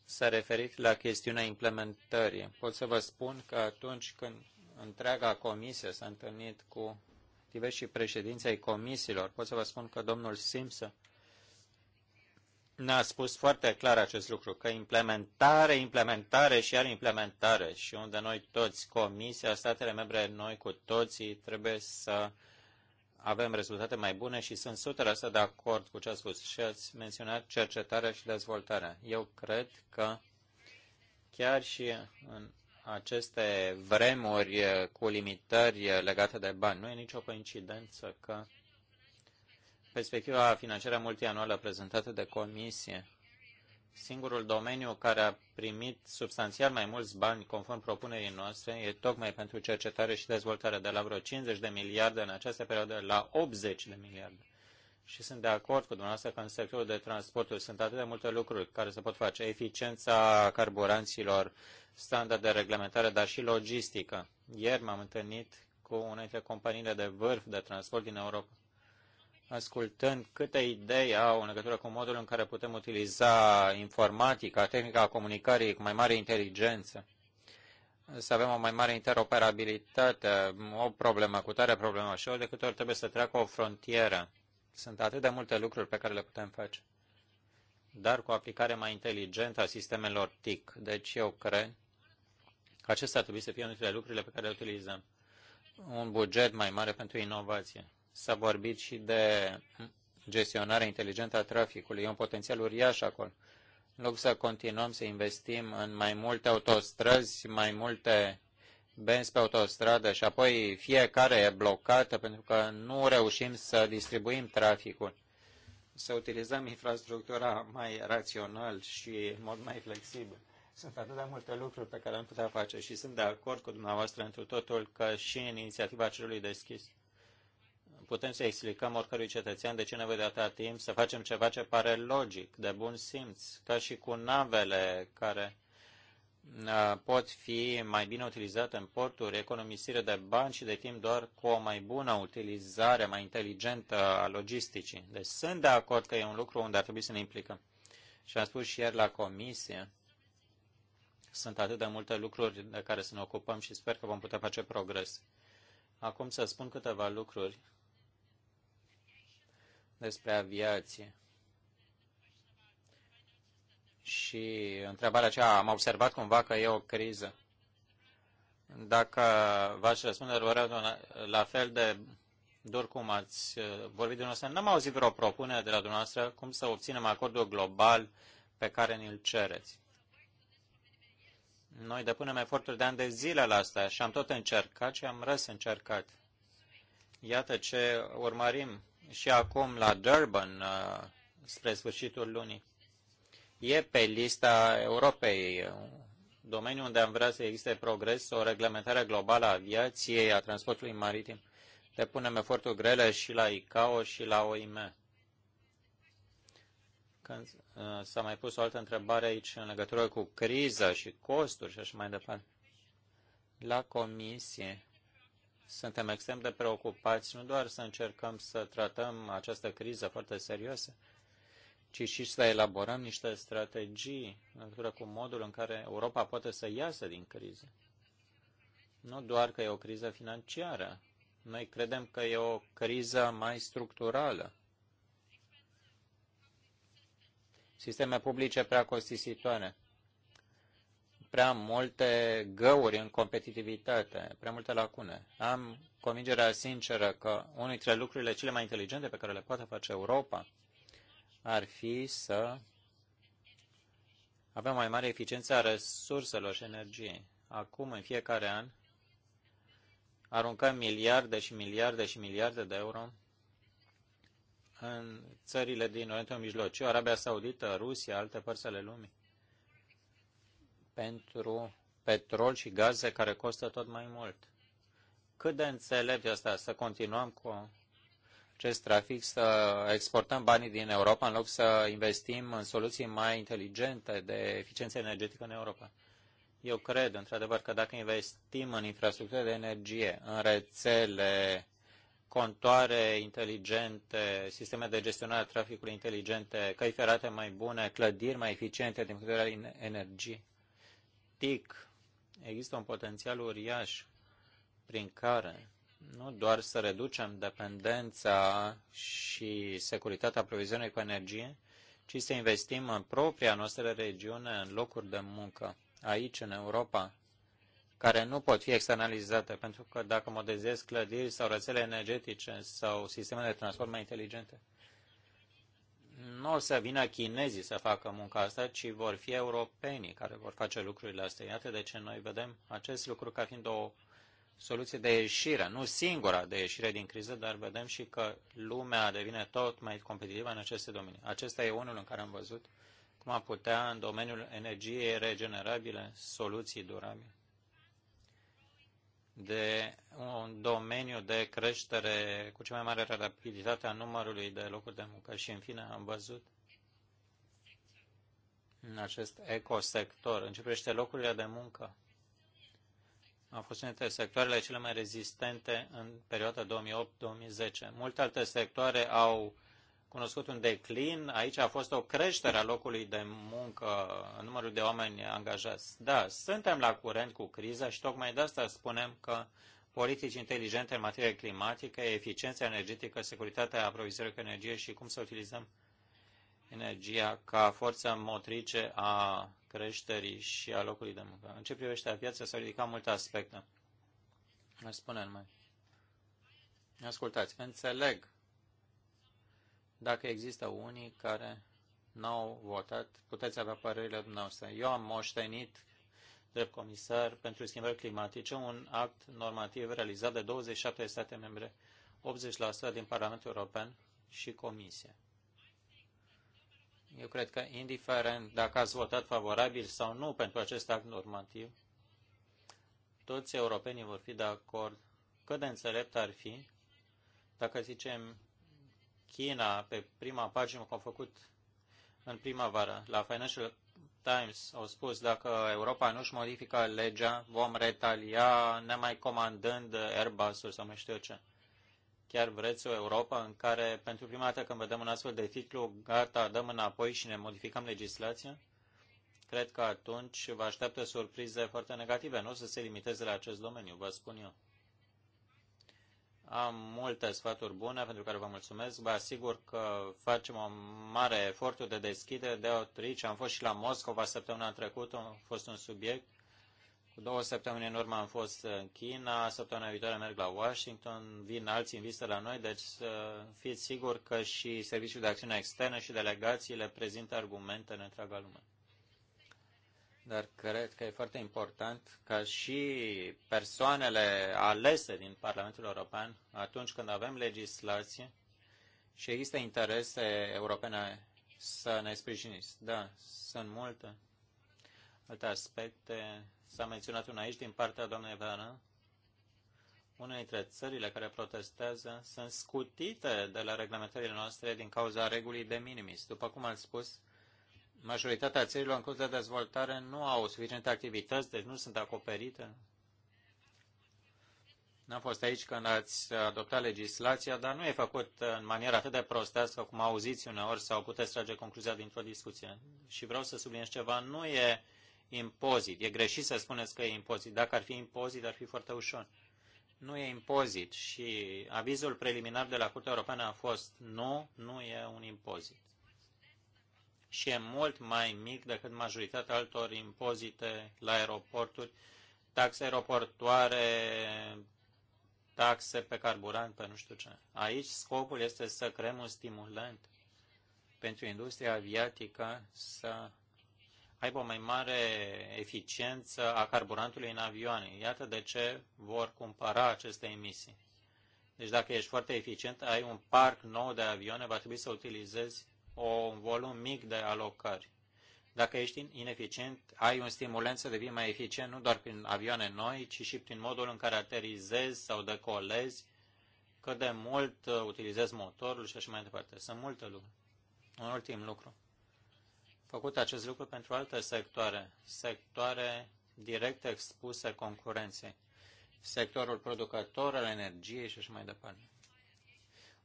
s-a referit la chestiunea implementării. Pot să vă spun că atunci când întreaga comisie s-a întâlnit cu respective și președinței comisiilor. Pot să vă spun că domnul Simpson ne-a spus foarte clar acest lucru, că implementare, implementare și iar implementare și unde noi toți, Comisia, statele membre, noi cu toții trebuie să avem rezultate mai bune și sunt 100% de acord cu ce a spus și ați menționat cercetarea și dezvoltarea. Eu cred că chiar și în aceste vremuri eh, cu limitări eh, legate de bani. Nu e nicio coincidență că perspectiva financiară multianuală prezentată de comisie, singurul domeniu care a primit substanțial mai mulți bani conform propunerii noastre e tocmai pentru cercetare și dezvoltare de la vreo 50 de miliarde în această perioadă la 80 de miliarde și sunt de acord cu dumneavoastră că în sectorul de transporturi sunt atât de multe lucruri care se pot face. Eficiența carburanților, standard de reglementare, dar și logistică. Ieri m-am întâlnit cu una dintre companiile de vârf de transport din Europa, ascultând câte idei au în legătură cu modul în care putem utiliza informatica, tehnica comunicării cu mai mare inteligență să avem o mai mare interoperabilitate, o problemă cu tare problemă și ori de câte ori trebuie să treacă o frontieră sunt atât de multe lucruri pe care le putem face, dar cu o aplicare mai inteligentă a sistemelor TIC. Deci eu cred că acesta ar trebui să fie unul dintre lucrurile pe care le utilizăm. Un buget mai mare pentru inovație. S-a vorbit și de gestionarea inteligentă a traficului. E un potențial uriaș acolo. În loc să continuăm să investim în mai multe autostrăzi, mai multe benzi pe autostradă și apoi fiecare e blocată pentru că nu reușim să distribuim traficul. Să utilizăm infrastructura mai rațional și în mod mai flexibil. Sunt atât de multe lucruri pe care am putea face și sunt de acord cu dumneavoastră întru totul că și în inițiativa celui deschis putem să explicăm oricărui cetățean de ce nevoie de atâta timp, să facem ceva ce pare logic, de bun simț, ca și cu navele care pot fi mai bine utilizate în porturi, economisire de bani și de timp doar cu o mai bună utilizare, mai inteligentă a logisticii. Deci sunt de acord că e un lucru unde ar trebui să ne implicăm. Și am spus și ieri la comisie, sunt atât de multe lucruri de care să ne ocupăm și sper că vom putea face progres. Acum să spun câteva lucruri despre aviație. Și întrebarea aceea, am observat cumva că e o criză. Dacă v-aș răspunde, vă la fel de dur cum ați uh, vorbit dumneavoastră, n-am auzit vreo propunere de la dumneavoastră cum să obținem acordul global pe care ni-l cereți. Noi depunem eforturi de ani de zile la asta și am tot încercat și am răs încercat. Iată ce urmărim și acum la Durban uh, spre sfârșitul lunii. E pe lista Europei, domeniu unde am vrea să existe progres, o reglementare globală a aviației, a transportului maritim. Depunem eforturi grele și la ICAO și la OIM. Când uh, s-a mai pus o altă întrebare aici în legătură cu criza și costuri și așa mai departe. La comisie suntem extrem de preocupați nu doar să încercăm să tratăm această criză foarte serioasă, ci și să elaborăm niște strategii în legătură cu modul în care Europa poate să iasă din criză. Nu doar că e o criză financiară, noi credem că e o criză mai structurală. Sisteme publice prea costisitoare, prea multe găuri în competitivitate, prea multe lacune. Am convingerea sinceră că unul dintre lucrurile cele mai inteligente pe care le poate face Europa ar fi să avem mai mare eficiență a resurselor și energiei. Acum, în fiecare an, aruncăm miliarde și miliarde și miliarde de euro în țările din Orientul Mijlociu, Arabia Saudită, Rusia, alte părți ale lumii, pentru petrol și gaze care costă tot mai mult. Cât de înțelept e asta să continuăm cu acest trafic, să exportăm banii din Europa în loc să investim în soluții mai inteligente de eficiență energetică în Europa. Eu cred, într-adevăr, că dacă investim în infrastructură de energie, în rețele, contoare inteligente, sisteme de gestionare a traficului inteligente, căi ferate mai bune, clădiri mai eficiente din punct de vedere al TIC, există un potențial uriaș prin care nu doar să reducem dependența și securitatea aprovizionării cu energie, ci să investim în propria noastră regiune, în locuri de muncă, aici, în Europa, care nu pot fi externalizate, pentru că dacă modezez clădiri sau rețele energetice sau sisteme de transport mai inteligente, nu o să vină chinezii să facă munca asta, ci vor fi europenii care vor face lucrurile astea. Iată de ce noi vedem acest lucru ca fiind o soluție de ieșire, nu singura de ieșire din criză, dar vedem și că lumea devine tot mai competitivă în aceste domenii. Acesta e unul în care am văzut cum a putea în domeniul energiei regenerabile soluții durabile de un domeniu de creștere cu cea mai mare rapiditate a numărului de locuri de muncă și în fine am văzut în acest ecosector, începește locurile de muncă au fost dintre sectoarele cele mai rezistente în perioada 2008-2010. Multe alte sectoare au cunoscut un declin. Aici a fost o creștere a locului de muncă, numărul de oameni angajați. Da, suntem la curent cu criza și tocmai de asta spunem că politici inteligente în materie climatică, eficiența energetică, securitatea aprovizionării cu energie și cum să utilizăm energia ca forță motrice a creșterii și a locului de muncă. În ce privește a piață, s-au ridicat multe aspecte. Mă spune numai. Ascultați, înțeleg dacă există unii care n-au votat, puteți avea părerile dumneavoastră. Eu am moștenit drept comisar pentru schimbări climatice, un act normativ realizat de 27 de state membre, 80% din Parlamentul European și Comisie. Eu cred că, indiferent dacă ați votat favorabil sau nu pentru acest act normativ, toți europenii vor fi de acord cât de înțelept ar fi dacă zicem China pe prima pagină, cum au făcut în primăvară, la Financial Times au spus, dacă Europa nu-și modifică legea, vom retalia nemai comandând Airbus-uri sau nu știu eu ce. Chiar vreți o Europa în care, pentru prima dată când vedem un astfel de titlu, gata, dăm înapoi și ne modificăm legislația? Cred că atunci vă așteaptă surprize foarte negative. Nu o să se limiteze la acest domeniu, vă spun eu. Am multe sfaturi bune pentru care vă mulțumesc. Vă asigur că facem o mare efortul de deschidere de autrici. Am fost și la Moscova săptămâna trecută, a fost un subiect cu două săptămâni în urmă am fost în China, săptămâna viitoare merg la Washington, vin alții în vizită la noi, deci să fiți siguri că și Serviciul de Acțiune Externă și delegațiile prezintă argumente în întreaga lume. Dar cred că e foarte important ca și persoanele alese din Parlamentul European, atunci când avem legislație și există interese europene să ne sprijiniți. Da, sunt multe alte aspecte S-a menționat una aici din partea doamnei Vana. Unele dintre țările care protestează sunt scutite de la reglementările noastre din cauza regulii de minimis. După cum am spus, majoritatea țărilor în curs de dezvoltare nu au suficiente activități, deci nu sunt acoperite. N-am fost aici când ați adoptat legislația, dar nu e făcut în maniera atât de prostească cum auziți uneori sau puteți trage concluzia dintr-o discuție. Și vreau să subliniez ceva, nu e impozit. E greșit să spuneți că e impozit. Dacă ar fi impozit, ar fi foarte ușor. Nu e impozit și avizul preliminar de la Curtea Europeană a fost nu, nu e un impozit. Și e mult mai mic decât majoritatea altor impozite la aeroporturi, taxe aeroportoare, taxe pe carburant, pe nu știu ce. Aici scopul este să creăm un stimulant pentru industria aviatică să aibă o mai mare eficiență a carburantului în avioane. Iată de ce vor cumpăra aceste emisii. Deci dacă ești foarte eficient, ai un parc nou de avioane, va trebui să utilizezi o, un volum mic de alocări. Dacă ești ineficient, ai un stimulant să devii mai eficient nu doar prin avioane noi, ci și prin modul în care aterizezi sau decolezi, cât de mult uh, utilizezi motorul și așa mai departe. Sunt multe lucruri. Un ultim lucru făcut acest lucru pentru alte sectoare, sectoare direct expuse concurenței, sectorul producător al energiei și așa mai departe.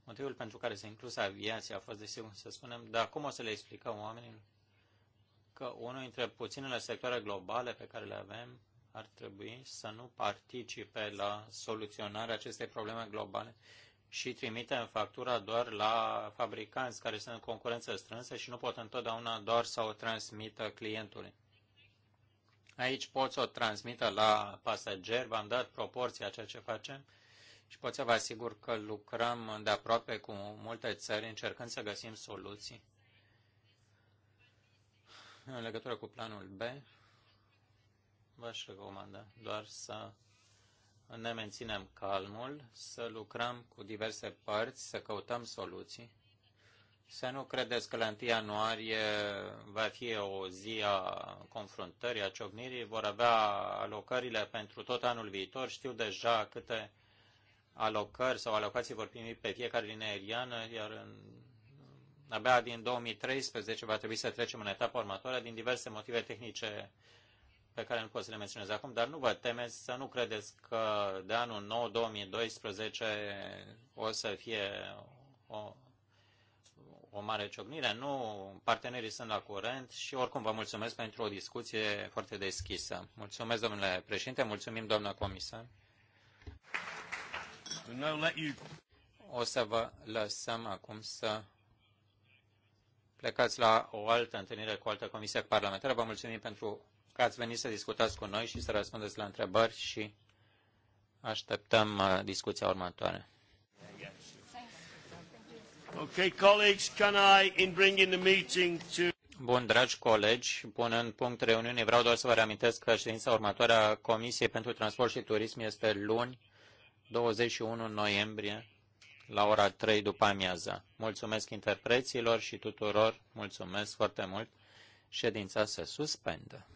Motivul pentru care s-a inclus aviația a fost, desigur, să spunem, dar cum o să le explicăm oamenilor că unul dintre puținele sectoare globale pe care le avem ar trebui să nu participe la soluționarea acestei probleme globale și trimitem factura doar la fabricanți care sunt în concurență strânsă și nu pot întotdeauna doar să o transmită clientului. Aici pot să o transmită la pasager, v-am dat proporția a ceea ce facem și pot să vă asigur că lucrăm de aproape cu multe țări încercând să găsim soluții în legătură cu planul B. V-aș recomanda doar să ne menținem calmul, să lucrăm cu diverse părți, să căutăm soluții. Să nu credeți că la 1 ianuarie va fi o zi a confruntării, a ciocnirii, vor avea alocările pentru tot anul viitor, știu deja câte alocări sau alocații vor primi pe fiecare linie aeriană, iar în, abia din 2013 va trebui să trecem în etapa următoare din diverse motive tehnice pe care nu pot să le menționez acum, dar nu vă temeți să nu credeți că de anul nou 2012 o să fie o, o mare ciocnire. Nu, partenerii sunt la curent și oricum vă mulțumesc pentru o discuție foarte deschisă. Mulțumesc, domnule președinte, mulțumim, doamna comisar. O să vă lăsăm acum să plecați la o altă întâlnire cu o altă comisie parlamentară. Vă mulțumim pentru că ați venit să discutați cu noi și să răspundeți la întrebări și așteptăm uh, discuția următoare. Okay, colleagues, can I in bringing the meeting to Bun, dragi colegi, punând punct reuniunii, vreau doar să vă reamintesc că ședința următoare a Comisiei pentru Transport și Turism este luni, 21 noiembrie, la ora 3 după amiază Mulțumesc interpreților și tuturor, mulțumesc foarte mult. Ședința se suspendă.